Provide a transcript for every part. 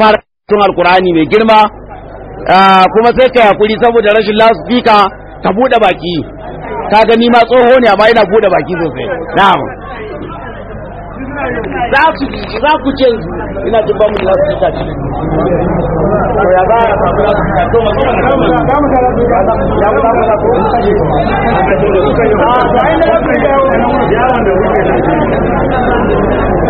fara tun alkur'ani mai girma kuma sai ka hakuri saboda rashin lasfika ka bude baki ka gani ma tsoho ne amma yana bude baki sosai na'am za ku za ku ce ina jin mu lasfika ce ya ba ya ba ya ba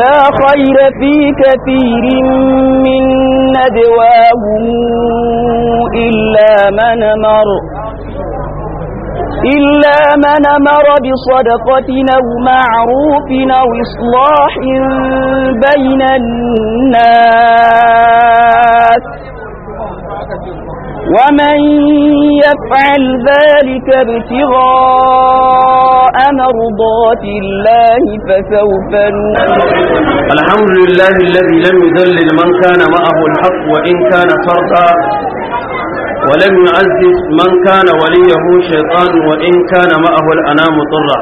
لا خير في كثير من ندواه إلا من مر إلا من مر بصدقة أو معروف أو إصلاح بين الناس ومن يفعل ذلك ابتغاء مرضات الله فسوف الحمد لله الذي لم يذلل من كان معه الحق وإن كان فرقا ولم يعزز من كان وليه شيطان وإن كان معه الأنام طرا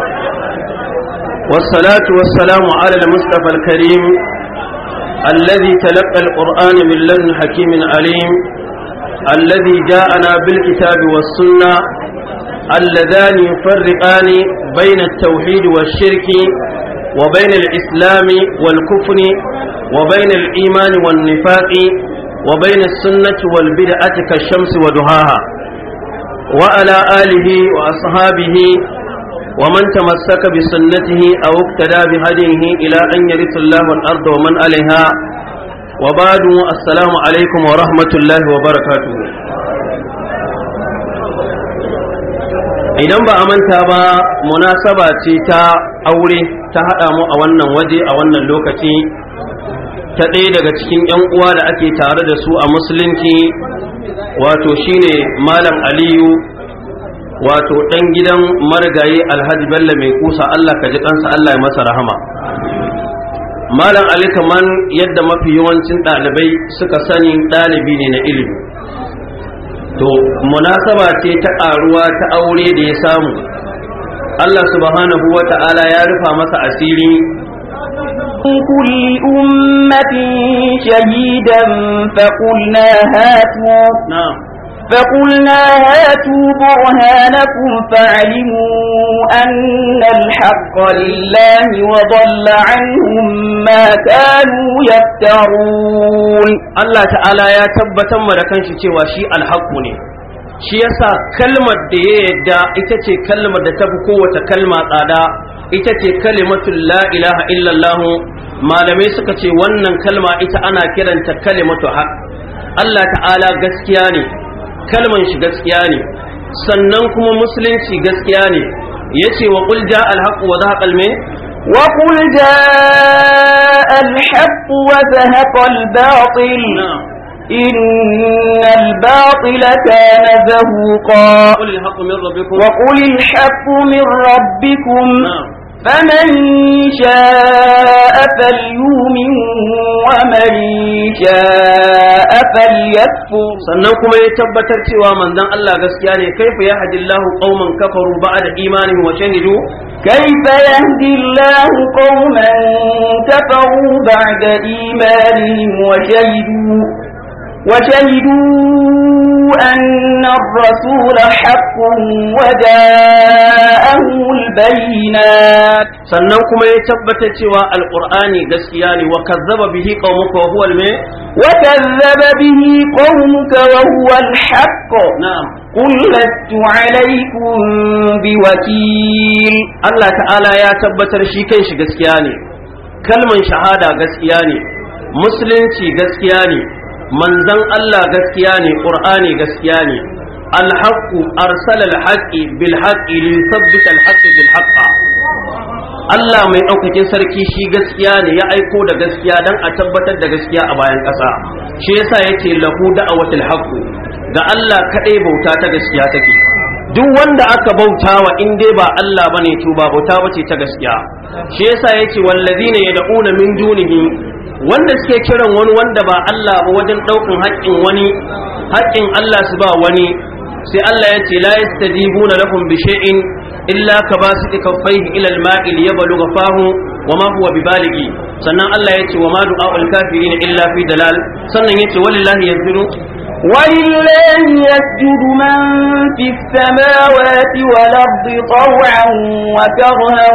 والصلاة والسلام على المصطفى الكريم الذي تلقى القرآن من لدن حكيم عليم الذي جاءنا بالكتاب والسنة اللذان يفرقان بين التوحيد والشرك وبين الإسلام والكفر وبين الإيمان والنفاق وبين السنة والبدعة كالشمس ودهاها وعلى آله وأصحابه ومن تمسك بسنته أو اقتدى بهديه إلى أن يرث الله الأرض ومن عليها wa badu assalamu alaikum wa rahmatullahi wa barakatu. idan ba a manta ba munasaba ce ta aure ta haɗa mu a wannan waje a wannan lokaci ta ɗaya daga cikin 'yan uwa da ake tare da su a musulunci wato shine malam aliyu wato ɗan gidan marigayi alhaji bello mai kusa allah ka ji kansa allah ya masa rahama malam ali kaman yadda mafi yawancin ɗalibai suka sani ɗalibi ne na ilimi to munasaba ce ta ƙaruwa ta aure da ya samu Allah subhanahu wa ta'ala ya rufa masa asiri kulli ummatin shahidan fa qulna hatu na'am فقلنا هاتوا برهانكم فعلموا أن الحق لله وضل عنهم ما كانوا يفترون الله تعالى يا تبتا ملكان شتوى شيء الحق ne shi yasa kalmar da ya yarda ita ce kalmar da tafi kowace kalma tsada ita ce kalimatul la ilaha illallah malamai suka ce wannan kalma ita ana kiranta kalimatu haq Allah ta'ala gaskiya ne kalman shi gaskiya ne sannan kuma musulunci gaskiya ne yace wa qul jaa al-haq wa zahaqa al-may wa qul jaa al-haq wa zahaqa al-batil إن الباطل كان زهوقا وقل الحق من ربكم, وقل الحق من ربكم نعم. فمن شاء فليؤمن ومن شاء فليكفر sannan kuma ya tabbatar cewa manzon Allah gaskiya ne kaifa ya hadillahu qauman kafaru ba'da imanihim wa shahidu kaifa yahdillahu qauman kafaru ba'da imanihim wa shahidu wa shahidu أن الرسول حق وجاءه البينات سننكم يتبت سوى القرآن قسياني وكذب به قومك وهو المي وكذب به قومك وهو الحق نعم قل لست عليكم بوكيل الله تعالى يا تبتر شيكيش قسياني كلمة شهادة قسياني musulunci gaskiya ne manzon Allah gaskiya ne Ƙur'ani gaskiya ne الحق أرسل الحق بالحق ليثبت الحق بالحق Allah mai ɗaukakin sarki shi gaskiya ne ya aiko da gaskiya don a tabbatar da gaskiya a bayan ƙasa shi yasa yake lahu da'awatul haqqu ga Allah kaɗai bauta ta gaskiya take duk wanda aka bauta wa in dai ba Allah bane to ba bauta bace ta gaskiya shi yasa ne wallazina yad'una min dunihi wanda suke kiran wani wanda ba Allah ba wajen ɗaukan haƙƙin wani haƙƙin Allah su ba wani sai Allah ya ce la yastajibuna lakum bi shay'in illa ka basu kaffaihi ila al-ma'i liyabluga fahu wa ma huwa bibaligi sannan Allah ya ce wa ma du'a al-kafirin illa fi dalal sannan ya ce walillahi yazuru ولله يسجد من في السماوات والأرض طوعا وكرها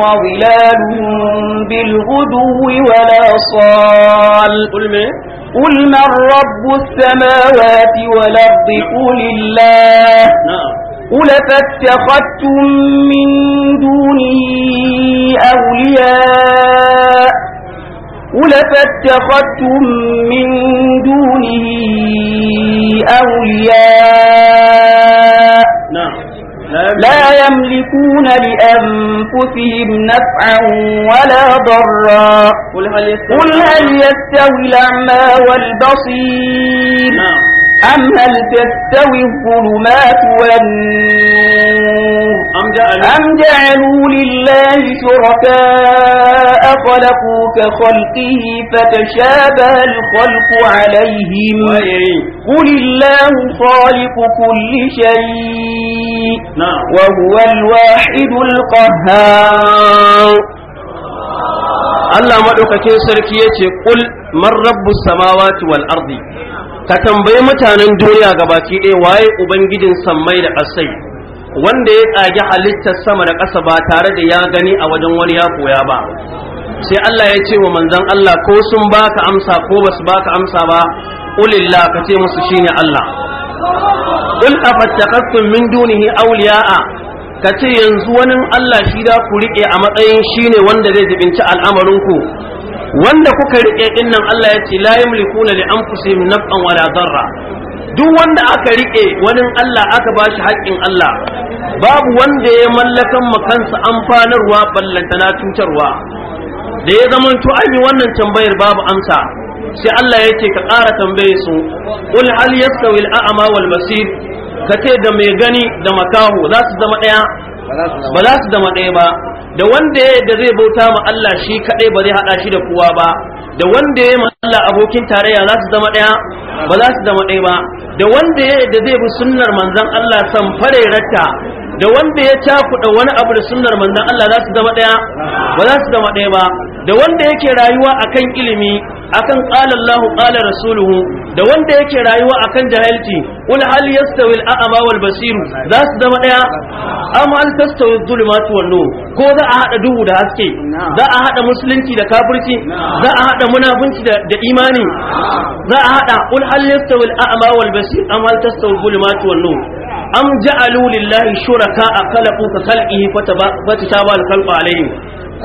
وظلال بالغدو ولا صال قل من رب السماوات والأرض قل الله نعم. قل فاتخذتم من دونه أولياء ولفاتخذتم من دونه أولياء نعم. لا يملكون لأنفسهم نفعا ولا ضرا قل هل يستوي الأعمى والبصير نعم أم هل تستوي الظلمات والنور أم جعلوا لله شركاء خلقوا كخلقه فتشابه الخلق عليهم قل الله خالق كل شيء نعم. وهو الواحد القهار Allah maɗaukakin sarki ya ce, Ƙul, man rabbu samawati wal ardi ka tambayi mutanen duniya gabaki ɗaya waye ubangijin sammai da ƙasai wanda ya tsagi halittar sama da ƙasa ba tare da ya gani a wajen wani ya koya ba sai Allah ya ce wa manzan Allah ko sun baka amsa ko basu baka amsa ba ulilla ka ce musu shine Allah a afattaqtum min dunihi awliya'a ka ce yanzu wani Allah shi da ku rike a matsayin shine wanda zai zibinci al'amarinku wanda kuka rike din nan Allah ya ce la yamlikuna li anfusihim naf'an wala darra duk wanda aka rike wani Allah aka bashi haƙƙin Allah babu wanda ya mallakan makansa amfanarwa ballantana cutarwa da ya zamanto an yi wannan tambayar babu amsa sai Allah ya ce ka ƙara tambaye su qul hal yastawi al-a'ma wal basir ka ce da mai gani da makaho za su zama ɗaya ba za su zama ɗaya ba da wanda ya da zai bauta ma Allah shi kadai ba zai hada shi da kowa ba da wanda ya ma Allah abokin tarayya za su zama daya ba za su zama daya ba da wanda ya da zai bi sunnar manzon Allah san farerata da wanda ya takuda wani abu da sunnar manzon Allah za su zama daya ba za su zama daya ba da wanda yake rayuwa akan ilimi akan qala Allahu qala rasuluhu da wanda yake rayuwa akan jahilci ul hal yastawi al a'ma wal basir za su zama daya am hal tastawi dhulumat wan nur ko za a hada duhu da haske za a hada musulunci da kafirci za a hada munafunci da imani za a hada ul hal yastawi al a'ma wal basir am hal tastawi dhulumat wan nur am ja'alu lillahi shuraka khalaqu ka khalqihi fatabal khalqu alayhi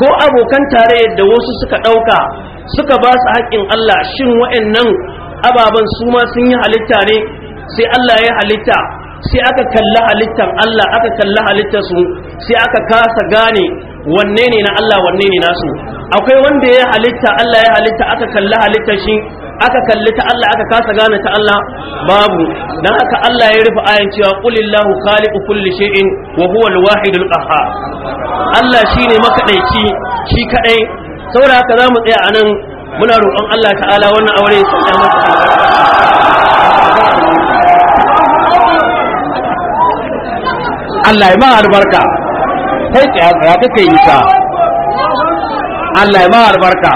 ko abokan tare da wasu suka dauka suka ba su haƙƙin Allah shin wa'annan ababen su ma sun yi halitta ne sai Allah ya halitta sai aka kalla halittar Allah aka kalla halittar su sai aka kasa gane wanne ne na Allah wanne ne nasu akwai wanda ya halitta Allah ya halitta aka kalla halittar shi aka kalli ta Allah aka kasa gane ta Allah babu dan haka Allah ya rufe ayan cewa qulillahu khaliqu kulli shay'in wa huwa al-wahidul qahhar Allah shine makadaici shi kadai saboda haka za mu tsaya a nan muna roƙon Allah ta'ala wannan aure ya sanya masa Allah ya ma albarka kai tsaya tsaya kake yi ta Allah ya ma albarka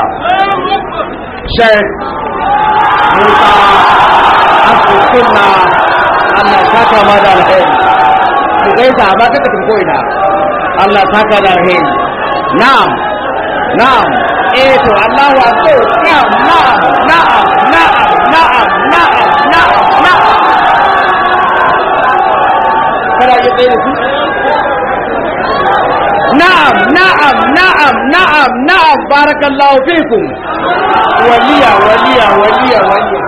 Sheikh Musa Asukuna Allah ya ta ma da alheri ku gaisa ba kaka tafi ko ina Allah ta kama da alheri na'am نعم ايه الله اكبر نعم نعم نعم نعم نعم نعم نعم نعم نعم نعم نعم نعم نعم بارك الله فيكم وليا وليا وليا وليا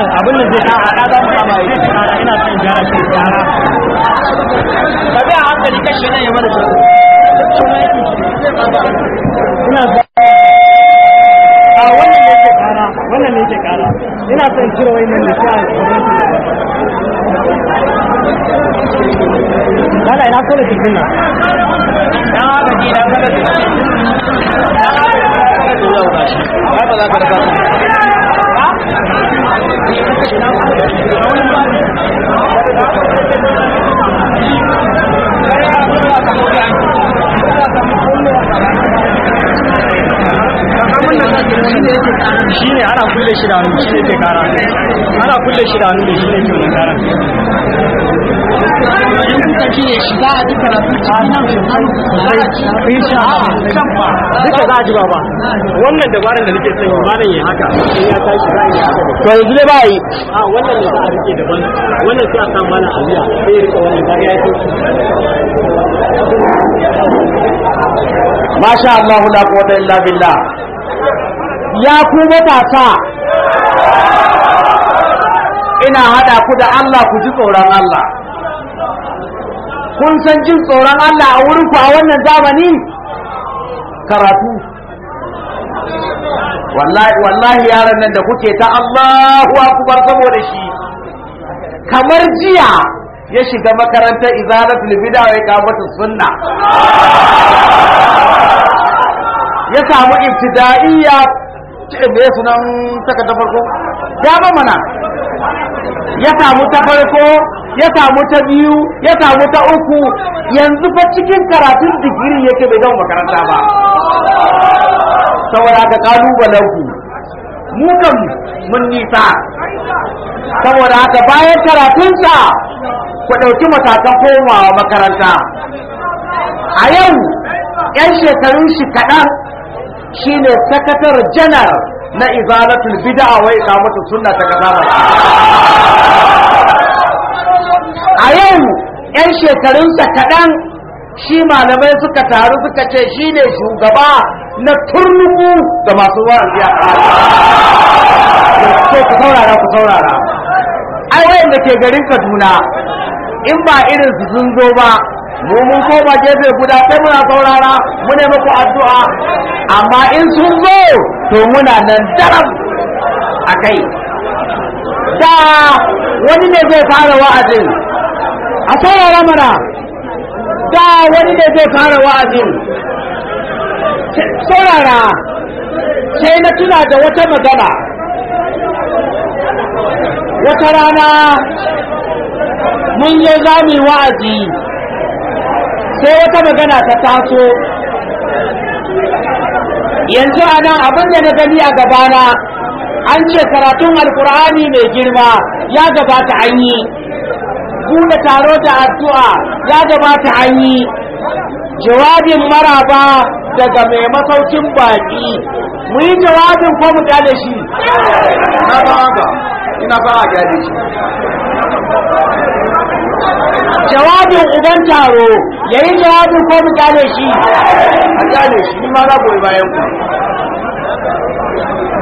malam abin da zai a a mu sama yi ina son gyara shi gyara ka bi a hankali kashi nan ya mana shi ina son a wannan ne ke kara wannan ne ke kara ina son cire wai nan da shi a ina so da cikin nan. Ya ji da cikin. Ya da Ya da Gracias. shi ne ana kulle shi da hannu shi ne ke kara ana kulle shi da hannu da shi ne ke kara za a duka za a ji ba. wannan dabarar da nake sanya ba ya haka in ya tashi za yi haka to yanzu dai ba yi a wannan da za a rike daban wannan sai a samu mana aliya sai ya rika wannan da ya yi masha Allah la quwwata illa billah ya ku matasa ina hada ku da Allah ku ji tsoron Allah kun san jin tsoron Allah a wurin ku a wannan zamani karatu wallahi wallahi yaran nan da kuke ta Allahu akbar saboda shi kamar jiya ya shiga makarantar izalatul bid'a wa iqamatu sunna ya samu ibtida'iyya me sunan saka ta farko ya ba mana ya samu ta farko ya samu ta biyu ya samu ta uku yanzu fa cikin karatun digiri yake bai zama makaranta ba saboda ka kalubalen ku mu kan mun nisa saboda haka bayan karatunsa ku ɗauki matakan komawa makaranta a yau 'yan shekarun shi kaɗan shi ne sakatar janar na izalatul bid'a wa iqamatu sunna ta kasa a yau 'yan shekarun sa kaɗan shi malamai suka taru suka ce shi ne shugaba na turnuku ga masu zuwa a ku saurara ku saurara ai da ke garin kaduna in ba irin su sun zo ba mu mun ba gefe guda sai muna saurara mu ne muku addu'a amma in sun zo to muna nan daram a kai da wani ne zai fara wa'azin a saurara mana da wani ne zai fara wa'azin saurara sai na tuna da wata magana wata rana mun yi zami wa'azi sai wata magana ta taso yanzu a nan abin da na gani a gabana an ce karatun alkur'ani mai girma ya gabata an yi buɗe taro da addu'a ya gabata an yi jawabin maraba daga mai masaukin baƙi mu yi jawabin ko mu gane shi ina ba a gane shi jawabin uban taro yayin jawabi ko mu kale shi a shi ni ma na goyi bayan ku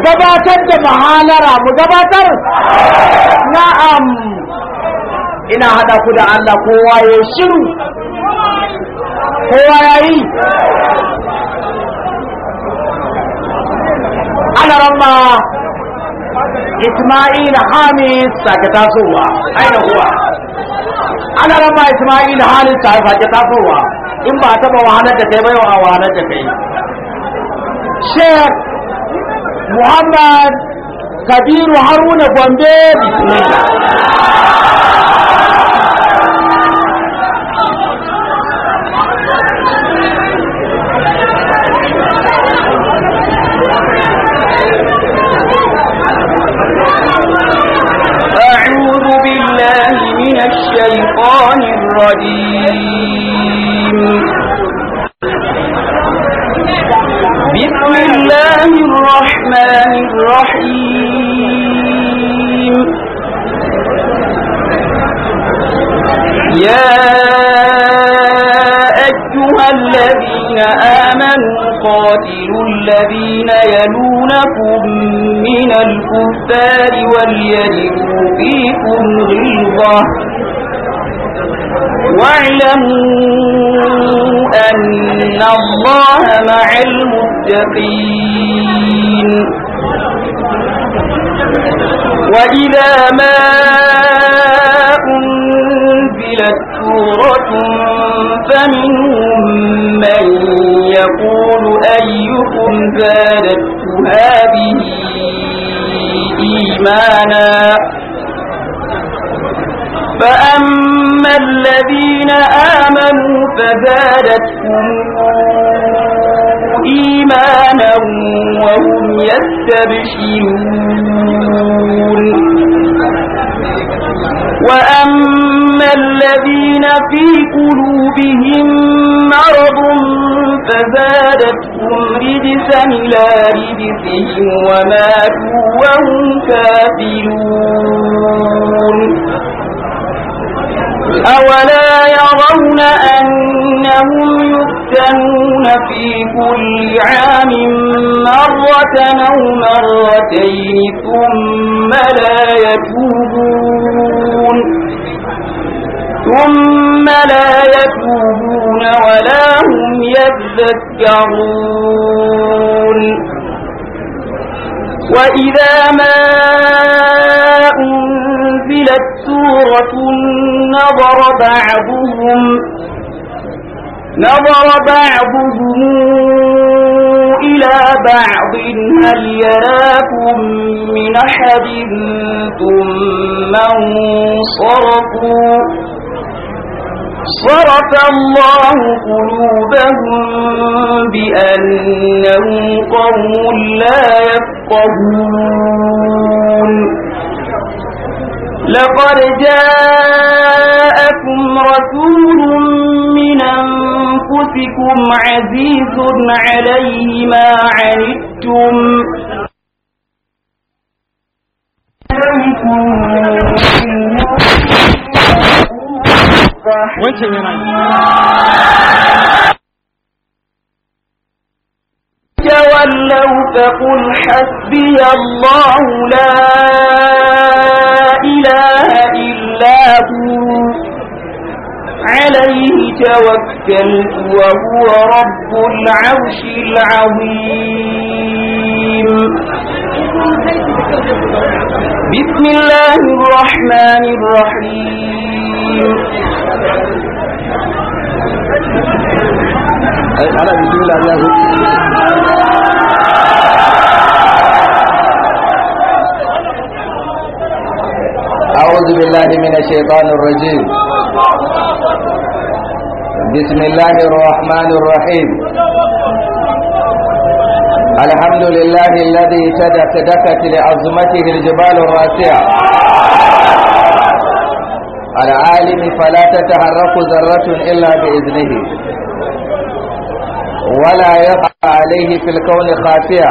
gabatar da mahalara mu gabatar na'am ina hada ku da Allah kowa ya shiru kowa ya yi? ana ramma Isma'il Hamis sake tasowa aina kuwa ana rama Isma'il Hamis sake tasowa in ba taba wahalar da kai ba baiwa wahalar da kai Sheikh Muhammad Kabiru Haruna Gombe bismillah الرجيم بسم الله الرحمن الرحيم يا أيها الذين آمنوا قاتلوا الذين يلونكم من الكفار وليجدوا فيكم غلظة واعلموا أن الله مع المتقين وإذا ما أنزلت سورة فمنهم من يقول أيكم زادت هذه إيمانا فأما الذين آمنوا فزادتهم إيمانا وهم يستبشرون وأما الذين في قلوبهم مرض فزادتهم رجسا إلى رجسهم وماتوا وهم كافرون أولا يرون أنهم يفتنون في كل عام مرة أو مرتين ثم لا يتوبون ثم لا يتوبون ولا هم يذكرون وإذا ما أنزلت نزلت سورة نظر بعضهم نظر بعضهم إلى بعض هل يراكم من أحد ثم انصرفوا صرف الله قلوبهم بأنهم قوم لا يفقهون لقد جاءكم رسول من أنفسكم عزيز عليه ما عنتم وانتم تولوا فقل حسبي الله لا إلا هو عليه توكلت وهو رب العرش العظيم بسم الله الرحمن الرحيم على بسم الله أعوذ بالله من الشيطان الرجيم بسم الله الرحمن الرحيم الحمد لله الذي تدك دكت لعظمته الجبال الراسعة العالم فلا تتحرك ذرة إلا بإذنه ولا يقع عليه في الكون خافية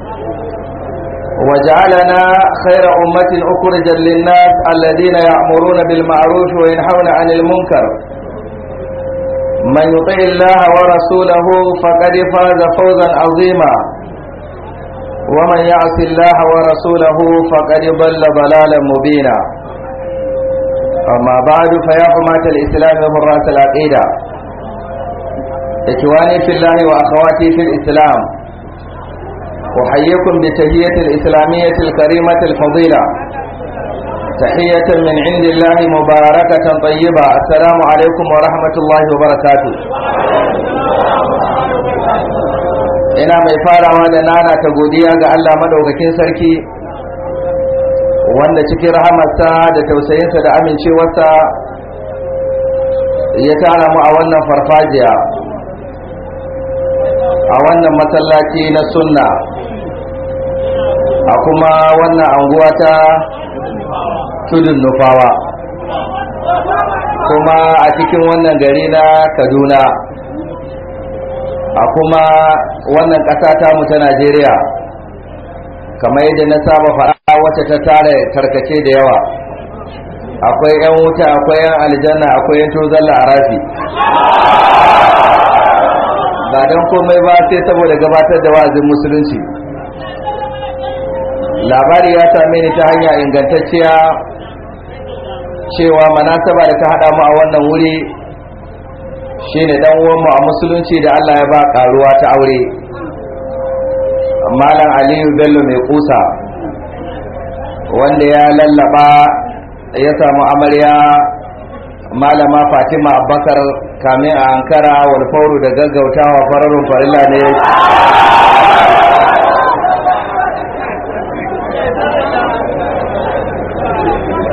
وجعلنا خير أمة أخرجا للناس الذين يأمرون بالمعروف وينهون عن المنكر من يطع الله ورسوله فقد فاز فوزا عظيما ومن يعص الله ورسوله فقد ضل ضلالا مبينا أما بعد فيا أمة الإسلام ومرات العقيدة إخواني في الله وأخواتي في الإسلام أحييكم بتهية الإسلامية الكريمة الفضيلة تحية من عند الله مباركة طيبة السلام عليكم ورحمة الله وبركاته ina mai farawa da nana ta godiya ga Allah madaukakin sarki wanda cikin rahamarsa da tausayinsa da amincewarsa ya tara mu a wannan farfajiya a wannan masallaci na sunna a kuma wannan anguwa ta tudun nufawa kuma a cikin wannan gari na kaduna a kuma wannan ƙasa tamu ta najeriya kamar yadda na saba faɗa wacce ta tare tarkace da yawa akwai 'yan wuta akwai 'yan aljanna akwai 'yan tozalla a rafi ba don komai ba sai saboda gabatar da wa'azin musulunci labari ya same ni ta hanya ingantacciya cewa manasaba da ta hada mu a wannan wuri shine dan mu a musulunci da Allah ya ba karuwa ta aure malam Aliyu Bello mai kusa wanda ya lallaba ya samu amarya malama Fatima Abubakar kamin a Ankara wani da gaggautawa fararun farilla ne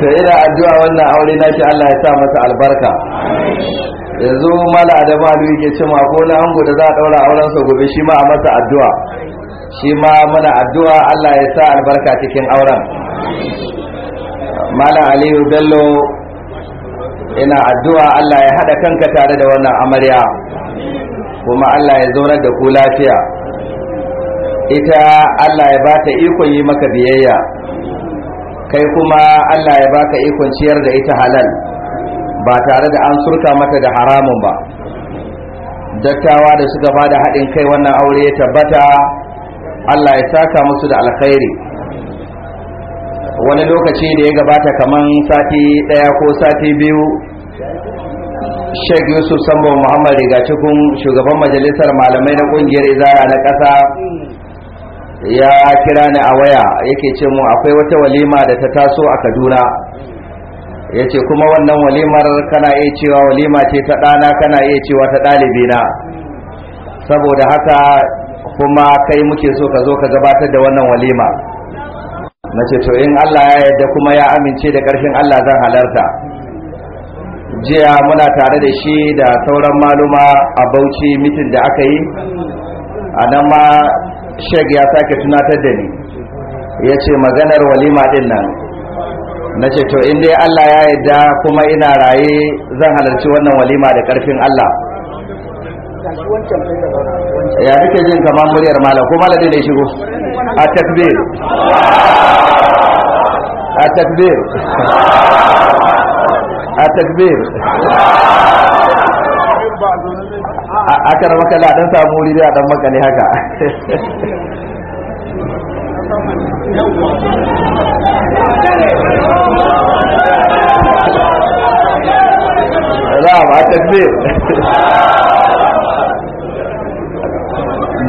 to ina addu'a wannan aure na shi Allah ya sa masa albarka yanzu mala da malu yake ce ma ko na an da za a daura auren sa gobe shi ma a masa addu'a shi ma muna addu'a Allah ya sa albarka cikin auren mala aliyu bello ina addu'a Allah ya hada kanka tare da wannan amarya kuma Allah ya zaunar da ku lafiya ita Allah ya ba ta ikon yi maka biyayya kai kuma Allah ya baka ikon ciyar da ita halal ba tare da an surka mata da haramun ba dattawa da suka bada haɗin kai wannan aure ya tabbata Allah ya saka musu da alkhairi wani lokaci da ya gabata kaman sati ɗaya ko sati biyu Sheikh Yusuf Sambo Muhammad Rigacikun shugaban majalisar malamai na ƙungiyar izara na ƙasa ya kira ni a waya yake ce mu akwai wata walima da ta taso a kaduna yace kuma wannan walimar kana iya cewa walima ce ta ɗana kana iya cewa ta na saboda haka kuma kai muke so ka zo ka gabatar da wannan walima na to in allah ya yarda kuma ya amince da ƙarfin allah zan halarta jiya muna tare da shi da sauran maluma a bauchi mitin da aka yi a nan ma shek ya sake tunatar da ni ya ce maganar walima din nan na ce to in dai Allah ya yadda kuma ina raye zan halarci wannan walima da karfin Allah ya nake jin kamar muryar malam ko malam ne shigo a takbir a takbir a takbir aka rama kala dan samu wuri da dan makale haka na'am a takbir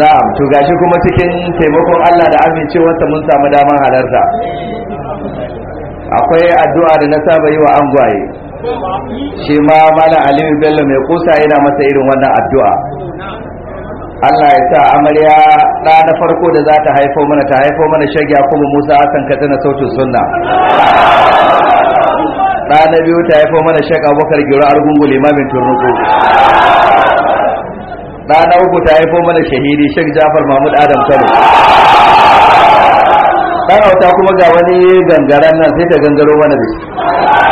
na'am to gashi kuma cikin taimakon Allah da amincewarsa mun samu daman halarta akwai addu'a da na saba yi wa angwaye shi ma mana alimin bello mai kusa yana masa irin wannan addu'a Allah ya sa amarya ɗa na farko da za ta haifo mana ta haifo mana shagi kuma musa hassan katsina sautin sunna ɗa na biyu ta haifo mana shek abubakar giro argungu limamin turnuku ɗa na uku ta haifo mana shahidi shek jafar mahmud adam kano ɗan auta kuma ga wani gangaren nan sai ta gangaro mana da shi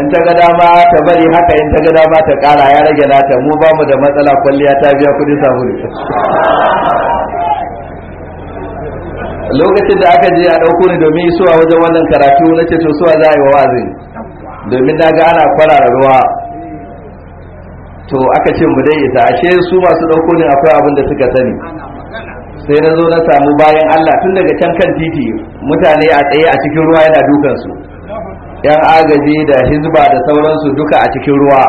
in ta ga dama ta bari haka in ta ga dama ta kara ya rage nata mu ba mu da matsala kwalliya ta biya kudin sabulu lokacin da aka je a ɗauko ni domin isuwa wajen wannan karatu na ce to suwa za a yi wa wazin domin na ga ana kwarara ruwa to aka ce mu dai ita ashe su masu ɗauko ni akwai abin da suka sani sai na zo na samu bayan Allah tun daga can kan titi mutane a tsaye a cikin ruwa yana dukansu yan agaji da hizba da sauransu duka a cikin ruwa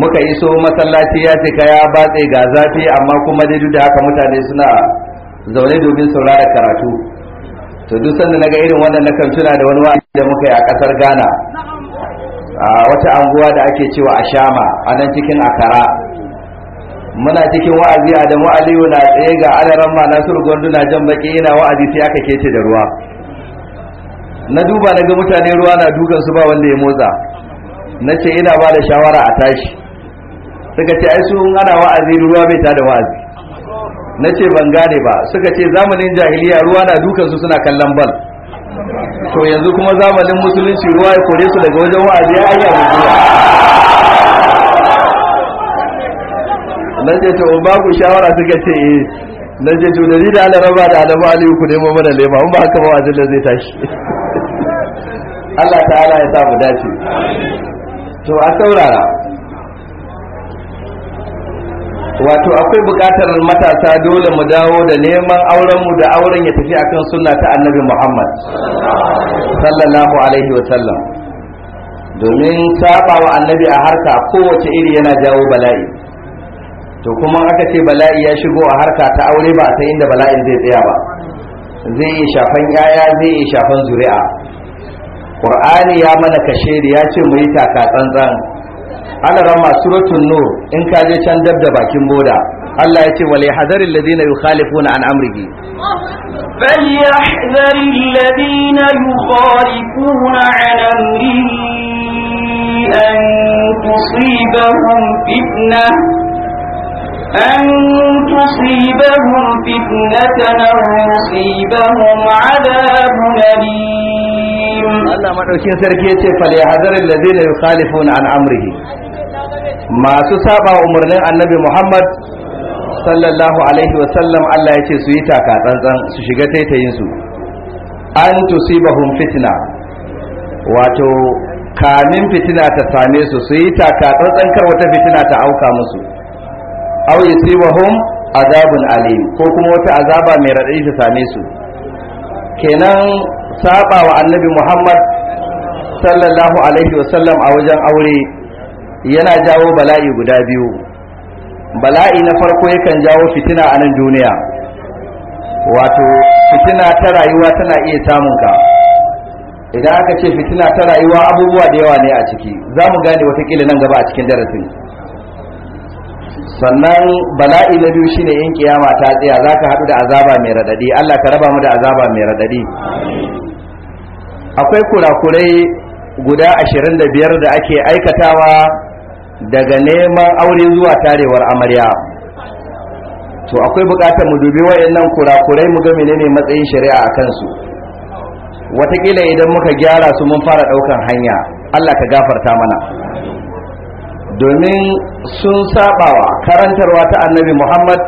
muka iso masallaci ya cika ya batse ga zafi amma kuma dai duk da haka mutane suna zaune domin saurara karatu to duk sanda ga irin wannan na kan tuna da wani wa'azi da muka yi a kasar Ghana a wata anguwa da ake cewa a Shama a nan cikin Akara muna cikin wa'azi Adamu Aliyu na tsaye ga alaramma Nasiru gwandu na jan baki yana wa'azi sai aka kece da ruwa na duba na ga mutane ruwa na dukan su ba wanda ya motsa na ce ina ba da shawara a tashi suka ce ai sun ana wa'azi ruwa bai tada wa'azi na ce ban gane ba suka ce zamanin jahiliya ruwa na dukan su suna kallon bal to yanzu kuma zamanin musulunci ruwa ya kore su daga wajen wa'azi ya mutu na ce to ba ku shawara suka ce eh na ce to da ni da alaraba da alamu aliyu ku nemo mana lema in ba haka ba wajen da zai tashi Allah ta'ala ya sa mu dace to a saurara wato akwai bukatar matasa dole mu dawo da neman auren mu da auren ya tafi akan sunna ta annabi Muhammad sallallahu alaihi wa sallam domin saba wa annabi a harka kowace iri yana jawo bala'i to kuma aka ce bala'i ya shigo a harka ta aure ba ta inda bala'in zai tsaya ba zai yi shafan yaya zai yi shafan zuri'a qur'ani ya mana kashe da ya ce mu taka tsantsan ana rama suratul nur in ka je can dab da bakin boda Allah ya ce wal yahdhar alladhina yukhalifuna an amrihi fal yahdhar alladhina yukhalifuna an amrihi an tusibahum fitna أن تصيبهم فتنة أو يصيبهم عذاب أليم Allah madaukin sarki ya ce fal yahzaril ladina yukhalifuna an amrihi masu saba umarnin annabi Muhammad sallallahu alaihi wa sallam Allah ya ce su yi taka tsantsan su shiga taitayin su an tusibahum fitna wato kamin fitina ta same su su yi taka tsantsan kar wata fitina ta auka musu aw yusibahum azabun alim ko kuma wata azaba mai radadi ta same su kenan saba wa annabi muhammad sallallahu alaihi wasallam a wajen aure yana jawo bala'i guda biyu bala'i na farko yakan jawo fitina a nan duniya wato fitina ta rayuwa tana iya samunka idan aka ce fitina ta rayuwa abubuwa da yawa ne a ciki za mu gane watakila nan gaba a cikin darasin sannan bala'i na biyu shine in kiyama ta tsaya za ka haɗu da azaba mai raɗaɗi, Allah ka raba mu da azaba mai raɗaɗi. akwai kurakurai guda ashirin da biyar da ake aikatawa daga neman aure zuwa tarewar amarya to akwai bukatar mu dubi wayannan kurakurai mu ga menene matsayin shari'a a kansu watakila idan muka gyara su mun fara daukan hanya Allah ka gafarta mana domin sun sabawa karantarwa ta annabi Muhammad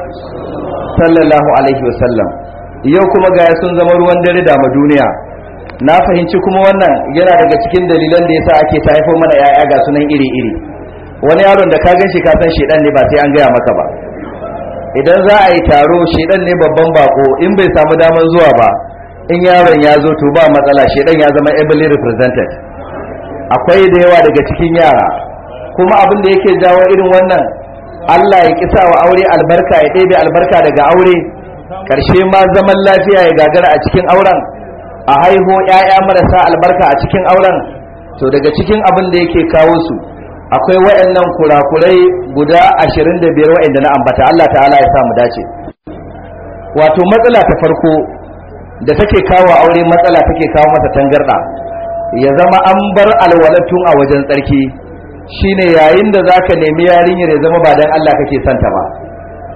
sallallahu alaihi wasallam yau kuma ga sun zama ruwan dare da duniya na fahimci kuma wannan yana daga cikin dalilan da yasa ake ta haifo mana yaya ga sunan iri-iri wani yaron da ka ganshi ka san shedan ne ba sai an gaya maka ba idan za a yi taro shedan ne babban bako in bai samu damar zuwa ba in yaron ya zo to ba matsala shedan ya zama ably represented akwai da yawa daga cikin yara kuma abin da yake jawo irin wannan Allah ya kisa wa aure albarka ya ɗebe albarka daga aure karshe ma zaman lafiya ya gagara a cikin auren a haihu 'ya'ya marasa albarka a cikin auren to daga cikin abin da yake kawo su akwai wayannan kurakurai guda 25 wayanda na ambata Allah ta'ala ya sa mu dace wato matsala ta farko da take kawo aure matsala take kawo masa tangarda ya zama an bar alwalatun a wajen tsarki shine yayin da zaka nemi yarinyar ya zama ba dan Allah kake santa ba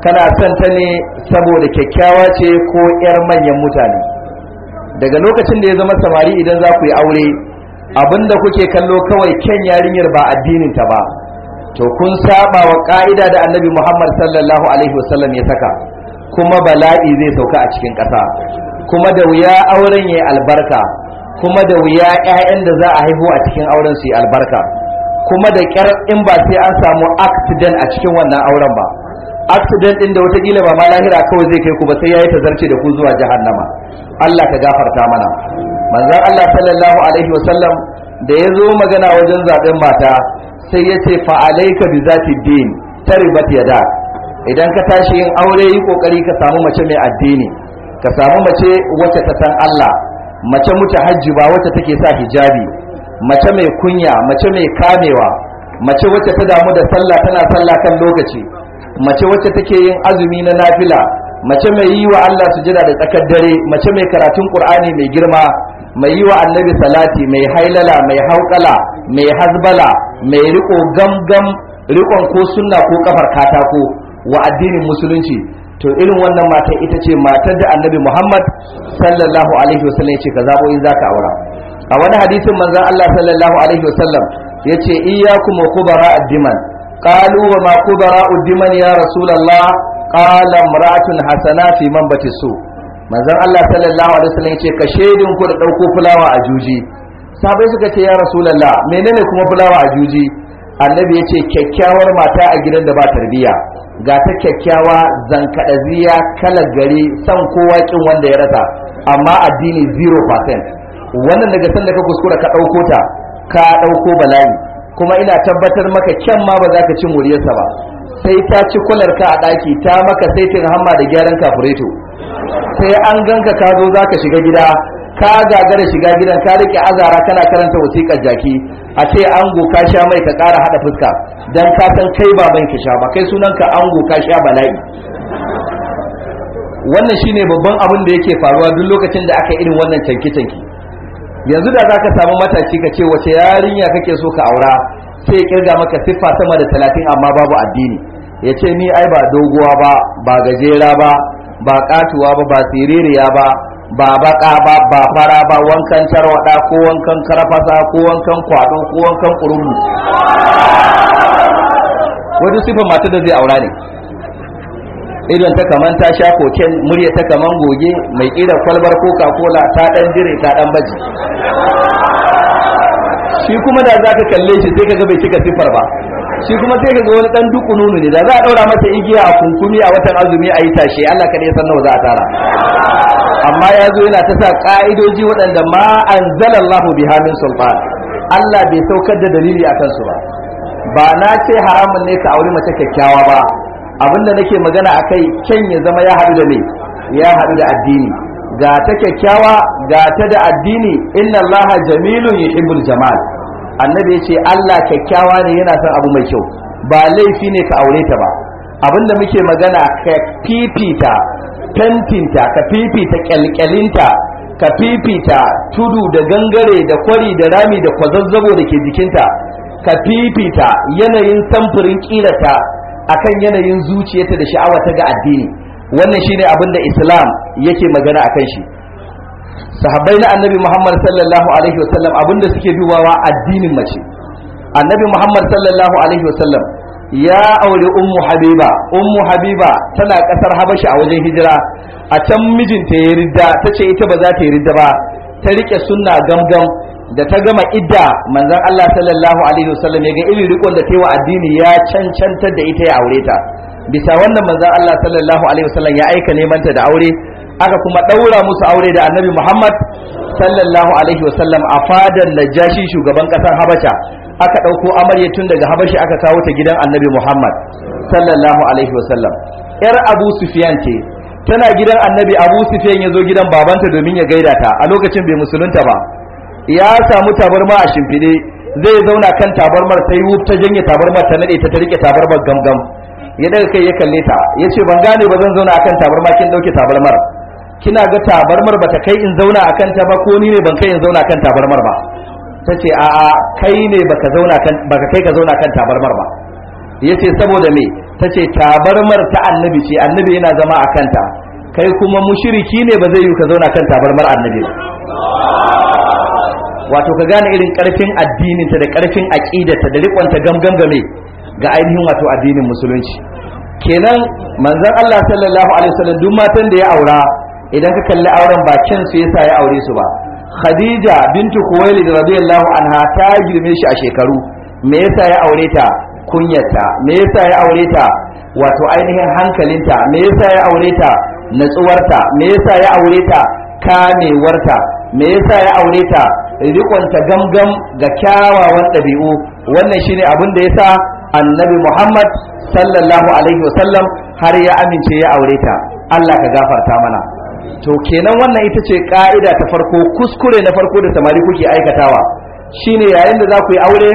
kana santa ne saboda kyakkyawa ce ko 'yar manyan mutane daga lokacin da ya zama samari idan za ku yi aure abinda kuke kallo kawai ken yarinyar ba addinin ta ba to kun saba wa ka'ida da annabi muhammad sallallahu alaihi wasallam ya saka kuma bala'i zai sauka a cikin ƙasa kuma da wuya auren ya albarka kuma da wuya 'ya'yan da za a haihu a cikin auren su yi albarka kuma da ƙyar in ba sai an samu accident a cikin wannan auren ba accident din da watakila ba ma lahira kawai zai kai ku ba sai ya ta zarce da ku zuwa jahannama Allah ka gafarta mana manzon Allah sallallahu alaihi wasallam da ya zo magana wajen zaɓen mata sai ya ce fa alayka bi zati din taribat yada idan ka tashi yin aure yi kokari ka samu mace mai addini ka samu mace wacce ta san Allah mace Hajji ba wacce take sa hijabi mace mai kunya mace mai kamewa mace wacce ta damu da sallah tana sallah kan lokaci mace wacce take yin azumi na nafila mace mai yi wa Allah sujada da tsakar dare mace mai karatun Qur'ani mai girma mai yi wa annabi salati mai hailala mai haukala mai hazbala mai riko gamgam rikon ko sunna ko kafar katako wa addinin musulunci to irin wannan mata ita ce matar da annabi Muhammad sallallahu alaihi wasallam yace ka zabo in zaka aura a wani hadisin manzon Allah sallallahu alaihi wasallam yace iyyakum wa kubara ad-diman قالوا وما قدراء الدمن يا رسول الله قال امرأة حسنة في منبت السوء manzon Allah sallallahu alaihi wasallam yace ka shedin ku da dauko fulawa a juji sabai suka ce ya rasulullah menene kuma fulawa a juji annabi yace kyakkyawar mata a gidan da ba tarbiya ga ta kyakkyawa zankadaziya kala gari san kowa kin wanda ya rasa amma addini 0% wannan daga san da ka kuskura ka dauko ta ka dauko bala'i kuma ina tabbatar maka kyan ma ba za ka ci muryarsa ba sai ta ci kular ka a ɗaki ta maka saitin hamma da gyaran kafureto sai an ganka ka zo za ka shiga gida ka gagara shiga gidan ka rike azara kana karanta wasiƙar jaki a ce ango ka sha mai ka ƙara haɗa fuska don ka san kai ba ban ki sha ba kai sunanka ango ka sha bala'i wannan shine babban abin da yake faruwa duk lokacin da aka irin wannan canke-canke yanzu da za ka samu matashi ka ce wace yarinya kake so ka aura sai ya kirga maka siffa sama da talatin amma babu addini ya ce ni ai ba doguwa ba ba gajera ba ba katuwa ba ba siririya ba ba baka ba ba fara ba wankan tarwada ko wankan karfasa ko wankan kwado ko wankan kurumu wani siffa mata da zai aura ne idan ta kaman ta sha koken murya ta kaman goge mai ƙirar kwalbar coca cola ta ɗan jire ta ɗan baji shi kuma da za ka kalle shi sai ka ga bai cika sifar ba shi kuma sai ka ga wani ɗan duk nunu ne da za a ɗaura masa igiya a kunkumi a watan azumi a yi tashe Allah ya san nawa za a tara amma ya zo yana ta sa ƙa'idoji waɗanda ma anzalallahu biha min sulfan Allah bai saukar da dalili a kansu ba ba na ce haramun ne ka auri mace kyakkyawa ba abinda nake magana akai kyan ya zama ya haɗu da me ya haɗu da addini ga ta kyakkyawa ga ta da addini inna Allah jamilun yuhibbul jamal annabi ya ce Allah kyakkyawa ne yana son abu mai kyau ba laifi ne ka aure ta ba abinda muke magana ka fifita tantinta ka fifita kyalkyalinta ka fifita tudu da gangare da kwari da rami da kwazazzabo da ke jikinta ka fifita yanayin samfurin kirata akan yanayin zuciyarta da sha'awa ta ga addini wannan shine abin da islam yake magana akan shi sahabbai na annabi muhammad sallallahu alaihi wasallam abin da suke dubawa addinin mace annabi muhammad sallallahu alaihi wasallam ya aure ummu habiba ummu habiba tana kasar habasha a wajen hijira a can mijinta ya ridda ta ce ita ba za ta yi ridda ba ta rike sunna gamgam da ta gama idda manzon Allah sallallahu alaihi wasallam ya ga irin rikon da ta wa addini ya cancantar da ita ya aure ta bisa wannan manzon Allah sallallahu alaihi wasallam ya aika neman ta da aure aka kuma ɗaura musu aure da Annabi Muhammad sallallahu alaihi wasallam a fadar Najashi shugaban ƙasar Habasha aka ɗauko amarya tun daga Habashi aka kawo ta gidan Annabi Muhammad sallallahu alaihi wasallam yar Abu Sufyan ce tana gidan Annabi Abu Sufyan ya zo gidan babanta domin ya gaida ta a lokacin bai musulunta ba ya samu tabarma a shimfide zai zauna kan tabarmar sai yi ta janye tabarmar ta nade ta ta rike tabarmar gamgam ya daga kai ya kalle ta ya ce ban gane ba zan zauna a kan tabarma kin dauke tabarmar kina ga tabarmar ba ta kai in zauna kan ta ba ko ni ne ban kai in zauna a kan tabarmar ba ta ce a'a kai ne baka zauna kan baka kai ka zauna kan tabarmar ba yace saboda me ta ce tabarmar ta annabi ce annabi yana zama a kanta kai kuma mushiriki ne ba zai yi ka zauna kan tabarmar annabi ba wato ka gane irin karfin addininta da karfin ta da rikonta gamgamgame ga ainihin wato addinin musulunci kenan manzon Allah sallallahu alaihi wasallam duk matan da ya aura idan ka kalli auren ba kin su yasa ya aure su ba Khadija bintu Khuwailid radiyallahu anha ta girme shi a shekaru me yasa ya aure ta kunyarta me yasa ya aure ta wato ainihin hankalinta me yasa ya aure ta natsuwarta me yasa ya aure ta kamewarta me yasa ya aure ta rikonta gamgam ga kyawawan ɗabi'u wannan shine abin da ya sa annabi muhammad sallallahu alaihi wasallam har ya amince ya aure ta allah ka gafarta mana to kenan wannan ita ce ka'ida ta farko kuskure na farko da samari kuke aikatawa shine yayin da za ku yi aure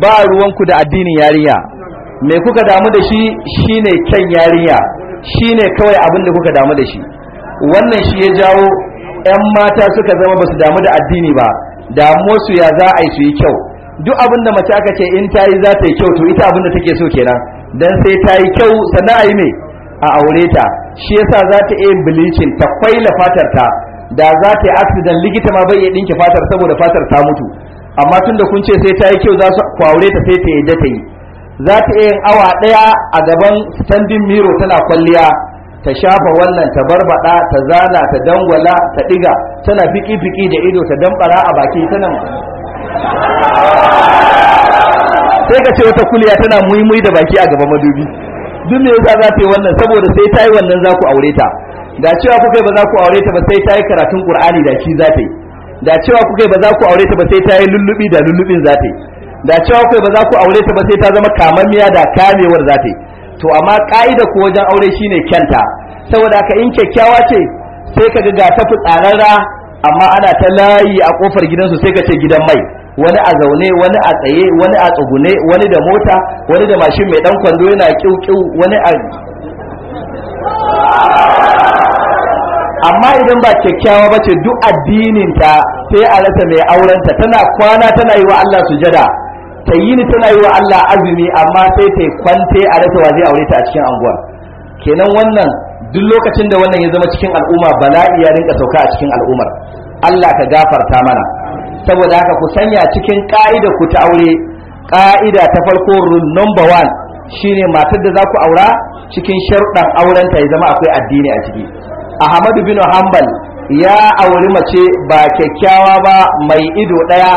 ba ruwanku da addinin yarinya me kuka damu da shi shine kyan yarinya shine kawai abin da kuka damu da shi wannan shi ya jawo 'yan mata suka zama ba su damu da addini ba Da ya za a yi su yi kyau duk abin da mace aka ce in ta yi za ta yi kyau to ita abin da take so kenan dan sai ta yi kyau sannan a yi me a aure ta shi yasa za ta iya bleaching ta kwaila fatar ta da za ta yi accident likita ma bai iya dinke fatar saboda fatar ta mutu amma tunda kun ce sai ta yi kyau za su aure ta sai ta yarda ta yi za ta iya yin awa ɗaya a gaban standing mirror tana kwalliya ta shafa wannan ta barbada ta zana ta dangwala ta diga tana fiki fiki da ido ta dambara a baki tana sai ka ce wata kuliya tana muimui da baki a gaba madubi duk me yasa za ta yi wannan saboda sai ta yi wannan za ku aure ta da cewa kuka ba za ku aure ta ba sai ta yi karatun qur'ani da shi za ta yi da cewa kuka ba za ku aure ta ba sai ta yi lullubi da lullubin za ta yi da cewa kuka ba za ku aure ta ba sai ta zama kamammiya da kamewar za ta yi to amma ka'ida ko wajen aure shine kyanta saboda ka in kyakkyawa ce sai ka ga ta tsararra, amma ana ta layi a kofar gidansu sai ka ce gidan mai wani a zaune wani a tsaye wani a tsugune wani da mota wani da mashin mai dan kwando yana kyaukyau wani a amma idan ba kyakkyawa ba ce duk addininta sai a rasa mai aurenta tana kwana tana yi wa Allah sujada ta yi ni tana yi wa Allah azumi amma sai ta kwante a rasa wa zai aure ta a cikin unguwar kenan wannan duk lokacin da wannan ya zama cikin al'umma bala'i ya rinka sauka a cikin al'ummar Allah ka gafarta mana saboda haka ku sanya cikin ka'ida ku ta aure ka'ida ta farko rule number one shine matar da za ku aura cikin sharuɗan ta ya zama akwai addini a ciki Ahmadu bin Hanbal ya auri mace ba kyakkyawa ba mai ido ɗaya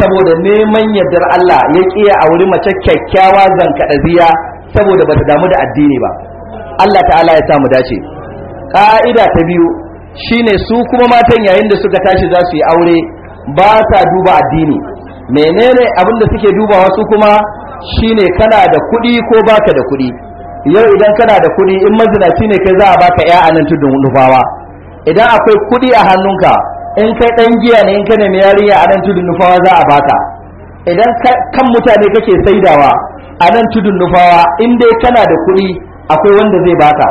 saboda neman yardar Allah ya kiya a wuri mace kyakkyawa zankadaziya saboda bata damu da addini ba Allah ta'ala ya mu dace ka'ida ta biyu shine su kuma matan yayin da suka tashi za su yi aure ba sa duba addini menene abin da suke dubawa su kuma shine kana da kuɗi ko baka da kuɗi yau idan kana da kuɗi in mazinaci ne kai za a baka ya nan tudun nufawa idan akwai kuɗi a hannunka in kai dan giya ne in ka nemi yarinya a nan tudun nufawa za a baka idan kan mutane kake saidawa a nan tudun nufawa in dai kana da kuɗi akwai wanda zai baka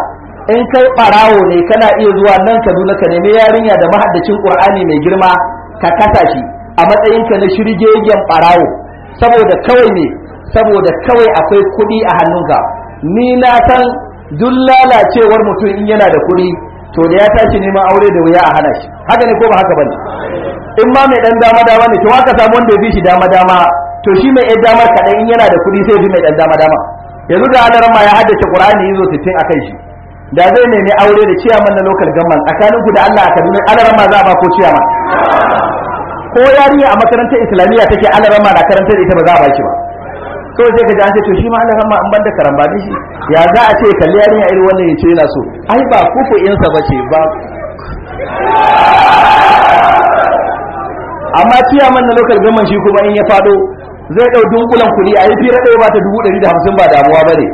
in kai ɓarawo ne kana iya zuwa nan kaduna ka nemi yarinya da mahaddacin qur'ani mai girma ka kasa shi a matsayinka na shirgegen barawo saboda kawai ne saboda kawai akwai kuɗi a hannunka ni na san duk lalacewar mutum in yana da kuɗi to da ya tashi neman aure da wuya a hana shi haka ne ko ba haka bane in ma mai dan dama dama ne to haka samu wanda ya bi shi dama dama to shi mai yan dama kaɗai in yana da kuɗi sai bi mai dan dama dama yanzu da alaran rama ya haddace qur'ani yazo a akan shi da zai nemi aure da ciyaman na local government tsakanin ku da Allah a Kaduna alaran rama za a ba ko ciyaman ko yarinya a makarantar islamiyya take alaran rama na karantar ita ba za a ba shi ba kawai sai ka ji ce to shi ma Allah rahma an karamba karambani shi ya za a ce kalli yarinya irin wannan yace yana so ai ba in insa bace ba amma ciyaman na lokal gaman shi kuma in ya fado zai ɗau dunkulan kuɗi a yi fira ɗaya ba ta dubu ɗari da hamsin ba damuwa ba ne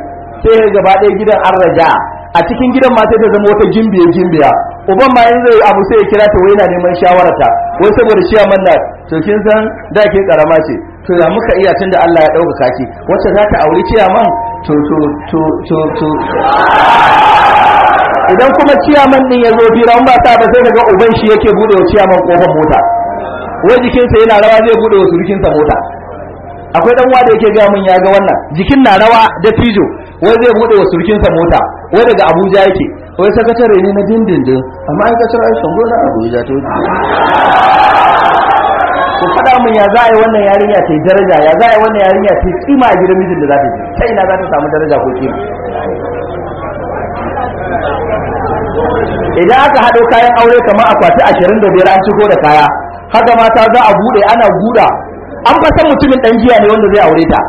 sai ga gaba ɗaya gidan an raja a cikin gidan ma sai ta zama wata jimbiya-jimbiya, uban ma yanzu zai abu sai ya kira ta wai neman shawararta wai saboda ciyaman na to kin san da ke karama ce to da muka iya tun da Allah ya ɗaukaka ki wacce za ta auri ciyaman to to to to to idan kuma ciyaman din ya zo fira ba sa ba sai daga uban shi yake bude wa ciyaman kofar mota wai jikinsa yana rawa zai bude wa surukinsa mota akwai dan wanda yake ga mun ya ga wannan jikin na rawa da tijo wai zai bude wa surukinsa mota wai daga Abuja yake wai sakatare ne na dindindin amma ai kacar Aisha gona Abuja to ku faɗa min ya za a yi wannan yarinya ta daraja ya za a yi wannan yarinya ta yi kima a gidan mijin da za ta yi ta ina za ta samu daraja ko kima idan aka haɗo kayan aure kamar akwati ashirin da biyar an shigo da kaya haka mata za a buɗe ana buɗa an fa san mutumin ɗan jiya ne wanda zai aure ta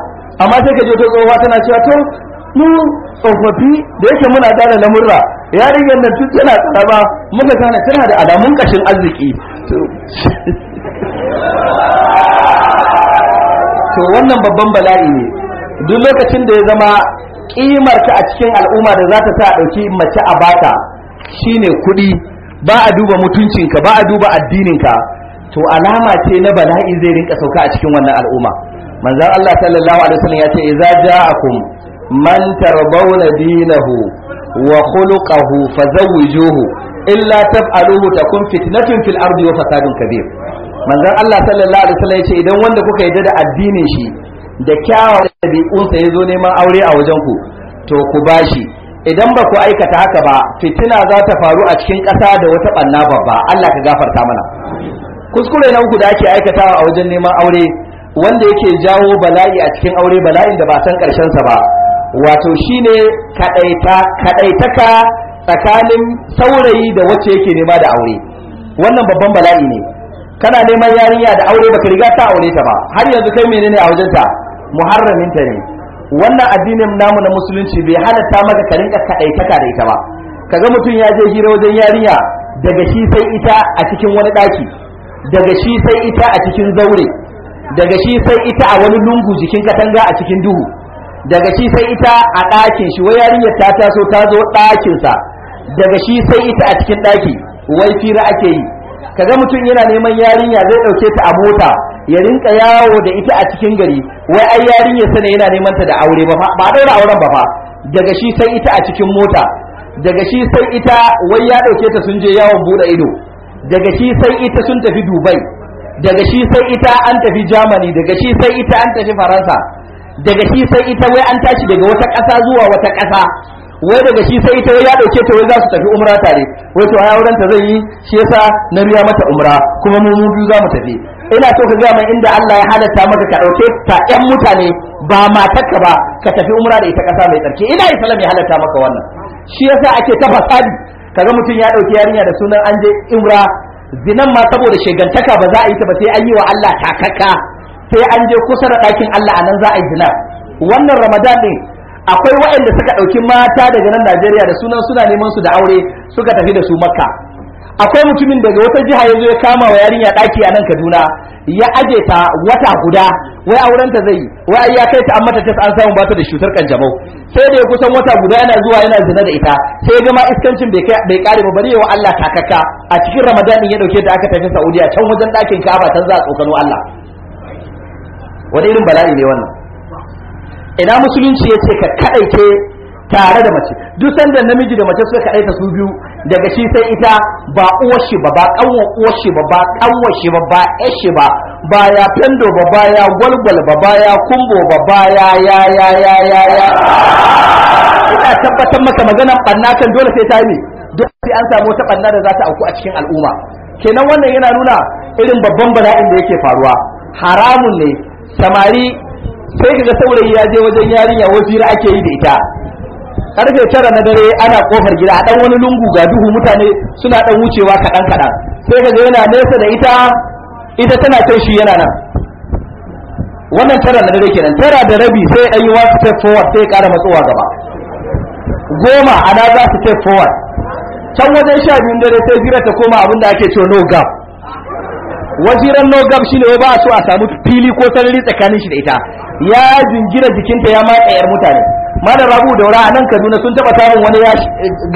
amma sai ka je ta tsohuwa tana cewa to mu tsofaffi da yake muna ƙara lamurra yarinyar nan tun tana tsaraba muka tana da alamun ƙashin arziki to wannan babban bala'i ne duk lokacin da ya zama kimar ta a cikin al'umma da za ta sa ɗauki mace a baka shine kuɗi ba a duba mutuncinka ba a duba addininka to alama ce na bala'i zai rinka sauka a cikin wannan al'umma manzon Allah sallallahu alaihi wasallam ya ce idza ja'akum man tarbawna dinahu wa khuluquhu fazawwijuhu illa taf'aluhu takun fitnatun fil ardi wa fasadun kabir manzon Allah sallallahu alaihi wasallam ce idan wanda kuka yi da addinin shi da kyawawan ɗabi'unsa ya zo neman aure a wajen ku to ku ba shi idan ba ku aikata haka ba fitina za ta faru a cikin ƙasa da wata ɓanna babba Allah ka gafarta mana kuskure na uku da ake aikatawa a wajen neman aure wanda yake jawo bala'i a cikin aure bala'in da ba san ƙarshen sa ba wato shine kadaita kadaitaka tsakanin saurayi da wacce yake nema da aure wannan babban bala'i ne kana neman yarinya da aure baka riga ta aure ta ba har yanzu kai menene a wajenta muharramin ta ne wannan addinin namu na musulunci bai halatta maka ka rinka kadaitaka da ita ba kaga mutum ya je hira wajen yarinya daga shi sai ita a cikin wani daki daga shi sai ita a cikin zaure daga shi sai ita a wani lungu jikin katanga a cikin duhu daga shi sai ita a ɗakin shi wai yarinyar ta taso ta zo ɗakinsa daga shi sai ita a cikin ɗaki wai fira ake yi kaga mutum yana neman yarinya zai dauke ta a mota ya rinka yawo da ita a cikin gari wai ai yarinya sana yana neman ta da aure ba ba daura auren ba fa daga shi sai ita a cikin mota daga shi sai ita wai ya dauke ta sun je yawon bude ido daga shi sai ita sun tafi dubai daga shi sai ita an tafi germany daga shi sai ita an tafi faransa daga shi sai ita wai an tashi daga wata ƙasa zuwa wata ƙasa wai daga shi sai ita wai ya dauke ta wai za su tafi umra tare wai to auren ta zai yi shi yasa na biya mata umra kuma mu mu biyu za mu tafi ina so ka ga mai inda Allah ya halatta maka ka dauke ta ƴan mutane ba matarka ba ka tafi umra da ita kasa mai tsarki ina islam ya halatta maka wannan shi yasa ake ta fasadi kaga mutum ya dauki yarinya da sunan an je umra zinan ma saboda shegantaka ba za a yi ta ba sai an yi wa Allah takaka sai an je kusa da ɗakin Allah a nan za a yi zina wannan ramadan ne. akwai waɗanda suka ɗauki mata daga nan Najeriya da sunan suna neman su da aure suka tafi da su Makka akwai mutumin daga wata jiha ya zo ya kama wa yarinya ɗaki a nan Kaduna ya aje ta wata guda wai aurenta zai wai ya kai ta an mata tafi an samu bata da cutar kanjamau sai da ya kusan wata guda yana zuwa yana zina da ita sai gama iskancin bai bai kare ba bari wa Allah takaka a cikin Ramadan ya dauke ta aka tafi Saudiya can wajen ɗakin Ka'aba tan za tsokano Allah wani irin bala'i ne wannan ina musulunci yace ce ka kaɗaice tare da mace duk sanda namiji da mace suka kaɗaita su biyu daga shi sai ita ba uwar shi ba ba ƙanwa uwar shi ba ba kanwa shi ba ba ƴar shi ba ba ya fendo ba ba ya gwalgwal ba ba ya kumbo ba ba ya ya ya ya ya ya ina tabbatar maka maganar ɓanna kan dole sai ta yi duk sai an samu wata ɓanna da za ta auku a cikin al'umma kenan wannan yana nuna irin babban bala'in da yake faruwa haramun ne samari sai kaga saurayi ya je wajen yarinya wajira ake yi da ita karfe tara na dare ana kofar gida a dan wani lungu ga duhu mutane suna dan wucewa kaɗan kaɗan sai kaga yana nesa da ita ita tana kai shi yana nan wannan tara na dare kenan tara da rabi sai ɗan yi one step forward sai ƙara matsowa gaba goma ana za su step forward can wajen sha biyun dare sai jira ta koma abin da ake cewa no gap wajiran no gab ne ba a so a samu fili ko sarari tsakanin shi da ita ya jingira jikinta ya matsa yar mutane malam rabu daura a nan kaduna sun taba samun wani ya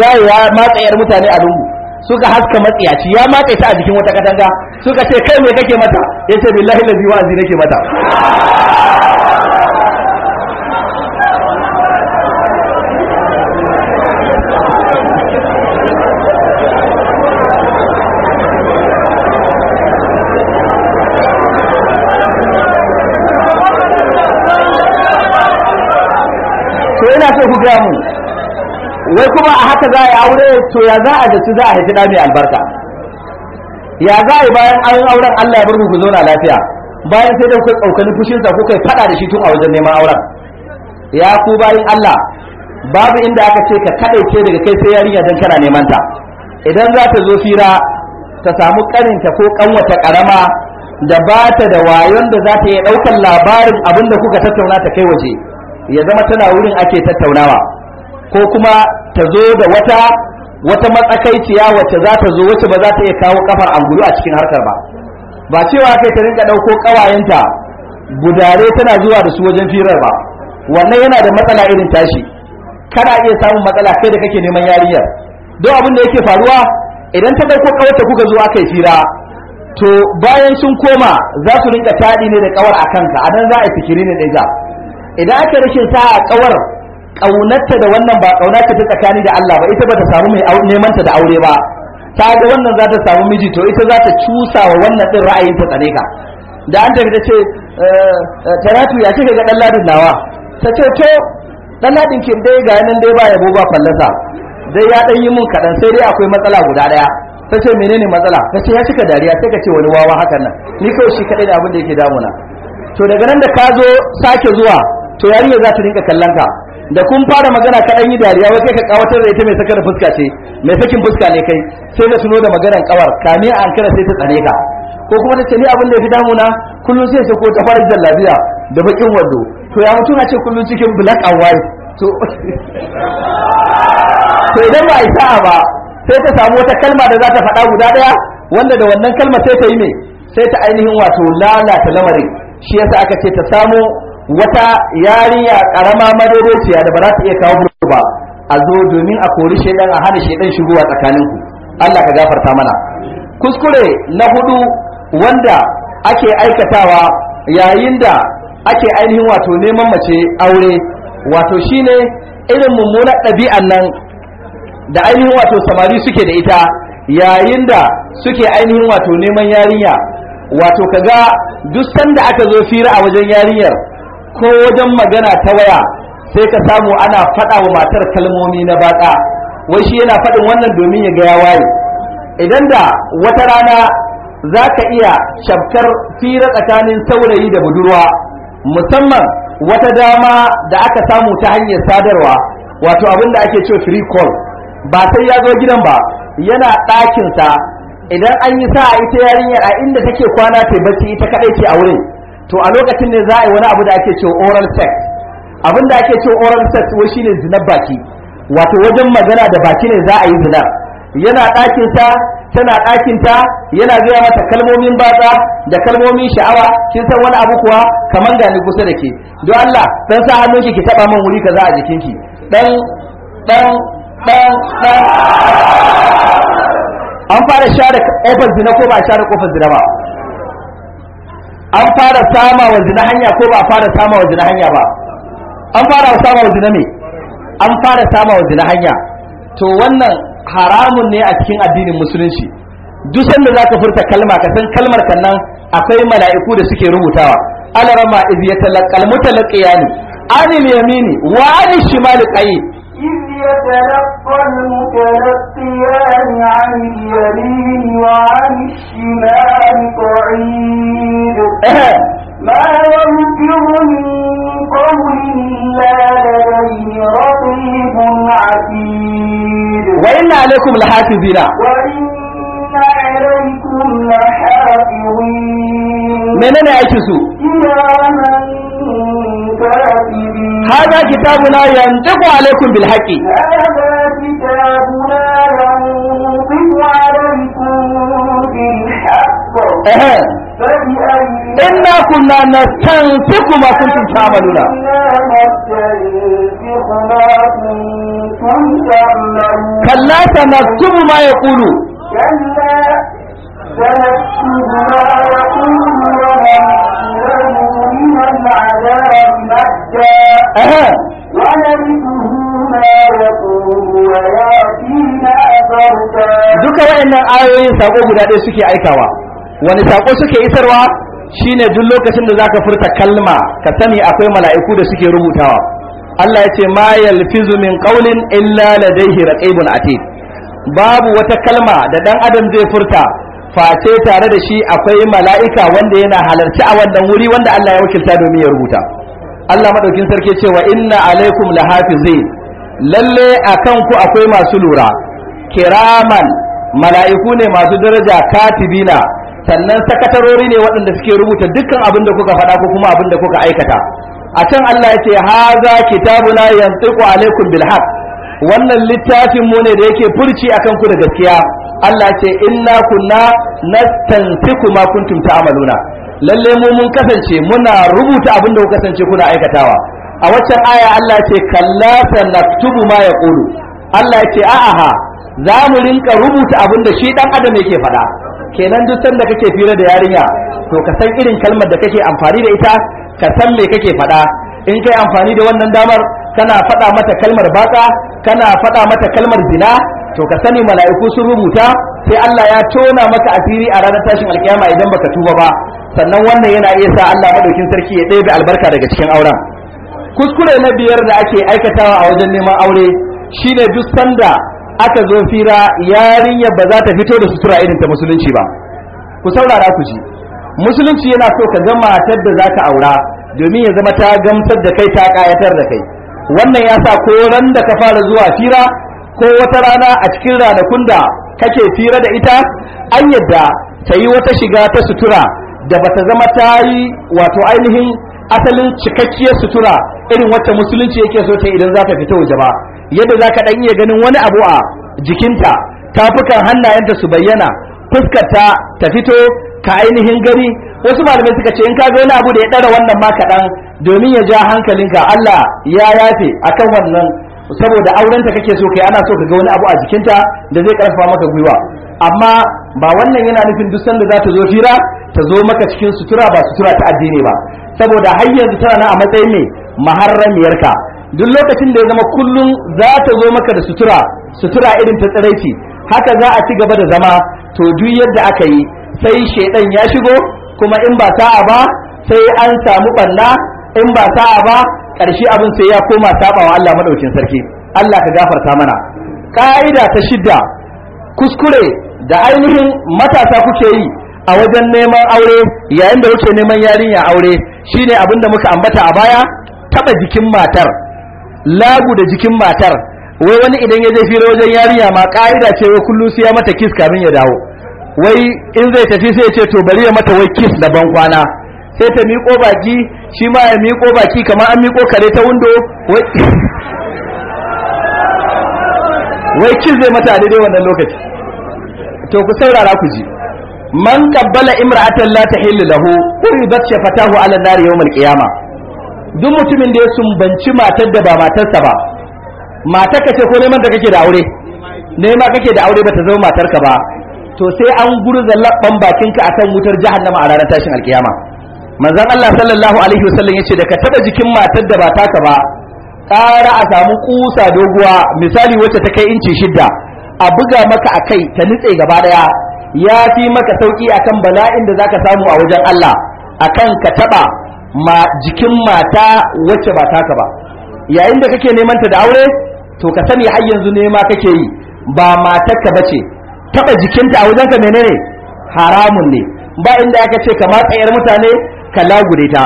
ga ya matsa yar mutane a lungu suka haska matsiyaci ya matsa ta a jikin wata katanga suka ce kai me kake mata yace billahi lazi wa'azi nake mata wai kuma a haka za a yi aure to ya za a su za a haifi dami mai albarka ya za a yi bayan an auren Allah ya bar ku zauna lafiya bayan sai da kuka tsaukani fushinsa kuka fada da shi tun a wajen neman auren ya ku bayin Allah babu inda aka ce ka kadaice daga kai sai yarinya dan kana neman ta idan za ta zo fira ta samu karinta ko kanwata karama da ba ta da wayon da za ta iya ɗaukan labarin abin da kuka tattauna ta kai waje ya zama tana wurin ake tattaunawa ko kuma ta zo da wata wata matsakaiciya wacce za ta zo wacce ba za ta iya kawo kafar angulu a cikin harkar ba ba cewa kai ta rinka ɗauko ƙawayenta gudare tana zuwa da su wajen firar ba wannan yana da matsala irin tashi kana iya samun matsala kai da kake neman yarinyar don abin da yake faruwa idan ta ɗauko ƙawarta kuka zo aka yi fira to bayan sun koma za su rinka taɗi ne da ƙawar a kanka a nan za a yi fikiri ne ɗaya idan aka rashin sa a ƙawar kaunarta da wannan ba kaunarta ce ta tsakani da Allah ba ita ba ta samu mai neman ta da aure ba ta ga wannan za ta samu miji to ita za ta cusa wa wannan din ra'ayin ta tsare ka da an ta ce eh, eh, taratu ya ce ga dan ladin nawa ta ce to dan ladin kin dai ga nan dai ba yabo ba fallasa dai ya dan yi mun kadan sai dai akwai matsala guda daya ta ce menene matsala ta ce ya cika dariya sai ka ce wani wawa hakan nan ni kawai shi kadai da abin da yake damuna to daga nan da ka zo sake zuwa to yarinya za ta rinka kallon ka da kun fara magana kaɗan yi dariya wai kai ka kawatar da ita mai sakar fuska ce mai sakin fuska ne kai sai na suno da maganar kawar kame a kira sai ta tsare ka ko kuma ta ce ni abin da ya fi damuna kullum sai ce ko ta fara lafiya da bakin wando to ya mutum a ce kullum cikin black and white to idan ba a yi ba sai ta samu wata kalma da za ta faɗa guda ɗaya wanda da wannan kalma sai ta yi mai, sai ta ainihin wato lalata lamarin shi yasa aka ce ta samo wata yarinya karama madaidaiciya da ba za ta iya kawo muku ba a zo domin a kori shedan a hana shedan shigowa ku Allah ka gafarta mana kuskure na hudu wanda ake aikatawa yayin da ake ainihin wato neman mace aure wato shine irin mummunar ɗabi'an nan da ainihin wato samari suke da ita yayin da suke ainihin wato neman yarinya wato kaga duk sanda aka zo fira a wajen yarinyar ko wajen magana ta waya sai ka samu ana faɗa wa matar kalmomi na batsa, wai shi yana faɗin wannan domin ya ga ya waye idan da wata rana za ka iya shabkar fira tsakanin saurayi da budurwa musamman wata dama da aka samu ta hanyar sadarwa wato abin da ake ce free call ba sai ya zo gidan ba yana ɗakinsa idan an yi sa'a ita yarinyar a inda take kwana ta bacci ita kaɗai ce a wurin to a lokacin ne za a yi wani abu da ake cewa oral sex abin da ake cewa oral sex wai shine zinar baki wato wajen magana da baki ne za a yi zinar yana ɗakin ta tana ɗakin ta yana gaya mata kalmomin batsa da kalmomin sha'awa kin san wani abu kuwa kamar ga ni kusa da ke don Allah san sa hannun ki ki taba min wuri kaza a jikin ki dan dan dan an fara share kofar zina ko ba a share kofar zina ba an fara sama wa zina hanya ko ba a fara sama wa zina hanya ba an fara sama wa zina ne an fara sama wa zina hanya to wannan haramun ne a cikin addinin musulunci duk sanda zaka furta kalma ka san kalmar kan nan akwai mala'iku da suke rubutawa alarama iz yatalaqal mutalaqiyani anil yamini wa anil shimali qayyid يتلقى المتلقيان عن اليمين وعن الشمال قعيد ما ينكر من قول إلا لديه رقيب عتيد وإن عليكم لحافظين وإن عليكم لحافظين من أين من هذا كتابنا ينطق عليكم بالحق هذا كتابنا ينطق عليكم بالحق إنا كنا نستنطق ما كنتم تعملون كلا سنكتب ما يقولون كلا سنكتب ما duka wayannan ayoyin sako guda ɗaya suke aikawa wani sako suke isarwa shine duk lokacin da zaka furta kalma ka sani akwai mala'iku da suke rubutawa Allah ya ce ma yalfizu min qawlin illa ladayhi raqibun atid babu wata kalma da ɗan adam zai furta face tare da shi akwai mala'ika wanda yana halarci a wannan wuri wanda Allah ya wakilta domin ya rubuta Allah madaukin sarki cewa inna alaikum lahafizin lalle akan ku akwai masu lura kiraman mala'iku ne masu daraja katibina sannan sakatarori ne waɗanda suke rubuta dukkan abin da kuka faɗa ko kuma abin da kuka aikata a can Allah yake ce haza kitabuna yantiqu alaikum bil haqq wannan littafin mu ne da yake furci akan ku da gaskiya Allah ce inna kunna nastantiku ma kuntum ta'maluna lalle mu mun kasance muna rubuta abin da ku kasance kuna aikatawa a waccan aya Allah ce kalla sanaktubu ma yaqulu Allah ya ce a'a ha za mu rinka rubuta abin da shi dan adam yake faɗa kenan duk sanda kake fira da yarinya to ka san irin kalmar da kake amfani da ita ka san me kake faɗa in kai amfani da wannan damar kana faɗa mata kalmar baka kana faɗa mata kalmar zina to ka sani mala'iku sun rubuta sai Allah ya tona maka asiri a ranar tashin alkiyama idan baka tuba ba sannan wannan yana iya sa Allah madaukin sarki ya ɗebe albarka daga cikin auren kuskure na biyar da ake aikatawa a wajen neman aure shine duk sanda aka zo fira yarinya ba za ta fito da sutura irin ta musulunci ba ku saurara ku ji musulunci yana so ka ga matar da zaka aura domin ya zama ta gamsar da kai ta kayatar da kai wannan ya sa koran da ka fara zuwa fira ko wata rana a cikin ranakun da kake fira da ita an yadda ta yi wata shiga ta sutura da bata zama ta yi wato ainihin asalin cikakkiyar sutura irin wata musulunci yake so ta idan za ta fita waje ba yadda za ka ɗan iya ganin wani abu a jikinta ta tafukan hannayenta su bayyana fuskarta ta fito ka ainihin gari. wasu malamai suka ce in ka ga wani abu da ya ɗara wannan ma kaɗan domin ya ja hankalinka Allah ya yafe akan wannan saboda aurenta kake so kai ana so ka ga wani abu a jikinta da zai karfafa maka gwiwa amma ba wannan yana nufin duk sanda za ta zo fira ta zo maka cikin sutura ba sutura ta addini ba saboda har yanzu tana nan a matsayin ne ka. duk lokacin da ya zama kullum za ta zo maka da sutura sutura irin ta tsiraici haka za a ci gaba da zama to duk yadda aka yi sai shaidan ya shigo kuma in ba sa'a ba sai an samu banna in ba sa'a ba ƙarshe abin sai ya koma wa Allah madaukin sarki Allah ka gafarta mana ka'ida ta shidda kuskure da ainihin matasa kuke yi a wajen neman aure yayin da kuke neman yarinya aure shine abin da muka ambata a baya taba jikin matar lagu da jikin matar wai wani idan ya je fira wajen yarinya ma ka'ida ce wai kullu sai ya mata kiss kafin ya dawo wai in zai tafi sai ya ce to bari ya mata wai kiss da ban kwana sai ta miƙo baki shi ma ya miƙo baki kamar an miƙo kare ta wundo. wai kin zai mata daidai wannan lokaci to ku saurara ku ji man qabbala imra'atan la tahillu lahu uribat shafatahu ala nar yawm al-qiyama duk mutumin da ya sumbanci matar da ba matarsa ba mata kace ko neman da kake da aure neman kake da aure bata zama matarka ba to sai an gurza labban bakinka akan wutar jahannama a ranar tashin alkiyama manzan Allah sallallahu alaihi wasallam ya da ka taba jikin matar da ba taka ba ƙara a samu ƙusa doguwa misali wacce ta kai inci shidda a buga maka a kai ta nitse gaba daya ya fi maka sauƙi a kan bala'in da za ka samu a wajen Allah a kan ka taɓa jikin mata wacce ba taka ba yayin da kake neman ta da aure to ka sani har yanzu nema kake yi ba matarka bace taɓa jikinta a wajenka menene haramun ne ba inda aka ce ka matsayar mutane Kalla lagure ta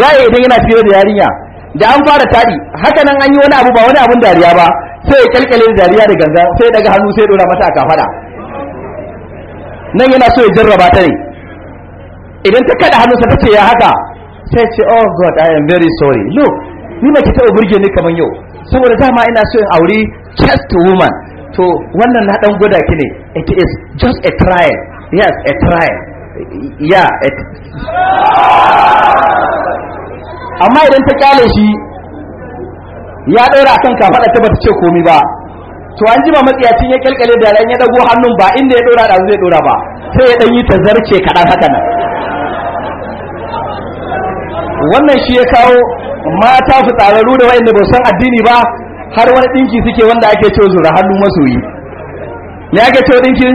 gaye idan yana fiye da yarinya da an fara tari haka nan an yi wani abu ba wani abun dariya ba sai ya kalkale da dariya da ganga sai daga hannu sai dora mata a kafada nan yana so ya jarraba ta ne idan ta kada hannunsa ta ce ya haka sai ce oh god i am very sorry look ni ba ki taɓa burge ni kamar yau saboda dama ina so in aure to woman to wannan na dan gwada ki ne it is just a trial yes a trial ya eh. amma idan ta kyale shi ya ɗaura kan kafaɗa ta bata ce komi ba to an jima matsiyacin ya kyalkyale da ran ya dago hannun ba inda ya ɗora da zai ɗora ba sai ya ɗanyi ta zarce kaɗan haka nan wannan shi ya kawo mata fitsararru da wa'inda ba san addini ba har wani ɗinki suke wanda ake cewa zura hannu masoyi ne ake cewa ɗinki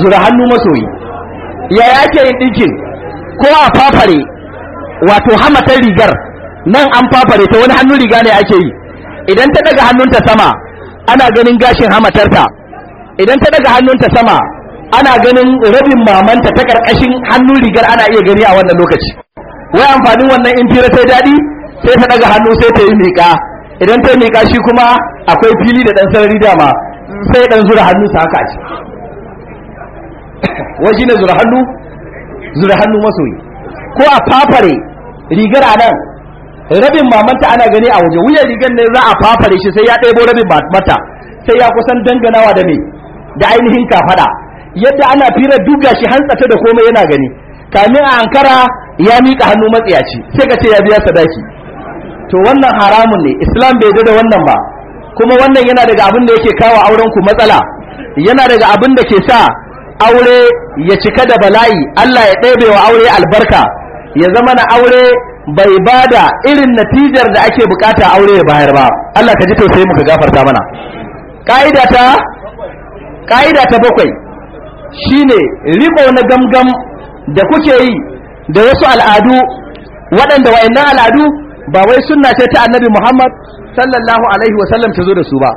zura hannu masoyi ya yake yin ɗinkin ko a fafare wato hamatar rigar nan an fafare ta wani hannun riga ne ake yi idan ta daga hannunta sama ana ganin gashin hamatarta idan ta daga hannunta sama ana ganin rabin mamanta ta karkashin hannun rigar ana iya gani a wannan lokaci wai amfanin wannan in fira sai daɗi sai ta daga hannu sai ta yi miƙa idan ta yi miƙa shi kuma akwai fili da ɗan sarari dama sai ɗan zura hannunsa haka ce Waji ne zura hannu masoyi ko a fafare rigar a nan rabin mamanta ana gani a waje wuyan rigar ne za a fafare shi sai ya ɗaibo rabin mata sai ya kusan danganawa da ne da ainihin kafada yadda ana fira duga shi hantsata da komai yana gani kamin a ankara ya miƙa hannu matsiyaci sai ka ce ya biya sadaki to wannan haramun ne islam bai da wannan ba kuma wannan yana daga abin da yake kawo auren ku matsala yana daga abin da ke sa aure ya cika da bala'i Allah ya ɗebe wa aure albarka ya zama na aure bai ba da irin natijar da ake bukata aure ya bayar ba Allah ka ji tausayi muka gafarta mana ƙa'ida ta ƙa'ida ta bakwai shine riko na gamgam da kuke yi da wasu al'adu waɗanda wa'annan al'adu ba wai sunna ce ta annabi Muhammad sallallahu alaihi wasallam ta zo da su ba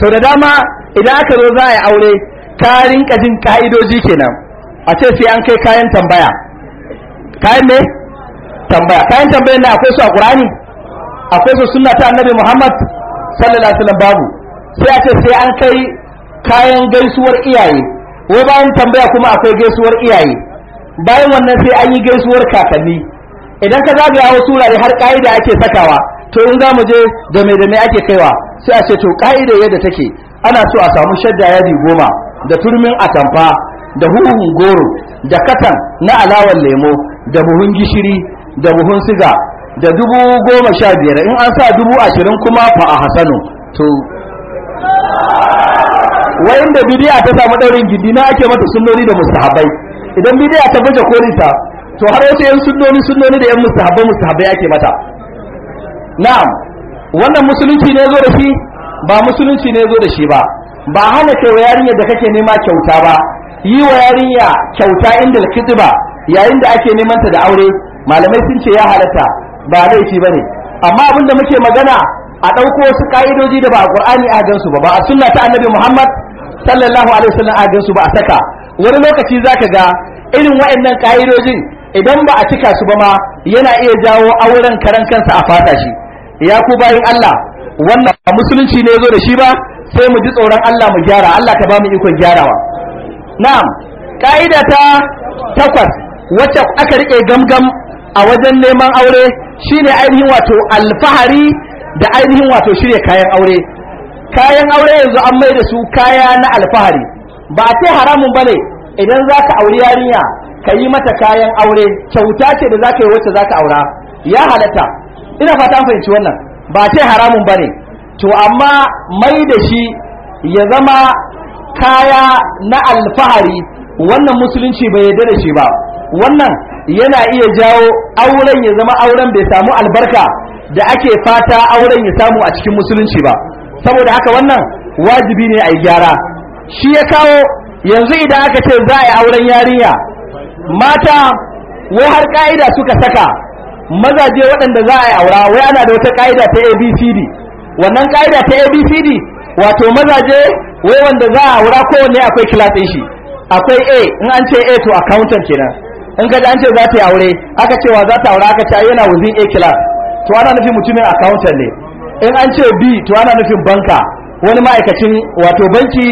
sau da dama idan aka zo za a yi aure Karin kajin ka'idoji kenan a ce sai an kai kayan tambaya kayan ne tambaya kayan tambaya ne akwai su a qur'ani akwai su sunna ta annabi muhammad sallallahu alaihi wasallam babu sai a ce sai an kai kayan gaisuwar iyaye wai bayan tambaya kuma akwai gaisuwar iyaye bayan wannan sai an yi gaisuwar kakanni idan ka zagaya wasu wurare har ka'ida ake sakawa to in zamu je da mai da mai ake kaiwa sai a ce to ka'ida yadda take ana so a samu shadda yadi goma da turmin atamfa da huhun goro da katan na alawan lemo da buhun gishiri da buhun siga da dubu goma sha biyar in an sa dubu ashirin kuma fa a hasanu to wayan da bidiya ta samu daurin gidi na ake mata sunnoni da mustahabai idan bidiya ta baje korinta to har wasu yan sunnoni sunnoni da yan mustahabai mustahabai ake mata na'am wannan musulunci ne zo da shi ba musulunci ne zo da shi ba ba hana kai wa yarinya da kake nema kyauta ba yi wa yarinya kyauta inda ba yayin da ake neman ta da aure malamai sun ce ya halatta ba laifi bane amma abin da muke magana a ɗauko wasu ka'idoji da ba a Qur'ani a gansu ba ba a sunna ta Annabi Muhammad sallallahu alaihi wasallam a gansu ba a saka wani lokaci zaka ga irin waɗannan ka'idojin idan ba a cika su ba ma yana iya jawo auren karan kansa a fata shi ya ku bayin Allah wannan musulunci ne ya zo da shi ba sai mu ji tsoron Allah mu gyara Allah ka ba mu ikon gyarawa na'am ka'ida ta takwas wacce aka rike gamgam a wajen neman aure shine ainihin wato alfahari da ainihin wato shirya kayan aure kayan aure yanzu an mai da su kaya na alfahari ba a ce haramun bane idan za ka auri yarinya ka yi mata kayan aure kyauta ce da za ka yi wacce za ka aura ya halatta ina fata an fahimci wannan ba a ce haramun bane to amma mai da shi ya zama kaya na alfahari wannan musulunci bai yarda da shi ba wannan yana iya jawo auren ya zama auren bai samu albarka da ake fata auren ya samu a cikin musulunci ba saboda haka wannan wajibi ne a gyara shi ya kawo yanzu idan aka ce za a yi auren yarinya mata wai har ka'ida suka saka mazaje waɗanda za a yi aura wai ana da wata ka'ida ta abcd wannan ƙa'ida ta abcd wato mazaje wai wanda za a wura kowanne akwai class ɗin shi akwai a in an ce a to accountant kenan in ka an ce za ta yi aure aka ce wa za ta aure aka ce yana within a class to ana nufin mutumin accountant ne in an ce b to ana nufin banka wani ma'aikacin wato banki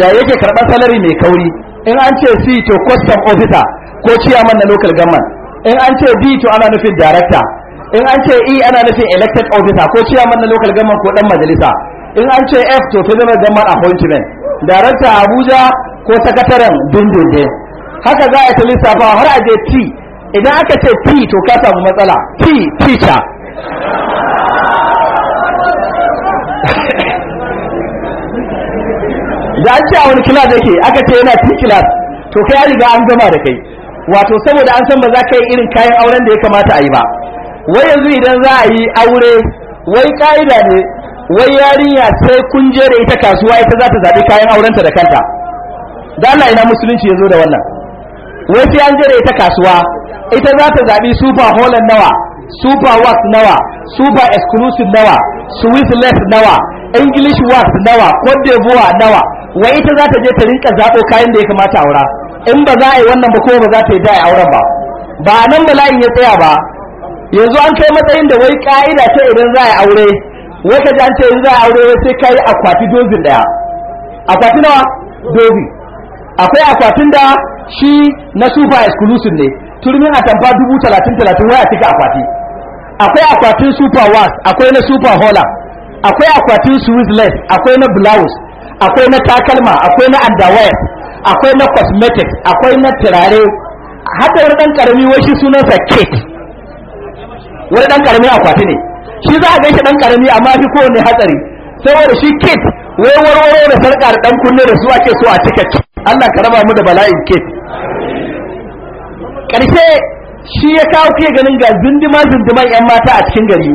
da yake karɓar salari mai kauri in an ce c to custom officer ko chairman na local government in an ce d to ana nufin director in an ce e ana nufin elected officer ko chairman na local government ko dan majalisa in an ce f to federal government appointment director abuja ko sakataren dindindin haka za a ta lissafa har a je t idan aka ce t to ka samu matsala t teacher da an ce a wani kilas yake aka ce yana t kilas to kai ya riga an gama da kai wato saboda an san ba za ka yi irin kayan auren da ya kamata a yi ba wai yanzu idan za a yi aure wai ka'ida ne wai yarinya sai kun je da ita kasuwa ita za ta zaɓi kayan aurenta da kanta da Allah ina musulunci ya zo da wannan wai sai an je da ita kasuwa ita za ta zaɓi super holland nawa super wax nawa super exclusive nawa swiss nawa english wax nawa cote d'ivoire nawa wai ita za ta je ta rinka zaɓo kayan da ya kamata aura in ba za a yi wannan ba ko ba za ta yi da auren ba ba nan bala'in ya tsaya ba yanzu an kai matsayin da wai ka'ida ta idan za a aure wai ka an ce idan za a aure wai sai kai akwati dozin daya akwati nawa dozi akwai akwatin da shi na super exclusive ne turmin atamfa dubu talatin talatin waya cika akwati akwai akwatin super wax akwai na super hola akwai akwatin swiss akwai na blouse akwai na takalma akwai na underwear akwai na cosmetics akwai na turare hadar dan karami wai shi sunansa cake wani dan karami akwati ne shi za a gan shi dan karami amma fi kowane hatsari saboda shi kit wai warwaro da sarka da dan kunne da su ake so a cika Allah ka raba mu da bala'in kit karshe shi ya kawo ke ganin ga zindima zindiman yan mata a cikin gari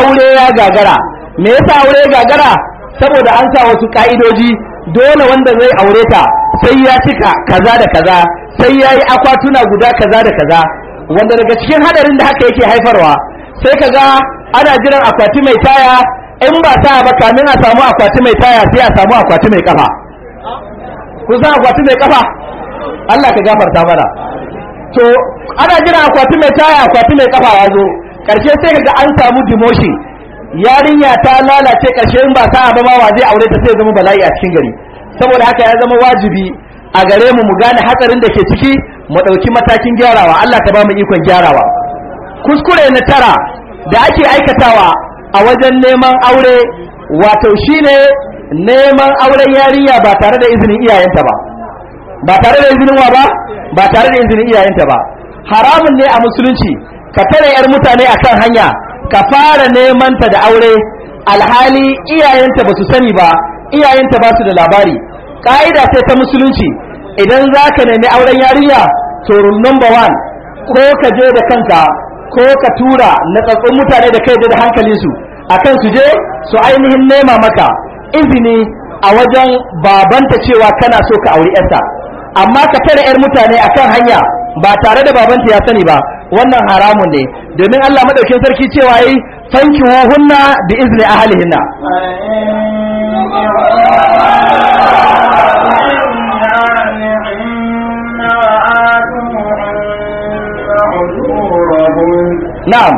aure ya gagara me yasa aure ya gagara saboda an sa wasu ka'idoji dole wanda zai aure ta sai ya cika kaza da kaza sai ya yi akwatuna guda kaza da kaza wanda daga cikin hadarin da haka yake haifarwa sai ka ga ana jiran akwati mai taya in ba taya ba kamin a samu akwati mai taya sai a samu akwati mai kafa kun san akwati mai kafa Allah ka gafarta mana to ana jiran akwati mai taya akwati mai kafa ya zo karshe sai ka ga an samu demotion yarinya ta lalace karshe in ba sa ba ma wa zai aure ta sai zama bala'i a cikin gari saboda haka ya zama wajibi a gare mu mu gane hatsarin da ke ciki mu ɗauki matakin gyarawa Allah ta ba mu ikon gyarawa kuskure na tara da ake aikatawa a wajen neman aure wato shine neman auren yariya ba tare da izinin iyayenta ba ba tare da izinin wa ba ba tare da izinin iyayenta ba haramun ne a musulunci ka tare yar mutane akan hanya ka fara neman ta da aure alhali iyayenta ba su sani ba iyayenta ba su da labari ka'ida sai ta musulunci idan za ka nemi auren yarinya to number one ko ka je da kanka ko ka tura na tsatsun mutane da kai da hankalinsu akan su je su ainihin nema maka izini a wajen babanta cewa kana so ka auri yarta amma ka tare yar mutane a kan hanya ba tare da babanta ya sani ba wannan haramun ne domin Allah madaukin sarki cewa yi fanki hunna bi izni halihinna نعم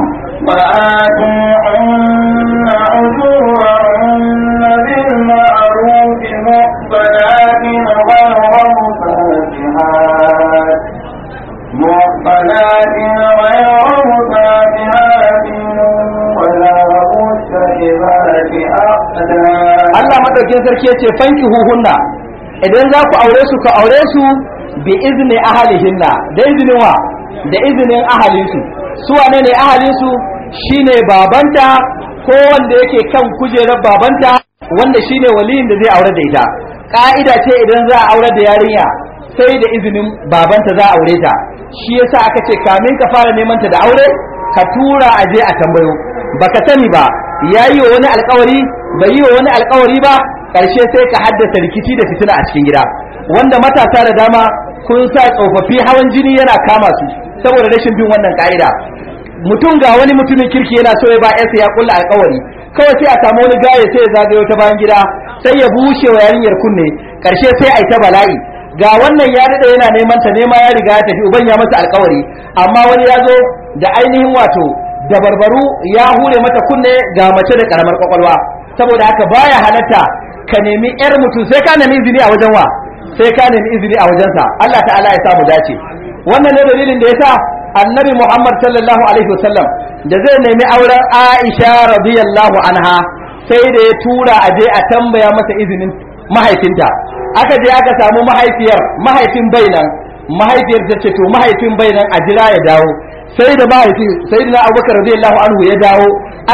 Allah madaukin sarki yace fanki huhunna idan za ku aure su ka aure su bi izni da izinin wa da izinin ahalinsu su wane ne ahalinsu shine babanta ko wanda yake kan kujerar babanta wanda shine waliyin da zai aure da ita ƙa'ida ce idan za a aure da yarinya sai da izinin babanta za a aure ta shi yasa aka ce kamin ka fara neman ta da aure ka tura a je a tambayo baka sani ba ya yi wa wani alkawari bai yi wa wani alkawari ba ƙarshe sai ka haddasa rikici da fitina a cikin gida wanda matasa da dama kun sa tsofaffi hawan jini yana kama su saboda rashin bin wannan ka'ida mutum ga wani mutumin kirki yana so ya ba yarsa ya kulla alƙawari kawai sai a samu wani gaye sai ya zagayo ta bayan gida sai ya bushe wa yarinyar kunne karshe sai a yi ta bala'i ga wannan ya daɗa yana neman ta nema ya riga ya tafi uban ya masa alƙawari amma wani ya zo da ainihin wato da barbaru ya hure mata kunne ga mace da karamar kwakwalwa saboda haka baya halatta ka nemi yar mutum sai ka nemi izini a wajen wa sai ka nemi izini a wajensa Allah ta'ala ya sa samu dace wannan ne dalilin da yasa annabi Muhammad sallallahu alaihi wasallam da zai nemi auren Aisha radiyallahu anha sai da ya tura a je a tambaya masa izinin mahaifinta aka je aka samu mahaifiyar mahaifin bainan mahaifiyar ta ce to mahaifin bainan a jira ya dawo sai da mahaifi sai da Abubakar radiyallahu anhu ya dawo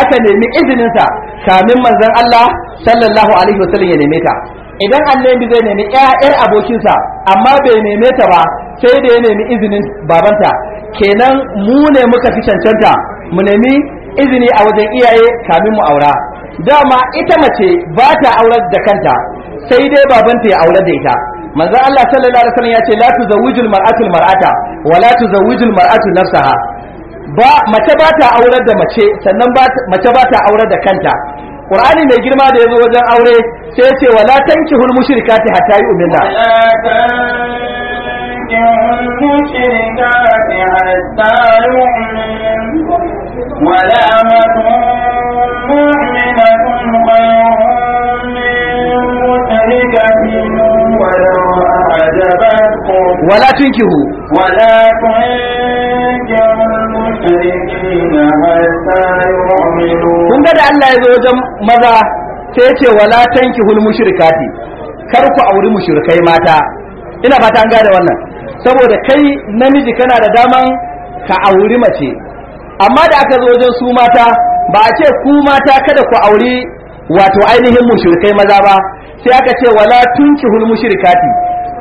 aka nemi izinin sa kamin manzon Allah sallallahu alaihi wasallam ya neme ta idan annabi zai nemi ƴaƴar abokinsa amma bai neme ta ba sai da ya nemi izinin babanta kenan mu ne muka fi cancanta mu nemi izini a wajen iyaye kamin mu aura dama ita mace ba ta aurar da kanta sai dai babanta ya aurar da ita manzo Allah sallallahu alaihi wasallam ya ce la tuzawijul mar'atu mar'ata wa la tuzawijul mar'atu nafsaha ba mace ba ta aurar da mace sannan mace ba ta aurar da kanta qur'ani mai girma da yazo wajen aure sai ya ce wala tankihul mushrikati hatta yu'minna المشركات حتى يؤمنوا ولا مؤمنة خير من مشركة ولو أعجبتكم ولا تنكروا ولا تنكروا المشركين حتى يؤمنوا kun ga da Allah ya zo wajen maza sai ce wala tanki tankihul mushrikati kar ku auri mushrikai mata ina fata an gane wannan saboda kai namiji kana da daman ka auri mace amma da aka zo wajen su mata ba a ce ku mata kada ku auri wato ainihin mushrikai maza ba sai aka ce wala tunkihul mushrikati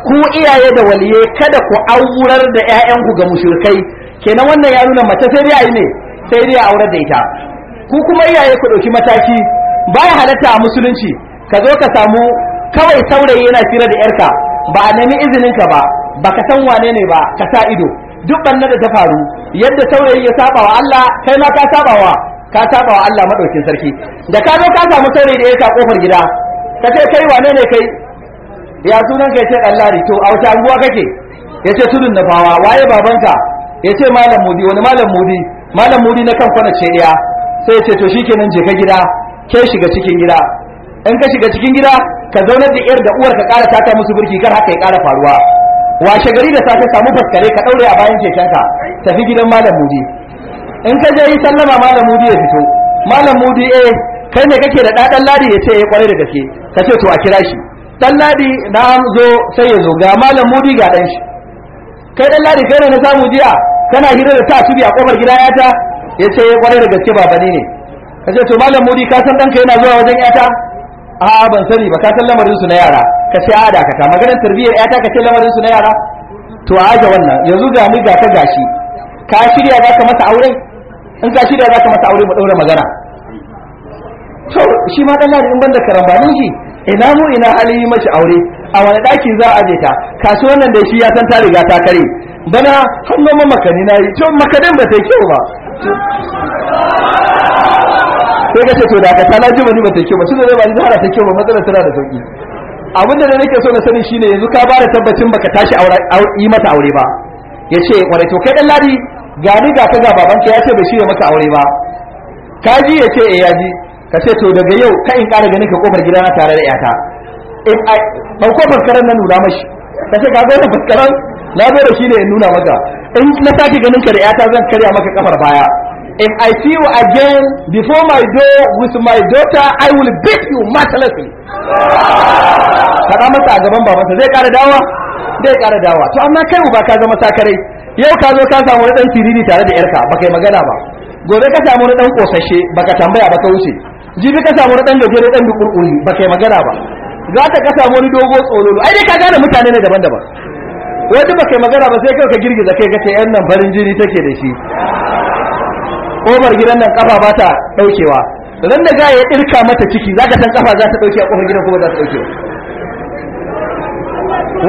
ku iyaye da waliye kada ku aurar da ƴaƴanku ga mushrikai kenan wannan ya nuna mace sai dai ne sai dai aurar da ita ku kuma iyaye ku dauki mataki baya halatta a musulunci ka zo ka samu kawai saurayi yana fira da yarka ba a nemi izininka ba ba ka san wane ne ba ka sa ido duk banna da ta faru yadda saurayi ya saba wa Allah kai ma ka saba wa ka saba wa Allah madaukin sarki da ka zo ka samu saurayi da ya ka kofar gida ka ce kai wane ne kai ya sunan kai ce ri to a wata anguwa kake yace tudun na fawa waye babanka yace malam mudi wani malam mudi malam mudi na kan kwana ce daya sai yace to shikenan je ka gida ke shiga cikin gida in ka shiga cikin gida ka zaunar da yar da uwar ka ƙara ta musu burki kar haka ya ƙara faruwa washe gari da safe samu faskare ka daure a bayan kekenka tafi gidan malam mudi in ka je yi sallama malam mudi ya fito malam mudi eh kai ne kake da ɗaɗan ladi ya ce ya eh, kware da gaske ka ce to a kira shi ɗan ladi na zo sai ya zo ga malam mudi ga ɗan shi kai ɗan ladi kai ne na samu jiya kana hira da ta tubi a kofar gida yata ya ce ya eh, kware da gaske babani ne ka ce to malam mudi ka san ɗanka yana zuwa wajen yata a'a ban sani ba ka san lamarin su na yara ka ce a dakata maganar tarbiyyar ta ka ce lamarin su na yara to a ga wannan yanzu ga ni ga ka gashi ka shirya za ka masa aure in ka shirya za ka masa aure mu ɗaura magana to shi ma dan in banda karambanin shi ina mu ina hali mace aure a wani daki za a je ta kasuwan nan da shi ya san ta riga ta kare bana hannun makani na yi to makanin ba ta yi kyau ba sai ka ce to da ka tana ji bani ba ta kyau ba tunda zai ba ni zahara ta kyau ba matsalar tana da sauki abin da nake so na sani shine yanzu ka ba da tabbacin baka tashi yi mata aure ba yace wani to kai dan ladi ni ga ka ga babanka ya ce bai shirya maka aure ba ka ji yace eh ya ji ka ce to daga yau ka in ganin ka kofar gidana tare da yata in a ɗauko faskaran na nuna mashi ka ce ka ga da fuskaran na zo da shi ne in nuna maka in na sake ganin ka da yata zan karya maka kafar baya If I see you again before my door with my daughter, I will beat you mercilessly. Faɗa masa a gaban babansa zai ƙara dawa? Zai ƙara dawa. To amma kai ba ka zama sakarai. Yau ka zo ka samu wani ɗan tiriri tare da ‘yarka ba kai magana ba. Gobe ka samu wani ɗan ƙosashe ba ka tambaya ba ka wuce. Jibi ka samu wani ɗan gajere ɗan dukurkuri ba kai magana ba. Za ta ka samu wani dogo tsololo. Ai dai ka gane mutane ne daban-daban. Wani ba kai magana ba sai kai ka girgiza kai ka ce ‘yan nan farin jini take da shi. kofar gidan nan kafa ba ta daukewa ran da ga ya dirka mata ciki zaka san kafa za ta dauke a kofar gidan kuma za ta dauke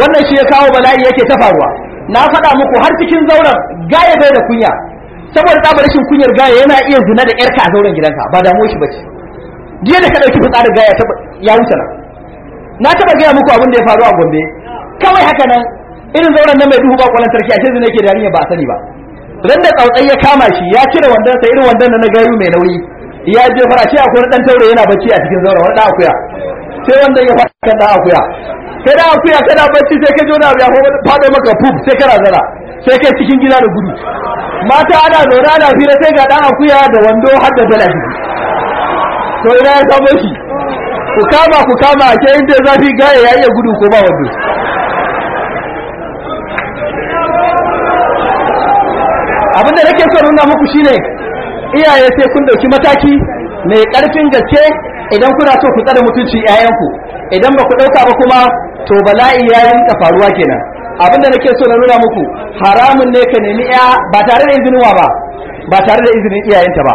wannan shi ya kawo bala'i yake ta faruwa na faɗa muku har cikin zauren gaya bai da kunya saboda tsabar rashin kunyar gaya yana iya zuna da yarka a zauren gidanka ba damuwar shi bace jiya da ka dauki fitsarin gaya ya wuce nan na taba gaya muku abin da ya faru a Gombe kawai haka nan irin zauren nan mai duhu ba kwalantarki sarki a shi zina yake da ba a sani ba ran da tsautsai ya kama shi ya cire wandon sa irin wandon da na gayu mai nauyi ya je fara shi akwai wani dan taure yana bacci a cikin zaura wani da akuya sai wanda ya fara kan da akuya sai da akuya kana bacci sai ka jona ya fado maka pub sai kana zara sai kai cikin gida da gudu mata ana zaune da fira sai ga dan akuya da wando har da dala to ina ya samu shi ku kama ku kama ke inda zafi ga ya iya gudu ko ba wando abin da nake so nuna muku shine iyaye sai kun dauki mataki mai karfin gaske idan kuna so ku tsare mutunci ku idan ba ku dauka ba kuma to bala'i ya rinka faruwa kenan abinda nake so na nuna muku haramun ne ka nemi iya ba tare da izinin ba ba tare da izinin iyayenta ba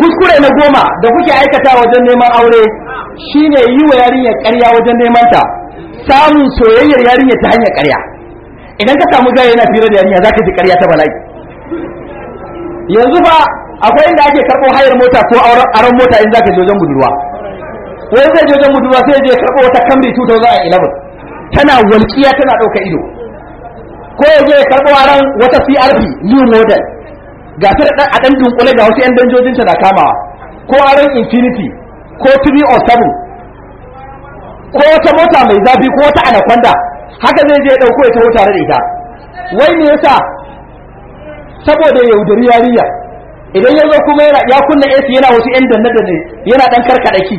kuskure na goma da kuke aikata wajen neman aure shine yi wa yarinya karya wajen neman ta samun soyayyar yarinya ta hanyar karya idan ka samu gaya yana fira da yarinya zaka ji karya ta bala'i yanzu fa akwai inda ake karɓo hayar mota ko aron mota in zaka je budurwa? Ko wani zai jojen budurwa sai je karɓo wata kamri 2011 tana walƙiya tana ɗauka ido ko ya je karɓo aron wata CRP new model ga su da a ɗan dunkule ga wasu 'yan danjojinta na kamawa ko aron infinity ko 307 ko wata mota mai zafi ko wata anaconda haka zai je ɗauko ya taho tare da ita wai me yasa saboda yaudari yariya idan ya zo kuma ya kunna AC yana wasu yan danne danne yana dan karkadaki ki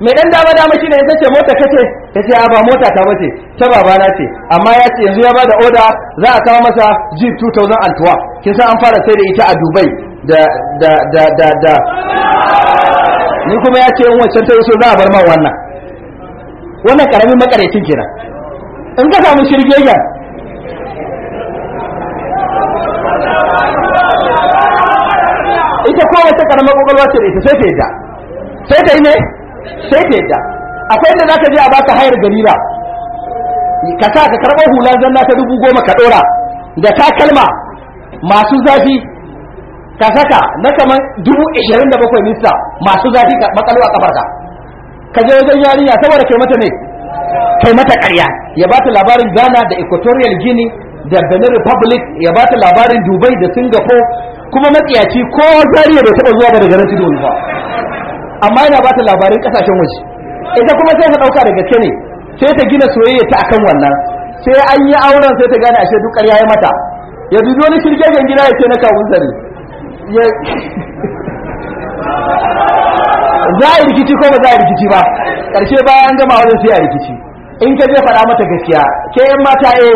mai dan dama dama shi ne, ya ce mota kace ya ce ba mota ta bace ta babana ce amma ya ce yanzu ya ba da oda za a kawo masa Jeep 2012 kin san an fara sai da ita a Dubai da da da da da ni kuma ya ce in wancan ta so za a bar man wannan wannan karamin makarecin kenan in ka samu shirgegen ita ko wata karamar kwakwalwa ce ita sai ta sai ta yi ne sai ta akwai inda za ka je a ba ka hayar garira ka sa ka karɓar hular zanna ta dubu goma ka ɗora da takalma masu zafi ka saka na kamar dubu ashirin da bakwai mista masu zafi ka makalo a kafarka ka je wajen yarinya saboda kai mata ne kai mata karya ya ba ta labarin ghana da equatorial guinea da benin republic ya ba ta labarin dubai da singapore kuma matsiyaci ko zariya bai taɓa zuwa ba garin tudun ba amma yana ba ta labarin ƙasashen waje ita kuma sai ta ɗauka da gaske ne sai ta gina soyayya ta akan wannan sai an yi auren sai ta gane ashe dukkan ƙarya ya mata ya dubi wani shirgegen gida ya ce na kawun zari za a yi rikici ko ba za a rikici ba ƙarshe bayan an gama wajen sai a rikici in ka je faɗa mata gaskiya ke yan mata eh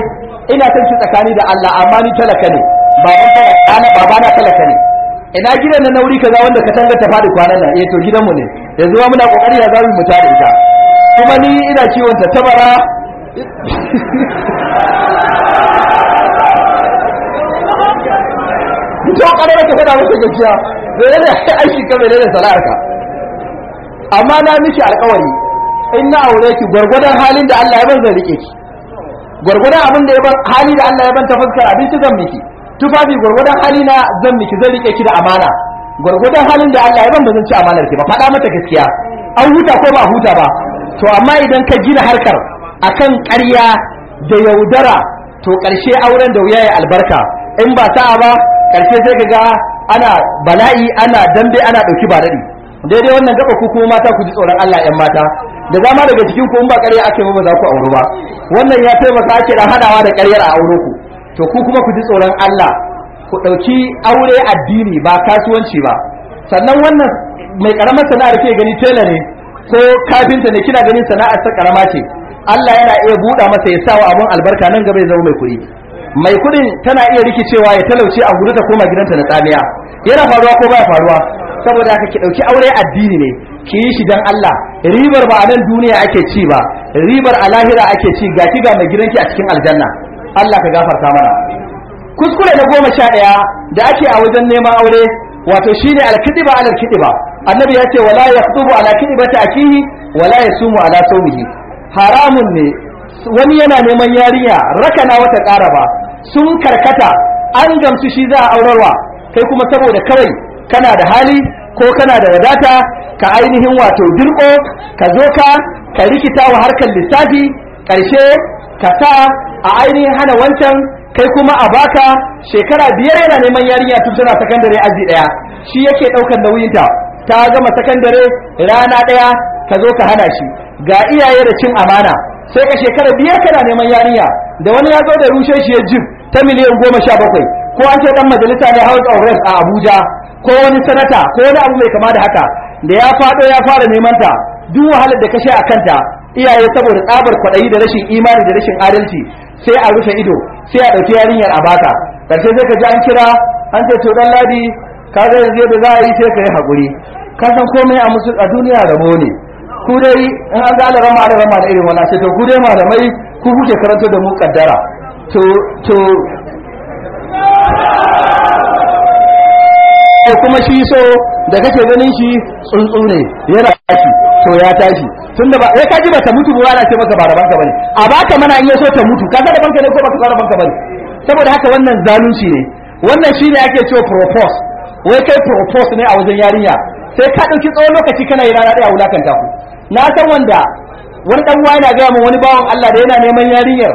ina son tsakani da Allah amma ni talaka ne baban talaka ana baba na talaka ne ina gidan na nauri kaza wanda ka tanga ta fadi kwanan nan eh to gidan mu ne yanzu ma muna kokari ya zamu mutar da ita kuma ni ina ciwon ta tabara ita ƙarar ta faɗa masa gajiya da yana aiki kamar da sana'ar ka amma na miki alƙawari in na aure ki gwargwadon halin da Allah ya ban zan rike ki gwargwadon abin da ya ban hali da Allah ya ban ta fuskar abinci zan miki tufafi gwargwadon hali na zan miki zan rike ki da amana gwargwadon halin da Allah ya ban bazan ci amanar ki ba faɗa mata gaskiya an huta ko ba huta ba to amma idan ka gina harkar akan ƙarya da yaudara to ƙarshe auren da wuya ya albarka in ba sa'a ba ƙarshe sai ga ana bala'i ana dambe ana ɗauki ba daɗi daidai wannan gaba ku kuma mata ku ji tsoron Allah 'yan mata da dama daga cikin ku in ba ƙarya ake ba ba za ku auru ba wannan ya taimaka ake da haɗawa da ƙaryar a aure ku to ku kuma ku ji tsoron Allah ku ɗauki aure addini ba kasuwanci ba sannan wannan mai karamar sana'ar ke gani tela ne ko kafinta ne kina ganin sana'ar ta karama ce Allah yana iya buɗa masa ya sawa abun albarka nan gaba ya zama mai kuɗi mai kuɗin tana iya rikicewa ya talauce a gudu ta koma gidanta na tsamiya yana faruwa ko baya faruwa saboda haka ki ɗauki aure addini ne ki yi shi dan Allah ribar ba a nan duniya ake ci ba ribar a lahira ake ci ga ki ga mai gidanki a cikin aljanna Allah ka gafarta mana kuskure na goma sha ɗaya da ake a wajen neman aure wato shine alkidiba alkidiba, annabi ya ce wala yaktubu ala kidibati akihi wala yasumu ala sawmihi haramun ne wani yana neman yarinya rakana wata ƙara ba sun karkata an gamsu shi za a aurarwa kai kuma saboda kawai kana da hali ko kana da wadata ka ainihin wato dirko ka zo ka ka rikita wa harkar lissafi ƙarshe ka sa a ainihin hana wancan kai kuma a baka shekara biyar yana neman yarinya tun tana sakandare aji daya shi yake daukan nauyinta ta gama sakandare rana ɗaya ka zo ka hana shi ga iyaye da cin amana sai ka shekara biyar kana neman yarinya da wani ya zo da rushe shi ya jib ta miliyan goma sha bakwai ko an ce dan majalisa ne house of reps a abuja ko wani sanata ko wani abu mai kama da haka da ya faɗo ya fara neman ta duk wahalar da ka sha a kanta iyaye saboda tsabar kwaɗayi da rashin imani da rashin adalci sai a rufe ido sai a ɗauki yarinyar a baka ƙarshe sai ka ji an kira an ce to dan ladi ka ga yanzu da za a yi sai ka yi haƙuri Kasan komai a musu a duniya da ne ku dai in an rama da rama da irin wannan sai to ku dai malamai ku kuke karanta da mu kaddara to to kuma shi so da kake ganin shi tsuntsu ne yana tashi to ya tashi tun da ba ya eh, kaji ba ta mutu ba ana ce maka ba ka bane a baka mana iya so ta mutu ka da banka ne ko baka da ka bane saboda haka wannan zalunci ne wannan ne ake cewa propose wai kai propose ne a wajen yarinya sai ka ɗauki tsawon lokaci kana yi rana daya wulakanta ku na san wanda wani dan uwa yana gaya min wani bawan Allah da yana neman yarinyar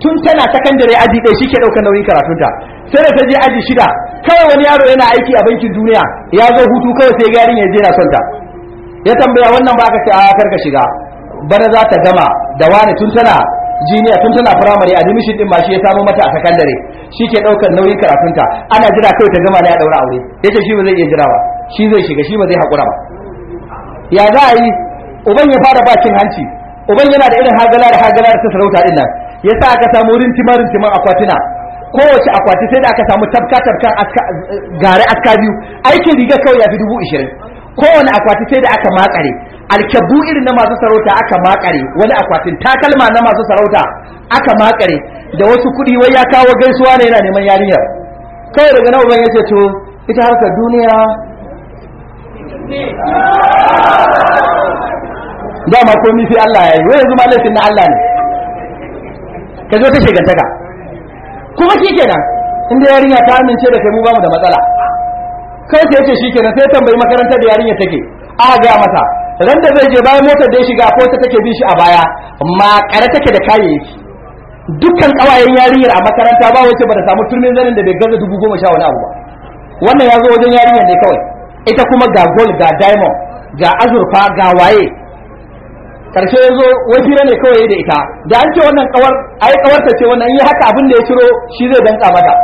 tun tana sakandare aji ɗaya shi ke ɗaukar nauyin karatunta sai da ta je aji shida kawai wani yaro yana aiki a bankin duniya ya zo hutu kawai sai garin ya je na sonta ya tambaya wannan ba ka ce a karka shiga bana za ta gama da wani tun tana jiniya tun tana firamare a dimishin din ma shi ya samu mata a sakandare shi ke ɗaukar nauyin karatunta ana jira kawai ta gama na ya ɗaura aure ya ce shi ba zai iya jira ba shi zai shiga shi ba zai haƙura ba ya za a yi uban ya fara bakin hanci uban yana da irin hagala da hagala da ta sarauta ɗin nan ya sa aka samu rintima rintiman akwatuna kowace akwati sai da aka samu tafka tafka gare aska biyu aikin riga kawai ya fi dubu ishirin kowane akwati sai da aka makare alkabu irin na masu sarauta aka makare wani akwatin takalma na masu sarauta aka makare da wasu kuɗi wai ya kawo gaisuwa ne yana neman yarinyar kawai daga nan uban yace to ita harkar duniya dama komi sai Allah ya yi wai yanzu ma laifin na Allah ne ka zo ta shegantaka kuma shi kenan inda yarinya ta amince da kai mu bamu da matsala kai sai yace shi kenan sai tambayi makarantar da yarinya take a ga mata ran da zai je bayan motar da ya shiga ko ta take bi shi a baya ma kare take da kayayyaki dukkan kawayen yarinyar a makaranta ba wace ba ta samu turmin zanin da bai gaza dubu goma sha wani abu ba wannan ya zo wajen yarinya ne kawai ita kuma ga gold ga diamond ga azurfa ga waye karshe ya zo wai ne kawai da ita da an ce wannan kawar ai kawarta ce wannan yi haka abin da ya ciro shi zai danka mata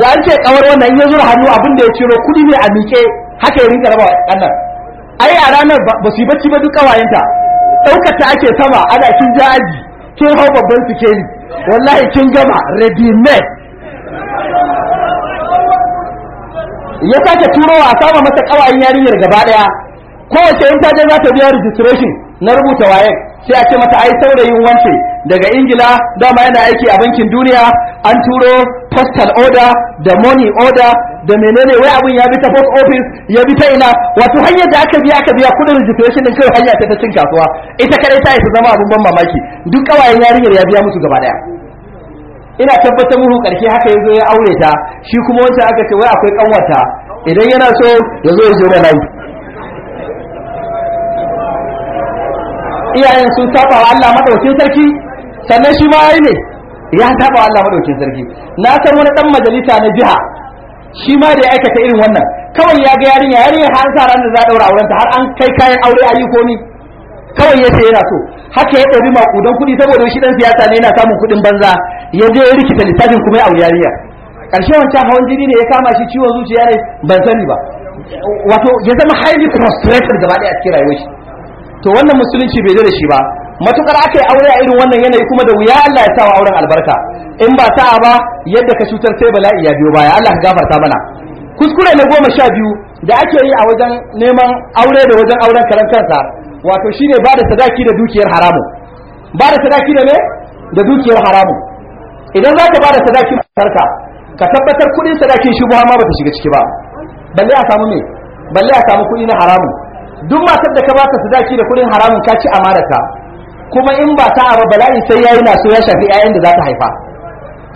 da an ce kawar wannan ya zura hannu abin da ya ciro kudi ne a miƙe haka ya rinka raba kannan ai a ranar ba su yi bacci ba duk kawayenta ɗaukar ta ake sama ana kin jaji kin hau babban sikeli wallahi kin gama ready made ya sake turowa a sama masa kawayen yarinyar gaba daya kowace in ta je za ta biya registration na rubuta wayan sai a ce mata ai saurayin wance daga ingila dama yana aiki a bankin duniya an turo postal order da money order da menene wai abin ya bi ta post office ya bi ta ina wato hanyar da aka biya aka biya kudin registration din kawai hanya ta ta cin kasuwa ita kadai ta isa zama abin ban mamaki duk kawayen yarinyar ya biya musu gaba daya ina tabbatar muku karshe haka yazo ya aure ta shi kuma wancan aka ce wai akwai kanwata idan yana so yazo ya zo da iyayen sun saba wa Allah madaukin sarki sannan shi ma yayi ne ya saba wa Allah madaukin sarki na san wani dan majalisa na jiha shi ma da ya aikata irin wannan kawai ya ga yarinya yarinya har sa ran da za daura auren ta har an kai kayan aure ayi ko ni kawai ya ce yana so haka ya ɗauri makudan kuɗi saboda shi dan siyasa ne yana samun kuɗin banza ya je ya rikita littafin kuma ya auri yarinya karshe wancan hawan jini ne ya kama shi ciwon zuciya ne ban sani ba wato ya zama highly frustrated gaba ɗaya a cikin rayuwar shi to wannan musulunci bai da shi ba matukar aka yi aure a irin wannan yanayi kuma da wuya Allah ya sa wa auren albarka in ba ta ba yadda ka cutar sai bala'i ya biyo baya Allah ka gafarta mana kuskure na goma sha biyu da ake yi a wajen neman aure da wajen auren karan kansa wato shine ba da sadaki da dukiyar haramu ba da sadaki da me da dukiyar haramu idan za ka ba da sadakin matarka ka tabbatar kudin sadakin shi ma ba ta shiga ciki ba balle a samu me balle a samu kudi na haramu duk matar da ka baka sadaki da kudin haramun ka ci ta, kuma in ba ta aba bala'i sai yayi na so ya shafi ƴaƴan da za ta haifa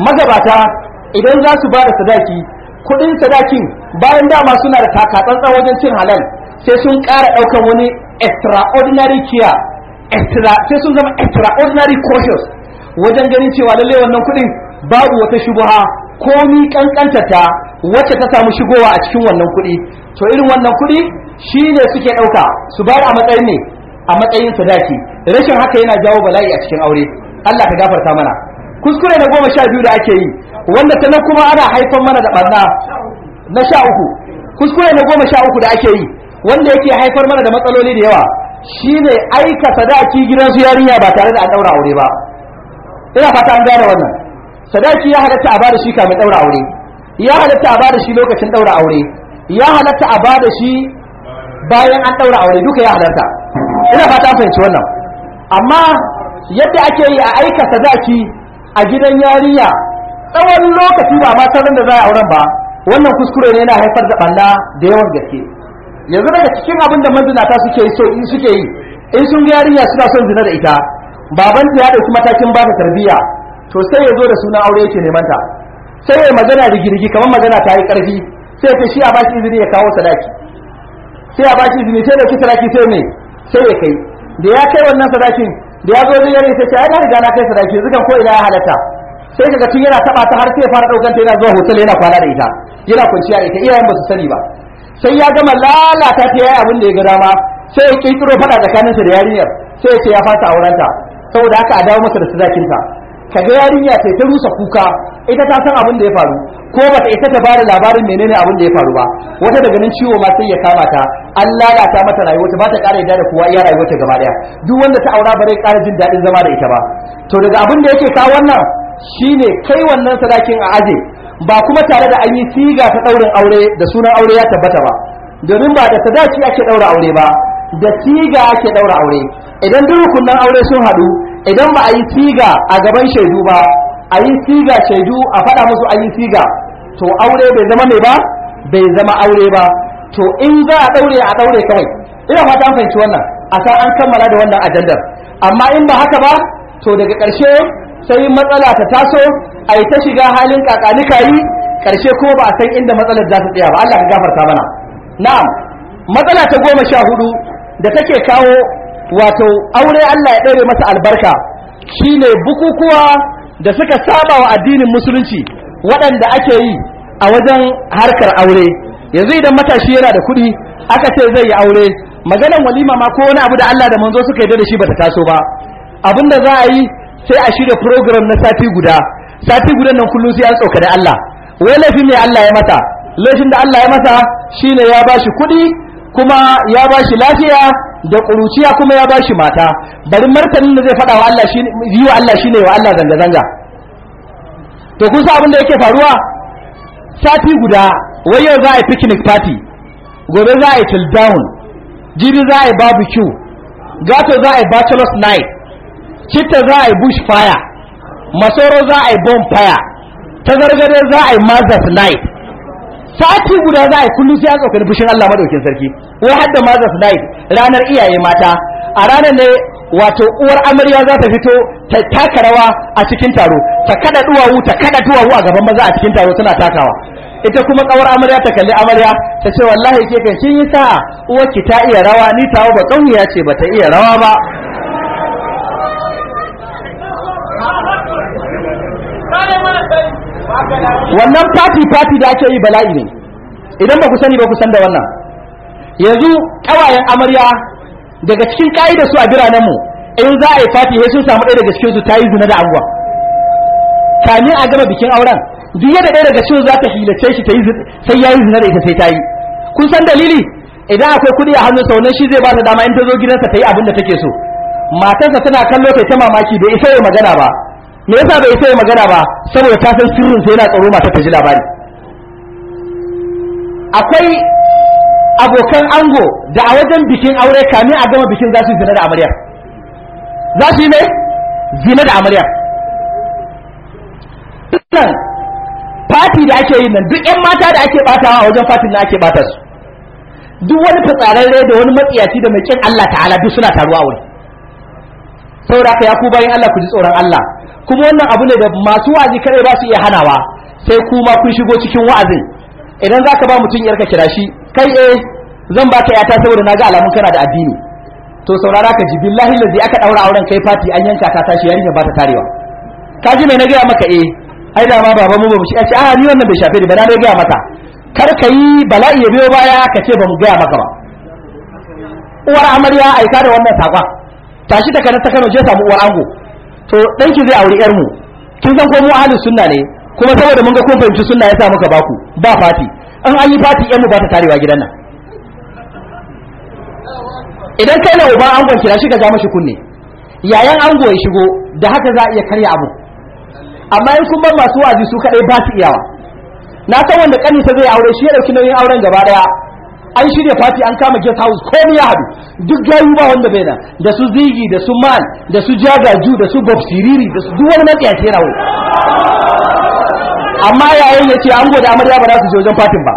magabata idan za su ba da sadaki kudin sadakin bayan dama suna da takatsantsan wajen cin halal sai sun ƙara ɗaukar wani extraordinary care sai sun zama extraordinary cautious wajen ganin cewa lallai wannan kudin babu wata shubuha komi kankanta ta wacce ta samu shigowa a cikin wannan kudi to irin wannan kudi shi ne suke ɗauka su ba a matsayin ne a matsayin sadaki rashin haka yana jawo bala'i a cikin aure Allah ka gafarta mana kuskure na goma sha biyu da ake yi wanda ta nan kuma ana haifar mana da ɓarna na sha uku kuskure na goma sha uku da ake yi wanda yake haifar mana da matsaloli da yawa shi ne aika sadaki su yarinya ba tare da an ɗaura aure ba ina fata an gane wannan sadaki ya halatta a bada shi kamin ɗaura aure ya halatta a bada shi lokacin ɗaura aure ya halatta a bada shi bayan an daura aure duka ya halarta ina fata fahimci wannan amma yadda ake yi a aika sadaki a gidan yariya tsawon lokaci ba ma sanin da za a auren ba wannan kuskure ne yana haifar da ɓanna da yawan gaske yanzu daga cikin abin da manzinata suke yi so in suke yi in sun ga yarinya suna son zina da ita baban ta ya dauki matakin ba ta tarbiyya to sai ya zo da sunan aure yake neman ta sai ya magana da girgi kamar magana ta yi karfi sai ta shi a bashi izini ya kawo sadaki sai a shi izini sai kisa sadaki sai me sai ya kai da ya kai wannan sadakin da ya zo zai yare sai ce ai na riga na kai sadaki zukan ko ya halatta sai kaga tun yana taba ta har sai fara daukan ta yana zuwa hotel yana kwana da ita yana kwanciya da ita iyayen ba su sani ba sai ya gama lalata ta yayi abin da ya ga dama sai ya kirkiro fada tsakaninsa da yarinyar sai ya ce ya fasa aurenta saboda haka a dawo masa da sadakinta kaga yarinya sai ta rusa kuka ita ta san abin da ya faru ko ba ta ita ta bada labarin menene abin da ya faru ba wata daga nan ciwo ma sai ya kama ta an lalata mata rayuwa ta ba ta ƙara yadda da kowa iya rayuwa ta gaba daya duk wanda ta aura ba zai ƙara jin daɗin zama da ita ba to daga abin da yake kawo wannan shine kai wannan sadakin a aje ba kuma tare da an yi siga ta ɗaurin aure da sunan aure ya tabbata ba domin ba da sadaki ake ɗaura aure ba da siga ake ɗaura aure idan duk rukunan aure sun haɗu idan ba a yi siga a gaban shaidu ba a yi siga shaidu a faɗa musu a yi siga to aure bai zama mai ba bai zama aure ba to in za a ɗaure a ɗaure kawai ina fata an fahimci wannan a san an kammala da wannan ajandar amma in ba haka ba to daga ƙarshe sai matsala ta taso a yi ta shiga halin kakanika yi ƙarshe ko ba a san inda matsalar za ta tsaya ba Allah ka gafarta mana na'am matsala ta goma sha hudu da take kawo wato aure Allah ya ɗaure masa albarka shine bukukuwa da suka saba wa addinin musulunci waɗanda ake yi a wajen harkar aure yanzu idan matashi yana da kuɗi aka ce zai yi aure maganan walima ma ko wani abu da Allah da manzo suka yarda da shi bata taso ba abinda za a yi sai a shirya program na sati guda sati guda nan kullum sai an tsoka da Allah wai laifin ne Allah ya mata laifin da Allah ya mata shine ya bashi kuɗi kuma ya ba shi lafiya da ƙuruciya kuma ya ba shi mata bari martanin da zai faɗa wa Allah shi yi wa Allah shi ne wa Allah zanga zanga to kun san abin da yake faruwa sati guda wai yau za a yi picnic party gobe za a yi till down jibi za a yi barbecue gato za a yi bachelor's night citta za a yi bush fire masoro za a yi bonfire tazargare za a yi mother's night sati guda za a yi kullum sai an tsokani fushin Allah madaukin sarki wai har da Night ranar iyaye mata a ranar ne wato uwar amarya za ta fito ta taka rawa a cikin taro ta kada duwawu ta kada duwawu a gaban maza a cikin taro suna takawa ita kuma kawar amarya ta kalli amarya ta ce wallahi ke kan kin yi sa'a uwar ki ta iya rawa ni tawo ba kauniya ce ba ta iya rawa ba wannan fati fati da ake yi bala'i ne idan ba ku sani ba ku san da wannan yanzu kawayen amarya daga cikin ka'ida su a biranen mu in za a yi fati sai sun samu ɗaya daga cikin su tayi zina da anguwa kamin a gama bikin auren duk yadda ɗaya daga cikin za ta hilace shi sai yayi zina da ita sai tayi kun san dalili idan akwai kuɗi a hannunsa wannan shi zai ba ta dama in ta zo gidansa ta yi abin da take so matarsa tana kallo sai ta mamaki bai isa ya magana ba me yasa bai sai magana ba saboda ta san sirrin sai yana tsaro mata ta ji labari akwai abokan ango da a wajen bikin aure kame a gama bikin za su zina da amaryar za su yi ne zina da amaryar nan fati da ake yi nan duk yan mata da ake batawa a wajen fatin na ake bata su duk wani fitsararre da wani matsiyaci da mai kin Allah ta'ala duk suna taruwa wani saboda haka ya ku bayan Allah ku ji tsoron Allah kuma wannan abu ne da masu wa'azi kare ba su iya hanawa sai kuma kun shigo cikin wa'azin idan za ka ba mutum yarka kira shi kai eh zan ka yata saboda na ga alamun kana da addini to saurara ka ji billahi lazi aka daura auren kai fati an yanka ta tashi yarinya ba ta tarewa ka ji mai na gaya maka eh ai da ma baba mu ba mu shi a ce a ni wannan bai shafe ni ba na gaya mata kar ka yi bala'i ya biyo baya ka ce ba mu gaya maka ba uwar amarya aika da wannan sakon tashi ta kanar ta kano je samu uwar ango to ɗanki zai auri yar mu kin san ko mu ahlus sunna ne kuma saboda mun ga kun fahimci sunna sa muka baku ba fati an an yi fati yar mu ba ta tarewa gidan nan idan kai na uba an gwanki shi ka ga mashi kunne yayan ango ya shigo da haka za a iya karya abu amma in kun bar masu wazi su kadai ba su iyawa na san wanda kani sa zai aure shi ya ɗauki nauyin auren gaba daya an shirya fati an kama guest house komi ya haɗu duk gayu ba wanda bai nan da su zigi da su man da su jagaju da su bob siriri da su duk wani matsaya ce rawo amma yayin ya ce an gode amarya ba za su je wajen fatin ba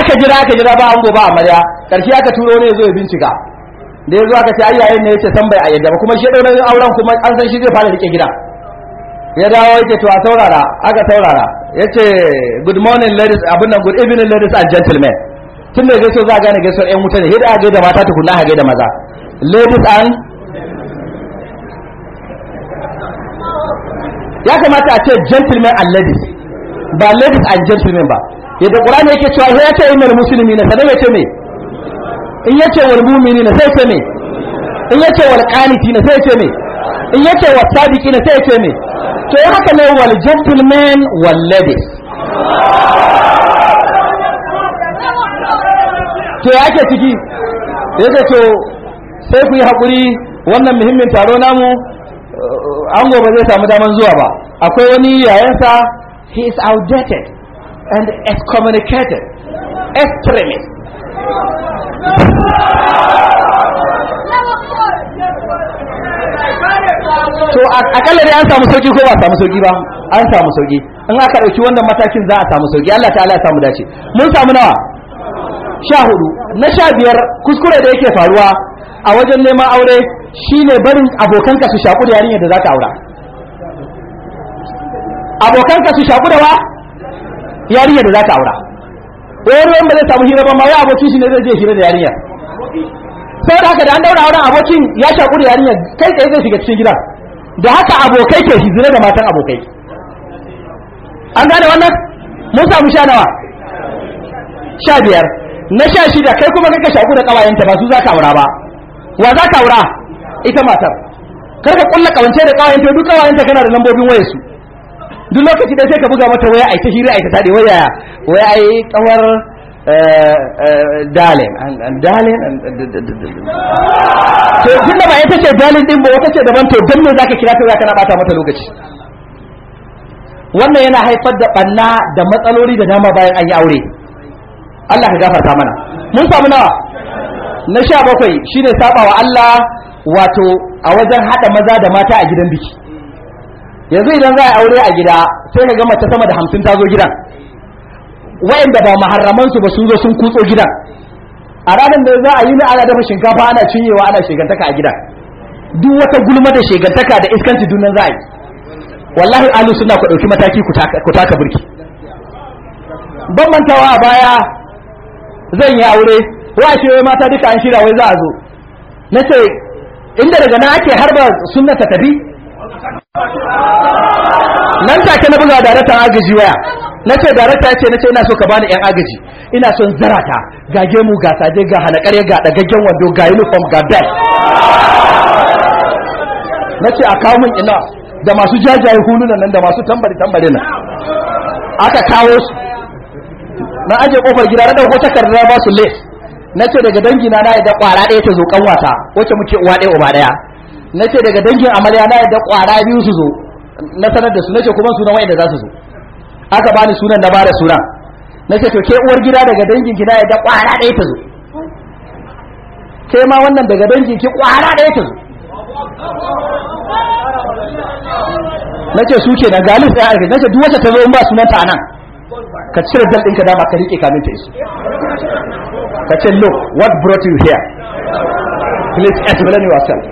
aka jira aka jira ba an ba amarya karshe aka turo ne zo ya bincika da ya zo aka ce ai yayin ne ya ce san bai yadda ba kuma shi dauran auren kuma an san shi zai fara rike gida ya dawo yake to a saurara aka saurara yace good morning ladies abun nan good evening ladies and gentlemen tun da gaisuwa za a gane gaisuwar yan wuta ne a gaida mata tukuna a gaida maza ladies and ya kamata a ce gentleman and ladies ba ladies and gentlemen ba yadda ƙurani yake cewa sai ya ce imar musulmi na sanar ya ce me in ya ce wal mumini na sai ce me in ya ce wal ƙaniti na sai ce me in ya ce wal sadiki na sai ce me to ya haka ne wal gentleman wal ladies to ya ke ciki ya ce to sai ku yi haƙuri wannan muhimmin taro namu eh, ango ba zai samu daman zuwa ba akwai wani yayansa he is outdated and excommunicated extremist to akalla dai an samu sauki ko ba samu sauki ba an samu sauki in aka ɗauki wannan matakin za a samu sauki Allah ta'ala ya samu dace mun samu nawa sha hudu na sha biyar kuskure da yake faruwa a wajen neman aure shine barin abokanka su shaku da yarinyar da za ka aura abokanka su shaku da wa yarinyar da za ka aura wani wanda zai samu hira ba ma wai abokin shi ne zai je hira da yarinyar sau da haka da an daura auren abokin ya shaku da yarinyar kai tsaye zai shiga cikin gidan da haka abokai ke shi zina da matan abokai an gane wannan mun samu sha nawa sha biyar na sha shida kai kuma kanka shaku da kawayenta ba su za ka aura ba wa za ka aura ita matar kar ka kulla kawance da kawayenta duk kawayenta kana da lambobin wayarsu duk lokaci da sai ka buga mata waya ai ta hira ai ta tade waya waya ai kawar dalin dalin to tunda ba ita ce dalin din ba wata ce daban to dan me zaka kira ta zaka na bata mata lokaci wannan yana haifar da ɓanna da matsaloli da dama bayan an yi aure Allah ka gafarta mana mun samu nawa na sha bakwai shine sabawa Allah wato a wajen hada maza da mata a gidan biki yanzu idan za a aure a gida sai ka ga mace sama da hamsin ta zo gidan wa'anda ba maharraman su ba sun zo sun kutso gidan a ranar da za a yi ana dafa shinkafa ana cinyewa ana shegantaka a gidan duk wata gulma da shegantaka da iskanci dunan za a yi wallahi alu suna ku dauki mataki ku taka burki ban mantawa a baya zan yi aure wa shi wai mata duka an wai za a zo na ce inda daga na ake harba sunna ta tafi nan ta ke na buga daraktan agaji waya na ce darakta ce na ce ina so ka bani yan agaji ina son zarata ga gemu ga saje ga ya ga dagaggen wando ga uniform ga bell na ce a kawo min ina da masu jajaye hulunan nan da masu tambari tambari nan aka kawo su na aje kofar gida na dauko takarda ba su lace nace daga dangi na yadda kwara ɗaya ta zo kanwata wacce muke uwa ɗaya uba ɗaya nace daga dangin amarya na yadda kwara biyu su zo na sanar da su nace kuma sunan wanda za su zo aka bani sunan na bada sunan nace to ke uwar gida daga dangin ki na yadda kwara ɗaya ta zo ke ma wannan daga dangin ki kwara ɗaya ta zo nace su ke na galif ya aika nace duk wacce ta zo in ba sunanta anan ka cire dal ka dama ka riƙe kamin ta isu ka ce look what brought you here please explain yourself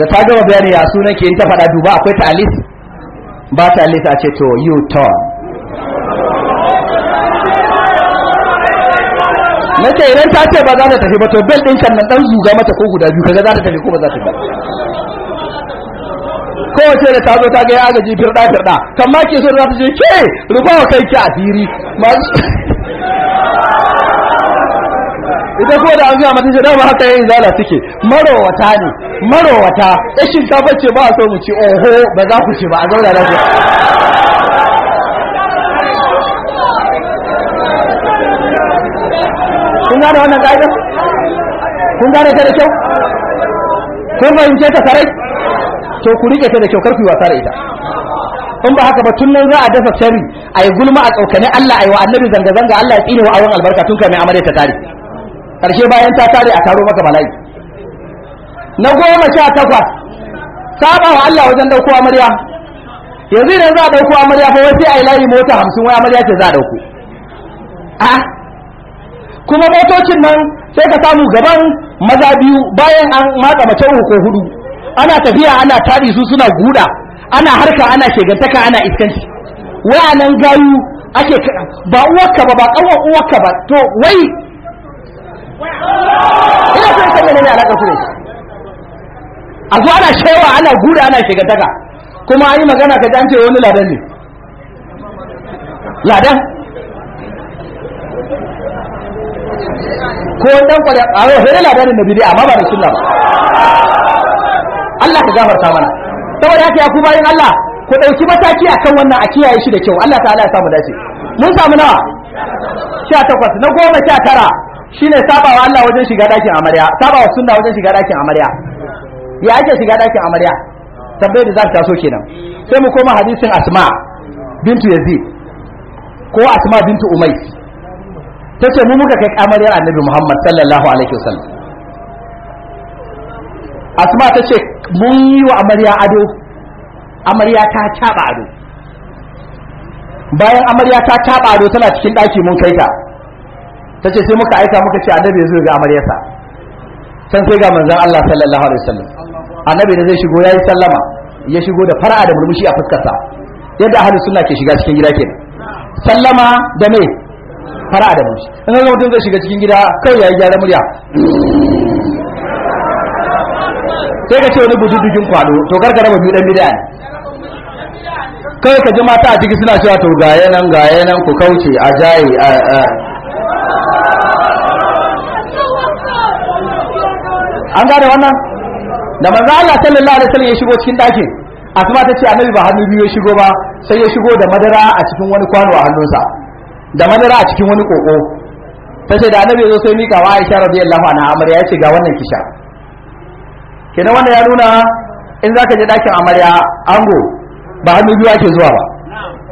da ta gama bayani ya sunan ke ta faɗa duba akwai ta'alis ba ta'alis a ce to you turn na ce idan ta ce ba za ta tafi ba to bel ɗin kan nan ɗan zuga mata ko guda biyu kaga za ta tafi ko ba za ta tafi kowace da ta zo ta ga ya gaji firda firda kan ma ke so da za ta je ke rufa wa kai ki asiri ita ko da an gaya mata dama haka yayin zala suke marowata ne marowata ɗan shinkafa ce ba so mu ci oho ba za ku ci ba a zauna lafiya kun gane wannan ƙa'idar kun gane ta da kyau kun fahimce ta sarai to ku rike ta da kyau karfi wasa da ita in ba haka ba tun nan za a dasa tari a yi gulma a tsokane Allah a yi wa annabi zanga-zanga Allah ya tsine wa awon albarka tun mai amare ta tare karshe bayan ta tare a taro maka bala'i na goma sha takwas saba wa Allah wajen dauko amarya yanzu idan za a dauko amarya fa wai sai a yi layi mota hamsin wai amarya ce za a dauko a kuma motocin nan sai ka samu gaban maza biyu bayan an matsa mace uku ko hudu ana tafiya ana tari su suna guda ana harka ana shegantaka ana iskanci nan gayu ake ba uwarka ba ba kawar uwarka ba to wai ina so sanya ne alaƙa su ne a zo ana shewa ana guda ana shegantaka kuma an yi magana ka ji an ce wani ladan ne ladan ko dan kwada a wani ladan ne na bidiya amma ba da sunna ba Allah ka gafarta mana saboda haka ya ku bayan Allah ku ɗauki mataki akan wannan a kiyaye shi da kyau Allah ta'ala ya samu dace mun samu nawa sha takwas na goma sha tara shine sabawa Allah wajen shiga dakin amarya sabawa sunna wajen shiga dakin amarya ya ake shiga dakin amarya tambayar da za ta taso kenan sai mu koma hadisin asma bintu yazid ko asma bintu umais tace mu muka kai amaryar annabi muhammad sallallahu alaihi wasallam asma ta ce mun yi wa amarya ado amarya ta taɓa ado bayan amarya ta taɓa ado tana cikin ɗaki mun kai ta ta ce sai muka aika muka ce annabi zai ga amaryarsa can sai ga manzon Allah sallallahu alaihi wasallam annabi da zai shigo yayi sallama ya shigo da fara da murmushi a fuskarsa yadda ahlus sunna ke shiga cikin gida kenan sallama da me fara da murmushi in mutum zai shiga cikin gida kai yayi gyara murya sai ka ce wani dukin kwado to karka raba biyu dan miliyan kai ka ji mata a ciki suna cewa to gaye nan gaye nan ku kauce a jaye an gane wannan da manzo Allah sallallahu alaihi wasallam ya shigo cikin ɗakin asma ta ce annabi ba hannu biyu ya shigo ba sai ya shigo da madara a cikin wani kwano a hannunsa da madara a cikin wani koko ta ce da annabi ya zo sai mika wa Aisha radiyallahu anha amarya ya ce ga wannan kisha kenan wanda ya nuna in zaka je dakin amarya ango ba hannu biyu ake zuwa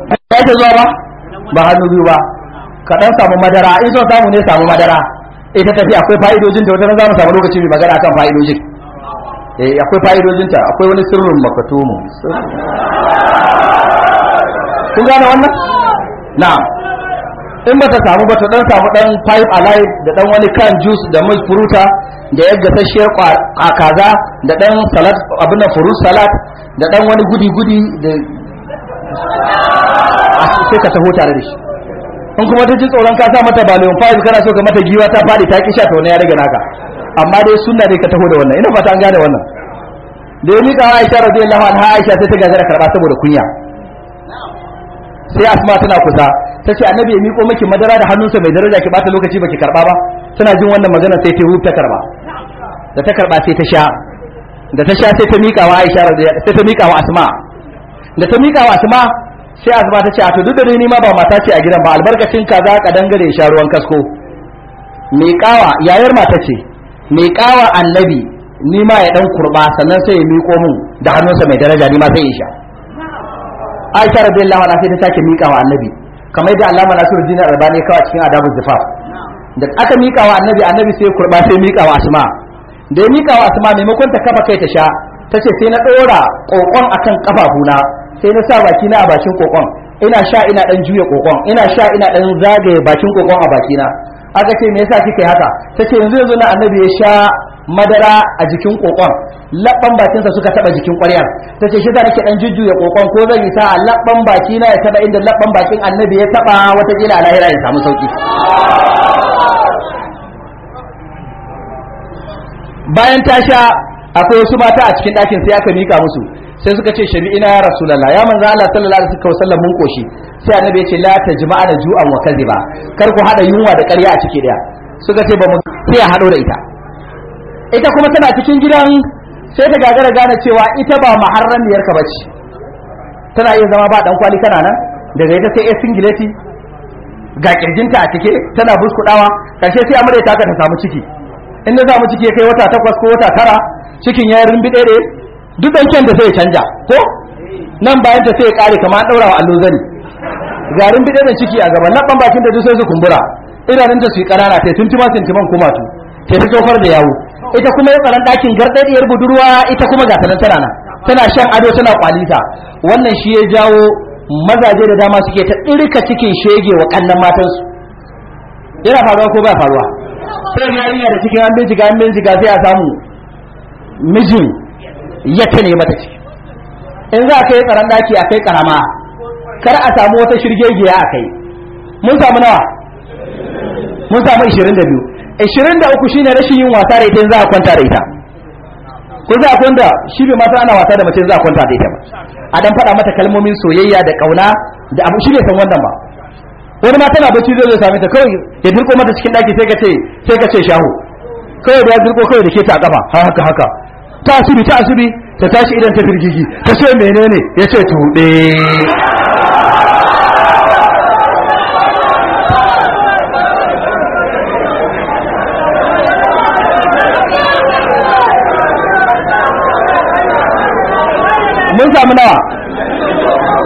ba ba ake zuwa ba ba hannu biyu ba ka dan samu madara in so samu ne samu madara ita tafi akwai fa'idojin da wata za mu samu lokaci mai magana akan fa'idojin eh akwai fa'idojin ta akwai wani sirrin makatumu kun gane wannan na'am in ba ta samu ba ta dan samu dan pipe alive da dan wani can juice da milk fruta da ya a kaza da dan salat abin da furu salat da dan ah, wani gudi gudi da sai ka taho tare da shi in kuma ta ji tsoron ka sa mata baliyon five kana so ka mata giwa ta fadi ta kisha ta wani ya rage naka amma dai sunna dai ka taho da wannan ina fata an gane wannan da ya nika Aisha radiyallahu anha Aisha sai ta gagara karba saboda kunya sai Asma tana kusa ta ce annabi ya miko miki madara da hannunsa mai daraja ki bata lokaci baki karba ba tana jin wannan magana sai ta huta karba da ta karba sai ta sha da ta sha sai ta mika wa Aisha sai ta mika wa Asma da ta mika wa Asma sai Asma ta ce a to duk da ni ma ba mata ce a gidan ba albarkacin kaza ka dangare sha ruwan kasko miƙawa yayar mata ce miƙawa annabi ni ma ya dan kurba sannan sai ya miko mun da hannunsa mai daraja ni ma sai in sha Aisha radiyallahu anha sai ta sake miƙawa annabi kamar yadda allama nasiru dina albani kawai cikin adabu zifa da aka mika wa annabi annabi sai kurba sai mika wa asma da ya mika wa asma maimakon ta kafa kai ta sha ta ce sai na ɗora kokon akan kafafuna sai na sa baki na a bakin kokon ina sha ina dan juya kokon ina sha ina dan zagaye bakin kokon a bakina aka ce me yasa kika yi haka tace yanzu yanzu na annabi ya sha madara a jikin kokon labban sa suka taba jikin ƙwaryar ta ce shi ta nake dan ya kokon ko zan yi sa labban baki na ya taba inda labban bakin annabi ya taba wata kila lahira ya samu sauki bayan ta sha akwai wasu mata a cikin ɗakin sai aka mika musu sai suka ce shari'ina ya rasulullah ya manzo Allah sallallahu alaihi wasallam mun koshi sai annabi ya ce la tajma'a da ju'an wa kadhiba kar ku hada yunwa da ƙarya a ciki daya suka ce ba mu sai a hado da ita ita kuma tana cikin gidan sai ta gagara gane cewa ita ba maharramiyar ka bace tana iya zama ba dan kwali kana nan daga ita sai a singileti ga kirjinta a cike tana buskudawa karshe sai amare ta ka ta samu ciki inda za samu ciki ya kai wata takwas ko wata tara cikin ya rumbi ɗaya duk dan kyan da sai ya canja ko nan bayan ta sai ya kare kamar an daura wa allo zani garin bide da ciki a gaban laban bakin da duk sai su kumbura idanun ta su yi kanana ta tuntuma tuntuman kuma tu, ta ta da yawo ita kuma ya tsaron ɗakin garɗaɗiyar budurwa ita kuma ga tanan tana tana shan ado tana kwalita wannan shi ya jawo mazaje da dama suke ta ɗirka cikin shege wa ƙannan matansu yana faruwa ko ba faruwa sai yarinya da cikin an bincika an bincika sai a samu mijin ya tane mata ciki in za a kai tsaron ɗaki a kai karama kar a samu wata shirgegiya a kai mun samu nawa mun samu ishirin da biyu. ashirin da uku shine rashin yin wasa da ita za a kwanta da ita ko za a kwanta shi bai mata ana wasa da mace za a kwanta da ita ba a dan faɗa mata kalmomin soyayya da ƙauna da abu shi bai san wannan ba wani ma tana bacci zai zo same ta kawai ya dirko mata cikin ɗaki sai ka ce shahu kawai da ya dirko kawai da ke ta gaba haka haka ta asubi ta asubi ta tashi idan ta firgigi ta ce menene ya ce tuɗe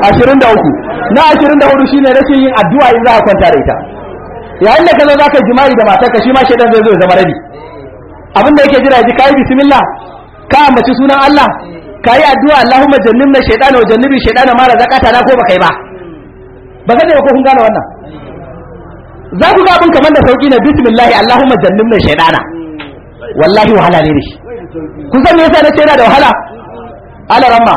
ashirin da uku na ashirin da hudu shi ne rashin yin addu'a in za a kwanta da ita yayin da ka zo ka jima'i da matarka shi ma shaidan zai zo zama rabi abin da yake jira ji yi bismillah ka ambaci sunan Allah ka yi addu'a Allahumma na shaidana wa jannibi shaytana ma ta na ko baka yi ba ba ka da ko kun gane wannan za ku ga abin kamar da sauki na bismillah Allahumma na shaidana? wallahi wahala ne shi kun san me yasa na ce yana da wahala ala ramma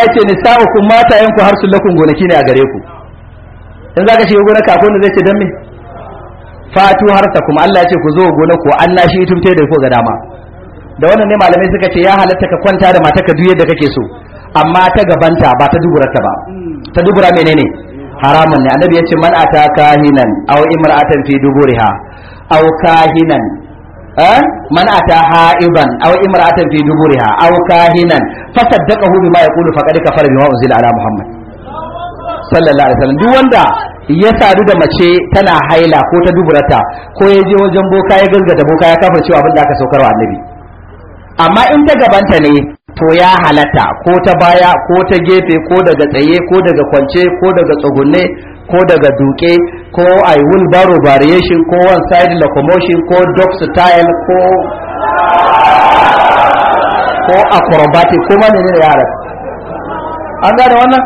ya ce ni mata yanku har lakun gonaki ne a gare ku in ka shiga gonar ka da zai ce dan me fatu harsa kuma Allah ya ce ku zo gonar ku an na shi tumte da ku ga dama da wannan ne malamai suka ce ya halatta ka kwanta da mata ka duyar da kake so amma ta gabanta ba ta ta ba ta dubura menene haramun ne annabi ya ce man ataka kahinan aw imra'atan fi duburiha aw kahinan Eh? man ata ha'iban aw imra'atan fi duburiha aw kahinan fasaddaqahu bima yaqulu faqad kafara bima unzila ala muhammad sallallahu alaihi wasallam duk wanda ya sadu da mace tana haila ko ta duburata ko ya je wajen boka ya gaskata boka ya kafa cewa abin da aka saukarwa annabi amma in ta gabanta ne to ya halatta ko ta baya ko ta gefe ko daga tsaye ko daga kwance ko daga tsugunne ko daga duke ko a yi wheelbarrow variation ko one side locomotion ko dog style ko ko acrobatic ko mani ne yara an gane wannan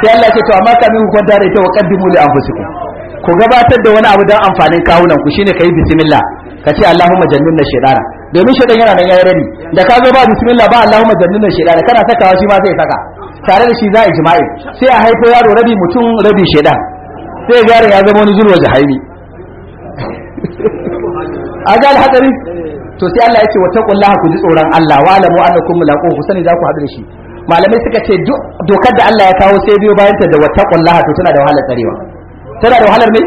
sai Allah ce to amma ka ku kwanta da ita wa qaddimu li anfusikum ku gabatar da wani abu don amfanin kawunan ku shine kai bismillah ka ce Allahumma jannina shaytana domin shaytan yana nan yayin rani da ka zo ba bismillah ba Allahumma jannina shaytana kana saka shi ma zai saka tare da shi za a jima'i sai a haifo yaro rabi mutum rabi shaytan sai gari ya zama wani zuwa jahaili a ga alhadari to sai Allah ya ce wata kullaha ku ji tsoron Allah wa alamu annakum mulaqu ku sani za ku haɗu da shi malamai suka ce dokar da Allah ya kawo sai biyo bayan ta da wata kullaha to tana da wahalar tsarewa tana da wahalar mai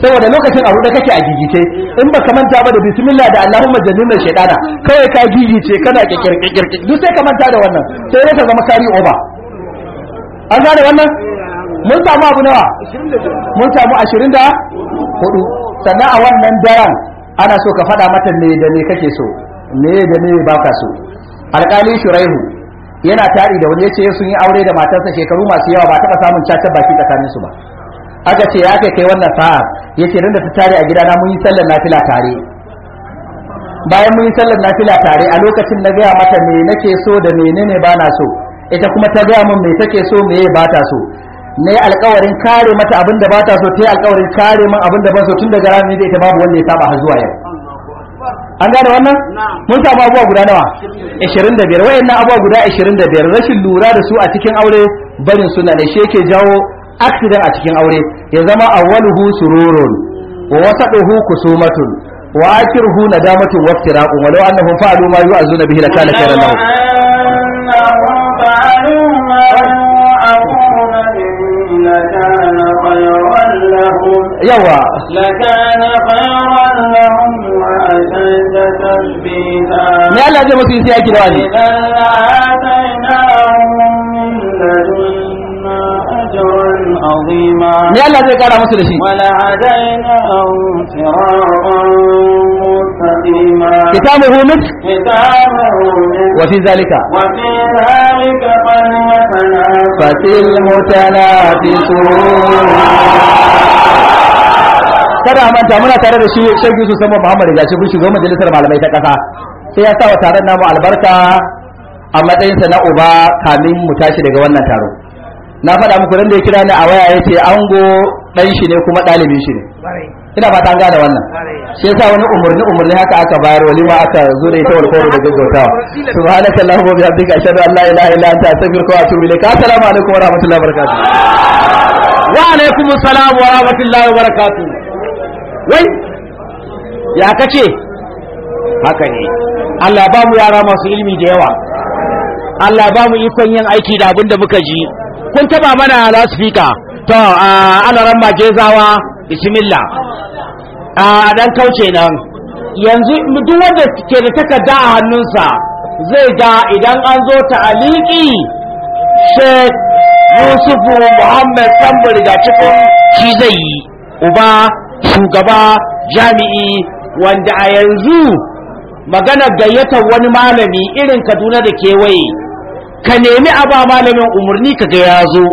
saboda lokacin abu da kake a gigice in ba ka manta ba da bismillah da allahumma jannina shaytana kawai ka gigice kana kikirkikir duk sai ka manta da wannan sai ka zama kari oba an gane wannan mun samu abu nawa mun samu ashirin da hudu sannan a wannan daren ana so ka faɗa mata me da me kake so me da me ba ka so alƙali shuraihu yana tari da wani yace sun yi aure da matarsa shekaru masu yawa ba taɓa samun cacar baki tsakaninsu ba aka ce ya kai kai wannan sa'a yace dan da ta tare a gidana mun yi sallar nafila tare bayan mun yi sallar nafila tare a lokacin na gaya mata me nake so da menene ba na so ita kuma ta gaya min me take so me ba ta so na yi alkawarin kare mata abin da ba ta so ta yi alkawarin kare min abin da ba so tun daga ranar da ita babu wanda ya saba har zuwa yau an gane wannan mun samu abubuwa guda nawa 25 wayannan abubuwa guda 25 rashin lura da su a cikin aure barin suna ne shi yake jawo accident a cikin aure ya zama awwaluhu sururun wa wasaduhu kusumatun wa akhiruhu nadamatun wa iftiraqun walau annahum fa'alu ma yu'azuna bihi lakana khayran lahum لكان خيرا لهم يوا لكان خيرا لهم وأشد تثبيتا ما لا جمع سيسيا كدواني إذا لآتيناهم من لدن عظيما يا الله زي قال مسلم شيء ولهديناهم صراطا مستقيما ختامه مسك ختامه وفي ذلك وفي ذلك المتنافسون kada a manta muna tare da shi shan yusuf sama muhammad da shi bushe majalisar malamai ta kasa sai ya sa wa taron namu albarka a matsayinsa na uba kamin mu tashi daga wannan taro na faɗa muku da ya kira ni a waya yace ce ango dan shi ne kuma ɗalibin shi ne ina fata an gane wannan shi yasa wani umarni umarni haka aka bayar walima aka zo da ita walfaru da gaggautawa subhanaka allahumma bihamdika ashhadu an la ilaha illa anta astaghfiruka wa atubu ilaik assalamu alaikum wa rahmatullahi wa barakatuh wa alaikum assalam wa rahmatullahi wa barakatuh wai ya kace haka ne Allah ba mu yara masu ilimi da yawa Allah ba mu ikon yin aiki da abin da muka ji kun taba mana lasfika to alaran zawa, bismillah a dan kauce nan yanzu duk wanda ke da takarda a hannunsa zai ga idan an zo ta'aliki sheikh yusufu muhammad sambo da cikin shi zai yi uba shugaba jami'i wanda a yanzu magana gayyatar wani malami irin kaduna da kewaye ka nemi a ba malamin umarni ka ga ya zo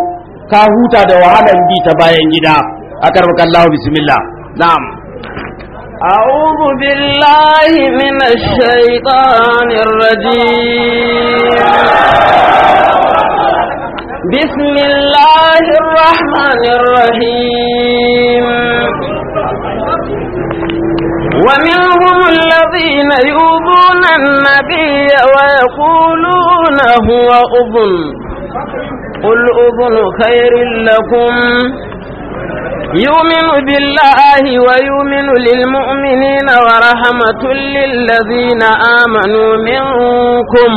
ka huta da wahalar bi ta bayan gida a karbakallahu bismillah na'am أعوذ بالله من الشيطان الرجيم بسم الله الرحمن الرحيم ومن يؤذون النبي ويقولون هو أذن قل أذن خير لكم يؤمن بالله ويؤمن للمؤمنين ورحمة للذين آمنوا منكم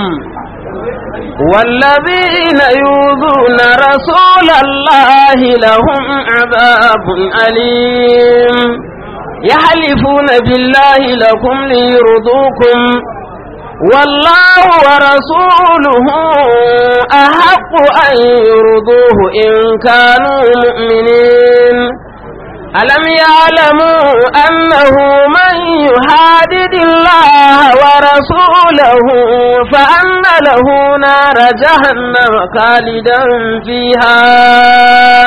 والذين يؤذون رسول الله لهم عذاب أليم يحلفون بالله لكم ليرضوكم والله ورسوله أحق أن يرضوه إن كانوا مؤمنين ألم يعلموا أنه من يحادد الله ورسوله فأن له نار جهنم خالدا فيها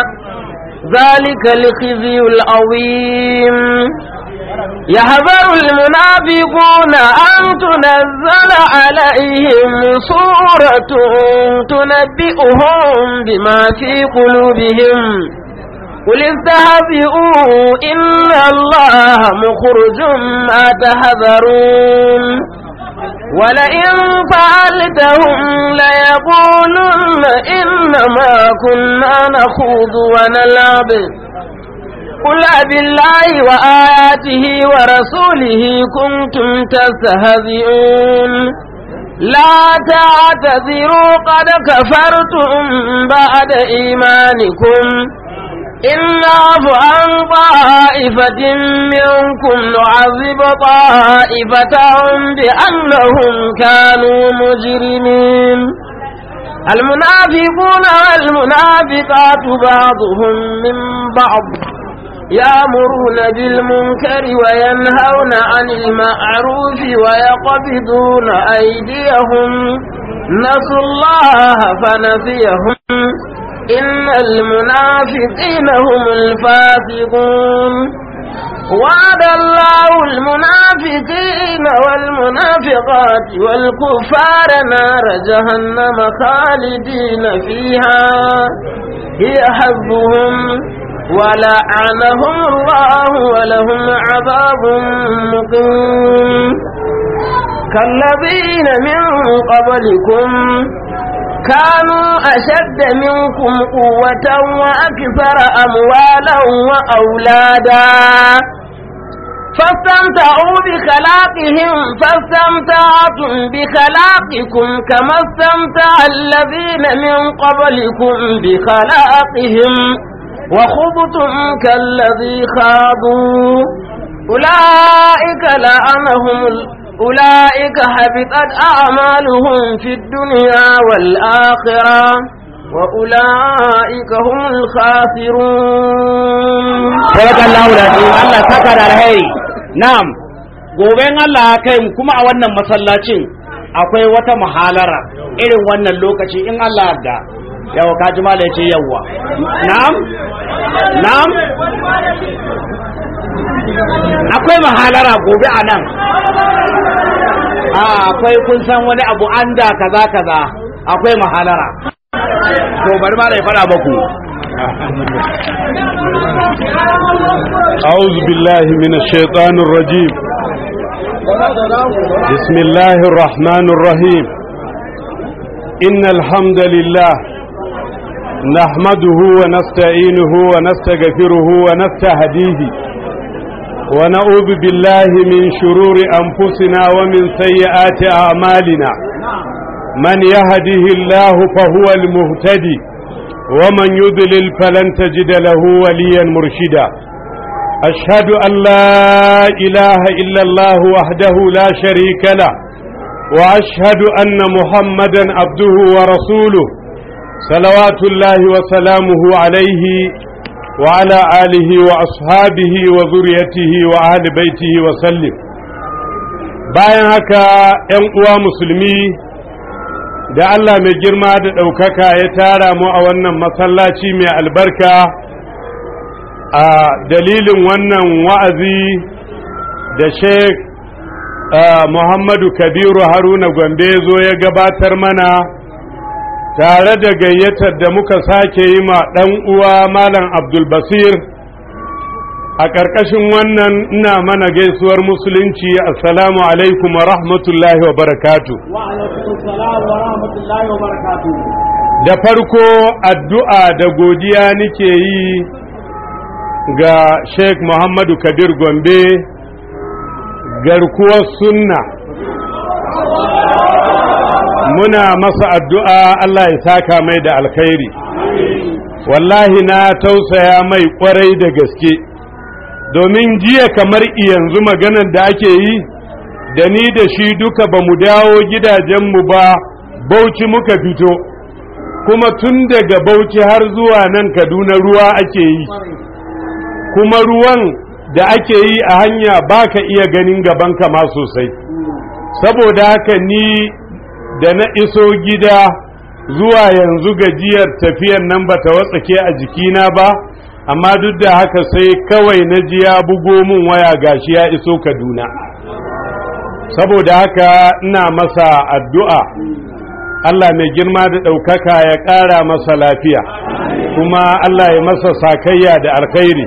ذلك الخزي العظيم يحذر المنافقون أن تنزل عليهم سورة تنبئهم بما في قلوبهم قل استهزئوا إن الله مخرج ما تحذرون ولئن فعلتهم ليقولن إنما كنا نخوض ونلعب قل بالله وآياته ورسوله كنتم تستهزئون لا تعتذروا قد كفرتم بعد إيمانكم إلا نعف عن طائفة منكم نعذب طائفتهم بأنهم كانوا مجرمين المنافقون والمنافقات بعضهم من بعض يأمرون بالمنكر وينهون عن المعروف ويقبضون أيديهم نسوا الله فنسيهم إن المنافقين هم الفاسقون وعد الله المنافقين والمنافقات والكفار نار جهنم خالدين فيها هي حبهم ولعنهم الله ولهم عذاب مقيم كالذين من قبلكم كانوا أشد منكم قوة وأكثر أموالا وأولادا فاستمتعوا بخلاقهم فاستمتعتم بخلاقكم كما استمتع الذين من قبلكم بخلاقهم وخبتم كالذي خاضوا أولئك لعنهم أولئك حبطت أعمالهم في الدنيا والآخرة وأولئك هم الخاسرون بارك الله لك الله سكر الهي نعم goben Allah kai kuma a wannan masallacin akwai wata muhalara irin wannan lokaci in Allah yarda yawa kaji malaye ce yawa na'am na'am akwai mahalara gobe a nan akwai kun san wani abu anda kaza kaza akwai mahalara to bari ma da ya fara baku أعوذ بالله من الشيطان الرجيم بسم الله الرحمن الرحيم إن الحمد لله نحمده ونستعينه ونستغفره ونستهديه ونعوذ بالله من شرور أنفسنا ومن سيئات أعمالنا من يهده الله فهو المهتدي ومن يضلل فلن تجد له وليا مرشدا أشهد أن لا إله إلا الله وحده لا شريك له وأشهد أن محمدا عبده ورسوله صلوات الله وسلامه عليه وعلى آله وأصحابه وذريته وأهل بيته وسلم bayan haka ‘yan uwa musulmi da Allah mai girma da ɗaukaka ya tara mu a wannan masallaci mai albarka a dalilin wannan wa'azi da Sheikh Muhammadu Kabiru Haruna Gombe zo ya gabatar mana tare da gayyatar da muka sake yi ma ɗan uwa malam abdulbasir a ƙarƙashin wannan ina mana gaisuwar musulunci assalamu alaikum wa rahmatullahi wa barakatu da farko addu'a da godiya nike yi ga Sheik muhammadu kabir gombe garkuwar sunna muna masa addu'a Allah ya saka mai da alkhairi wallahi na tausaya mai kwarai da gaske domin jiya kamar yanzu maganar da ake yi da ni da shi duka ba mu dawo gidajenmu ba bauchi muka fito kuma tun daga bauchi har zuwa nan kaduna ruwa ake yi kuma ruwan da ake yi a hanya ba ka iya ganin gaban kama sosai saboda haka ni da na iso gida zuwa yanzu gajiyar tafiyan nan ba ta watsake a jikina ba amma duk da haka sai kawai na ji ya bugo min waya gashi ya iso kaduna saboda haka ina masa addu'a Allah mai girma da ɗaukaka ya ƙara masa lafiya kuma Allah ya masa sakayya da alkhairi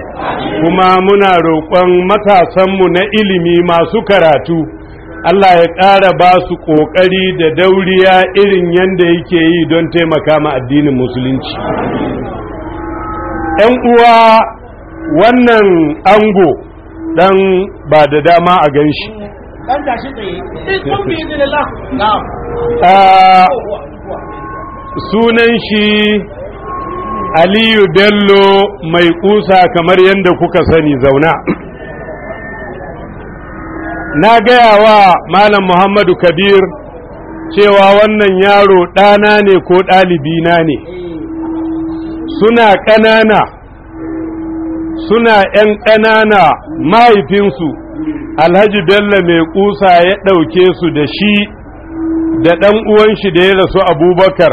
kuma muna roƙon matasanmu na ilimi masu karatu Allah ya ƙara ba su ƙoƙari da dauriya irin yadda yake yi don taimaka ma addinin musulunci. ‘Yan uwa wannan ango ɗan ba da dama a gan shi. Eh, sunan shi Aliyu Bello mai ƙusa kamar yadda kuka sani zauna. na gaya wa malam muhammadu kabir cewa wannan yaro ɗana ne ko ɗalibina ne suna ƙanana suna ‘yan ƙanana mahaifinsu alhaji bello mai ƙusa ya ɗauke su da shi da ɗan uwan shi da ya rasu abubakar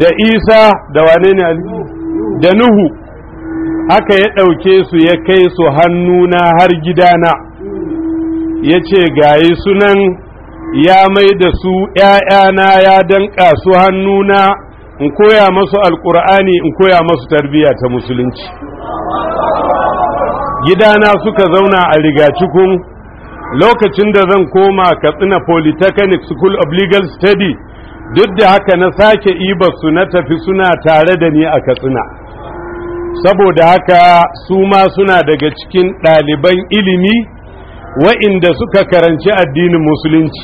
da isa da wane ne da nuhu haka ya ɗauke su ya kai su hannuna har gidana ya ce gayi sunan ya mai da su ‘ya'yana ya danƙa su hannuna in koya masu alƙur'ani in koya masu tarbiyya ta musulunci gidana suka zauna a rigacikun lokacin da zan koma katsina polytechnic school of legal study duk da haka na sake ibarsu na tafi suna tare da ni a katsina saboda haka su ma suna daga cikin ɗaliban ilimi wa'inda suka karanci addinin musulunci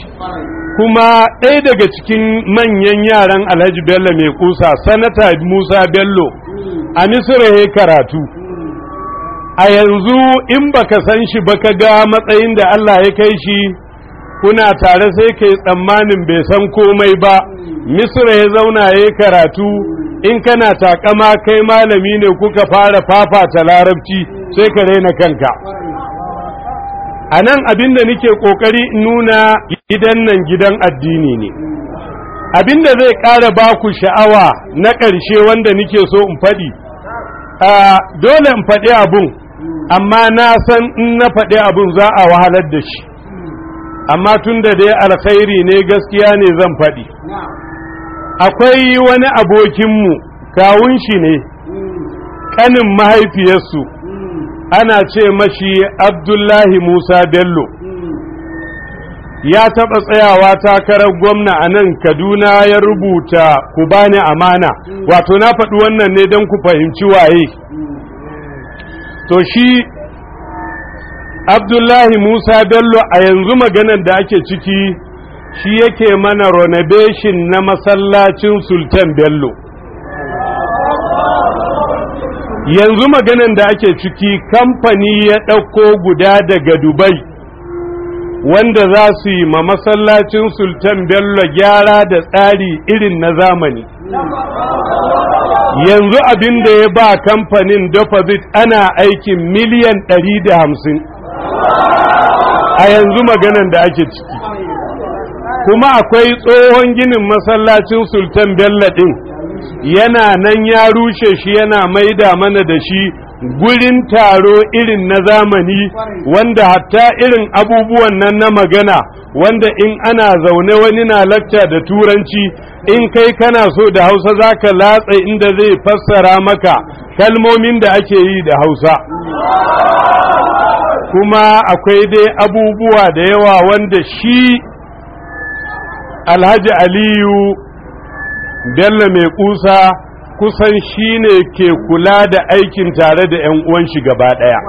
kuma ɗaya daga cikin manyan yaran alhaji bello mai kusa sanata musa bello a misira ya karatu a yanzu in baka san shi ba ka ga matsayin da allah ya kai shi kuna tare sai kai tsammanin bai san komai ba misira ya zauna ya karatu in kana takama kai malami ne kuka fara fafata larabci sai ka raina kanka a nan abin da nake ƙoƙari nuna gidan nan gidan addini ne abin da zai ƙara ba ku sha'awa na ƙarshe wanda nake so in faɗi dole in faɗi abun amma na san in na faɗi abun za a wahalar da shi amma tun da dai alkhairi ne gaskiya ne zan faɗi akwai wani abokinmu kawun shi ne ƙanin mahaifiyarsu ana ce mashi abdullahi musa bello ya taɓa tsayawa takarar gwamna a nan kaduna ya rubuta ku bani amana wato na faɗi wannan ne don ku fahimci waye to shi abdullahi musa bello a yanzu maganar da ake ciki shi yake mana ronabeshin na masallacin sultan bello yanzu maganan da ake ciki kamfani ya ɗauko guda daga dubai wanda za su yi ma masallacin sultan bello gyara da tsari irin na zamani yanzu abin da ya ba kamfanin deposit ana aikin miliyan 150 a yanzu maganan da ake ciki kuma akwai tsohon ginin masallacin sultan bello ɗin yana nan ya rushe shi yana maida mana da shi gurin taro irin na zamani wanda hatta irin abubuwan nan na magana wanda in ana zaune wani na lacca da turanci in kai kana so da hausa za ka latsa inda zai fassara maka kalmomin da ake yi da hausa kuma akwai dai abubuwa da yawa wanda shi alhaji aliyu bello mai kusa kusan shine ke kula da aikin tare da 'yan uwan shi gaba ɗaya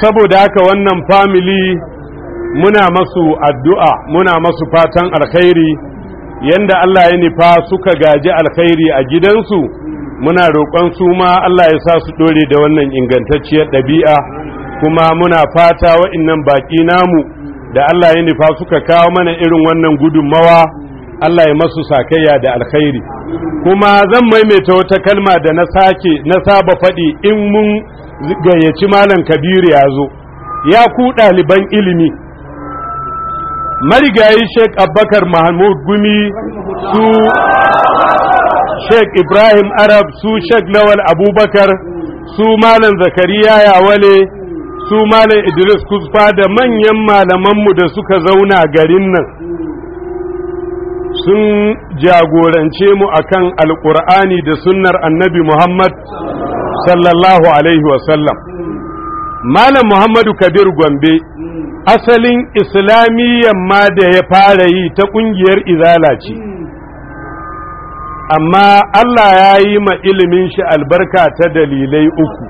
saboda haka wannan famili muna masu addu'a muna masu fatan alkhairi yanda Allah ya nifa suka gaji alkhairi a gidansu muna roƙon su ma Allah ya sa su ɗore da wannan ingantacciyar ɗabi'a kuma muna fata waannan baƙi namu da Allah ya nifa suka kawo mana irin wannan gudunmawa Allah ya masu sakayya da alkhairi kuma zan maimaita wata kalma da na sake na saba faɗi in mun gayyaci malam kabiru ya zo ya ku ɗaliban ilimi marigayi sheik abbakar mahmud gumi su sheik ibrahim arab su sheik lawal abubakar su malam zakariya yawale su malam idris kusfa da manyan malamanmu da suka zauna garin nan sun jagorance mu akan alƙur'ani da sunnar annabi Muhammad sallallahu alaihi wasallam malam Muhammadu Kabir Gombe asalin islamiyyan ma da ya fara yi ta ƙungiyar izala ce amma Allah ya yi ma ilimin shi albarka ta dalilai uku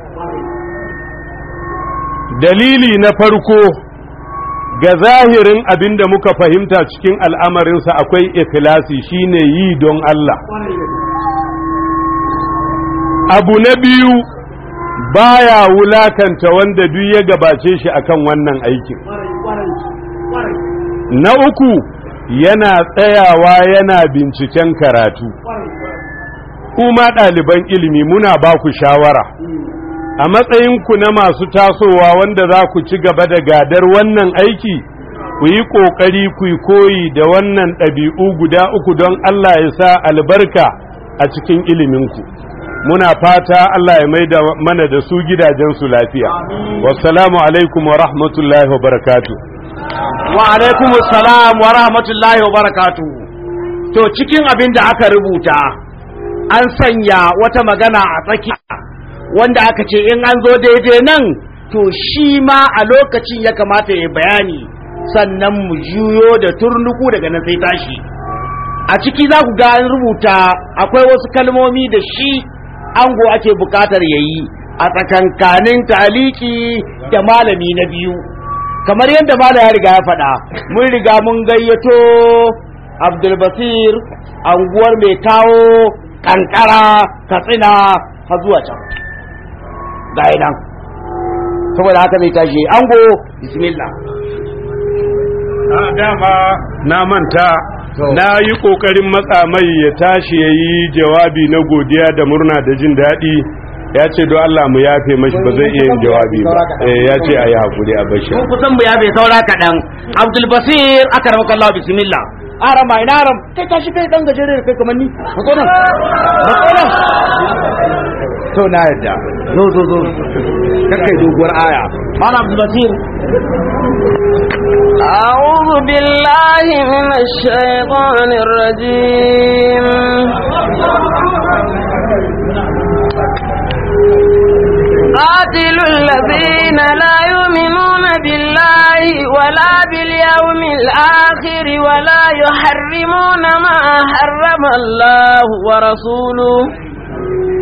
dalili na farko ga zahirin abin da muka fahimta cikin al'amarinsa akwai ikhlasi shine yi don Allah abu na biyu baya wulakanta wanda duk ya gabace shi akan wannan aikin na uku yana tsayawa yana binciken karatu kuma ɗaliban ilimi muna ba ku shawara a matsayinku na masu tasowa wanda za ku ci gaba da gadar wannan aiki ku yi ƙoƙari ku yi koyi da wannan ɗabi'u guda uku don Allah ya sa albarka a cikin iliminku muna fata Allah ya maida mana da su gidajensu lafiya wasalamu alaikum wa rahmatullahi wa barakatu wa alaikum salam wa rahmatullahi wa barakatu to cikin abin da aka rubuta an sanya wata magana a tsakiya wanda aka ce in an zo daidai nan to shi ma a lokacin ya kamata ya bayani sannan mu juyo da turnuku daga nan sai tashi a ciki za ku ga an rubuta akwai wasu kalmomi da shi ango ake bukatar ya yi a tsakankanin taliki da malami na biyu kamar yadda mala ya riga ya faɗa mun riga mun gayyato abdulbasir anguwar mai kawo kankara katsina har zuwa can gaya nan saboda haka mai tashi ango bismillah a ah, dama na manta na yi kokarin matsa mai ya tashi ya yi jawabi na godiya da murna da jin daɗi ya ce don Allah mu yafe mashi ba zai iya yin jawabi ba eh, ya ce a yi hakuri a bashi kun kusan mu yafe saura kaɗan abdul basir aka rama kallon bismillah aram ma ina aram kai tashi kai dan gajere da kai kamar ni matso nan to na yadda zo zo zo kakai doguwar aya mana abdul basir أعوذ بالله من الشيطان الرجيم قاتلوا الذين لا يؤمنون بالله ولا باليوم الآخر ولا يحرمون ما حرم الله ورسوله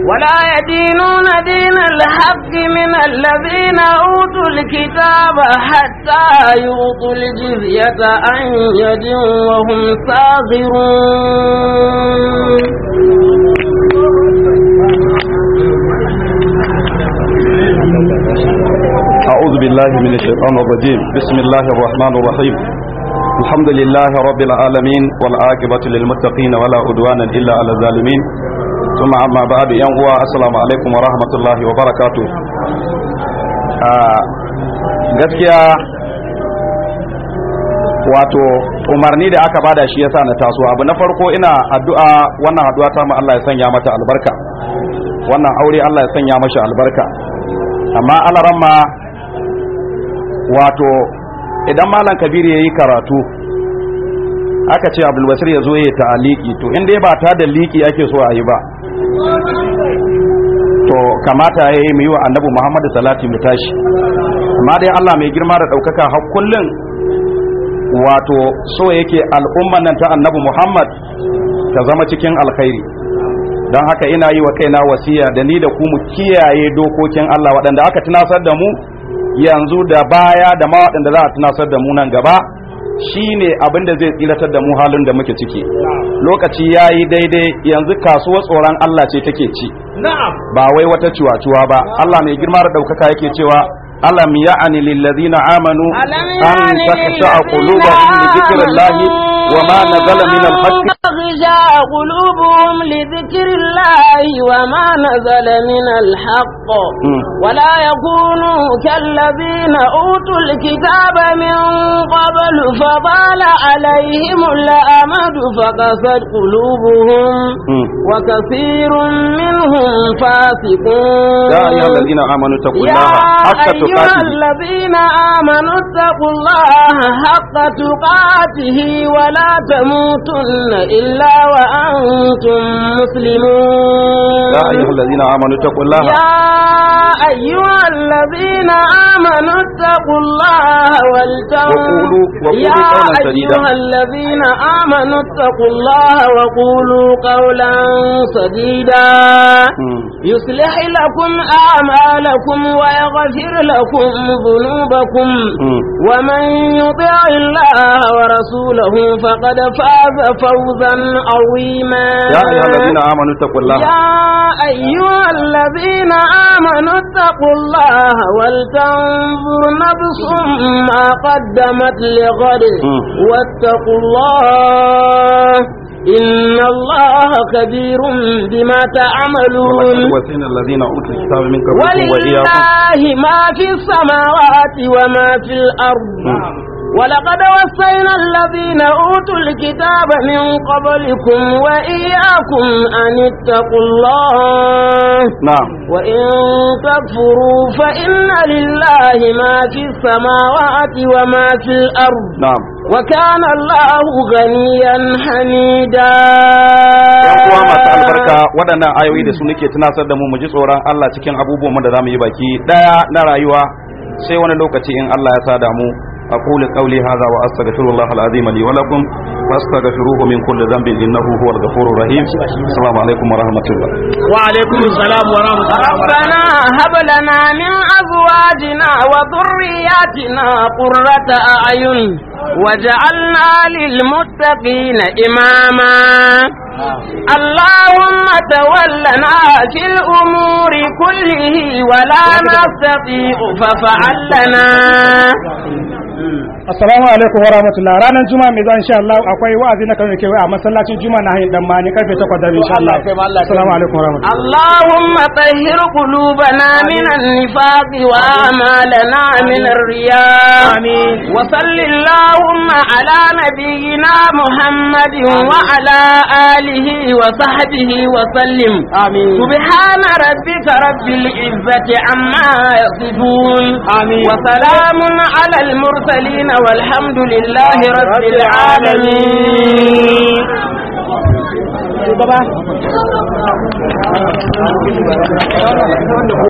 ولا يدينون دين الحق من الذين أوتوا الكتاب حتى يوطوا الجزية عن يد وهم صاغرون أعوذ بالله من الشيطان الرجيم بسم الله الرحمن الرحيم الحمد لله رب العالمين والعاقبة للمتقين ولا عدوان إلا على الظالمين ثم أما بعد ينقوى السلام عليكم ورحمة الله وبركاته gaskiya wato umarni da aka bada shi yasa na taso abu na farko ina addu'a wannan haduwa ta mu Allah ya sanya mata albarka wannan aure Allah ya sanya mashi albarka amma ma, wato idan malam kabir ya yi karatu aka ce abdulbasir ya zo ya ta'aliki to inda ba ta da liki ake so a yi ba to kamata ya yi wa annabu muhammadu salati mu tashi amma dai allah mai girma da ɗaukaka har wato so yake al'umman nan ta annabu muhammad ta zama cikin alkhairi don haka ina yi wa kaina wasiya da ni da ku mu kiyaye dokokin Allah waɗanda aka tunasar da mu yanzu da baya da ma waɗanda za a tunasar da mu nan gaba shine abin da zai tsilatar da mu halin da muke ciki lokaci ya yi daidai yanzu kasuwar tsoron Allah ce take ci ba wai wata cuwa-cuwa ba Allah mai girma da ɗaukaka yake cewa alam ya'ani lil ladina amanu an takasha qulubuhum li dhikrillah وما نزل من الحق تغشى قلوبهم لذكر الله وما نزل من الحق ولا يكونوا كالذين أوتوا الكتاب من قبل فضال عليهم الأمد فقست قلوبهم وكثير منهم فاسقون يا أيها الذين آمنوا اتقوا الله حق تقاته يا أيها الذين آمنوا اتقوا الله حق تقاته ولا ولا تموتن إلا وأنتم مسلمون يا أيها الذين آمنوا اتقوا الله يا أيها الذين آمنوا اتقوا الله ولتنظر يا أيها الذين آمنوا اتقوا الله وقولوا قولا سديدا يصلح لكم أعمالكم ويغفر لكم ذنوبكم ومن يطع الله ورسوله فقد فاز فوزا عظيما يا أيها الذين آمنوا اتقوا الله يا أيها الذين آمنوا اتقوا الله ولتنظر نفس ما قدمت لغد واتقوا الله إن الله خبير بما تعملون وسين الذين أوتوا الكتاب من قبلكم ولله ما في السماوات وما في الأرض ولقد وصينا الذين أوتوا الكتاب من قبلكم وإياكم أن اتقوا الله نعم وإن تكفروا فإن لله ما في السماوات وما في الأرض نعم وكان الله غنيا حميدا kuma masu albarka waɗannan ayoyi da su nake tunasar da mu mu ji tsoron Allah cikin abubuwan da za mu yi baki ɗaya na rayuwa sai wani lokaci in Allah ya sa damu أقول قولي هذا وأستغفر الله العظيم لي ولكم فاستغفروه من كل ذنب إنه هو الغفور الرحيم السلام عليكم ورحمة الله وعليكم السلام ورحمة الله ربنا هب لنا من أزواجنا وذرياتنا قرة أعين وجعلنا للمتقين إماما اللهم تولنا في الأمور كله ولا نستطيع ففعلنا Assalamu alaikum warahmatullah ranar juma'a mai zan insha Allah akwai wa'azi na kano kewaye a masallacin juma'a na hanyar damani karfe 8 da insha Allah assalamu alaikum warahmatullah Allahumma tahhir qulubana min an wa amalana min riya amin wa sallallahu اللهم على نبينا محمد وعلى آله وصحبه وسلم آمين سبحان ربك رب العزة عما يصفون آمين وسلام على المرسلين والحمد لله رب العالمين Bye-bye.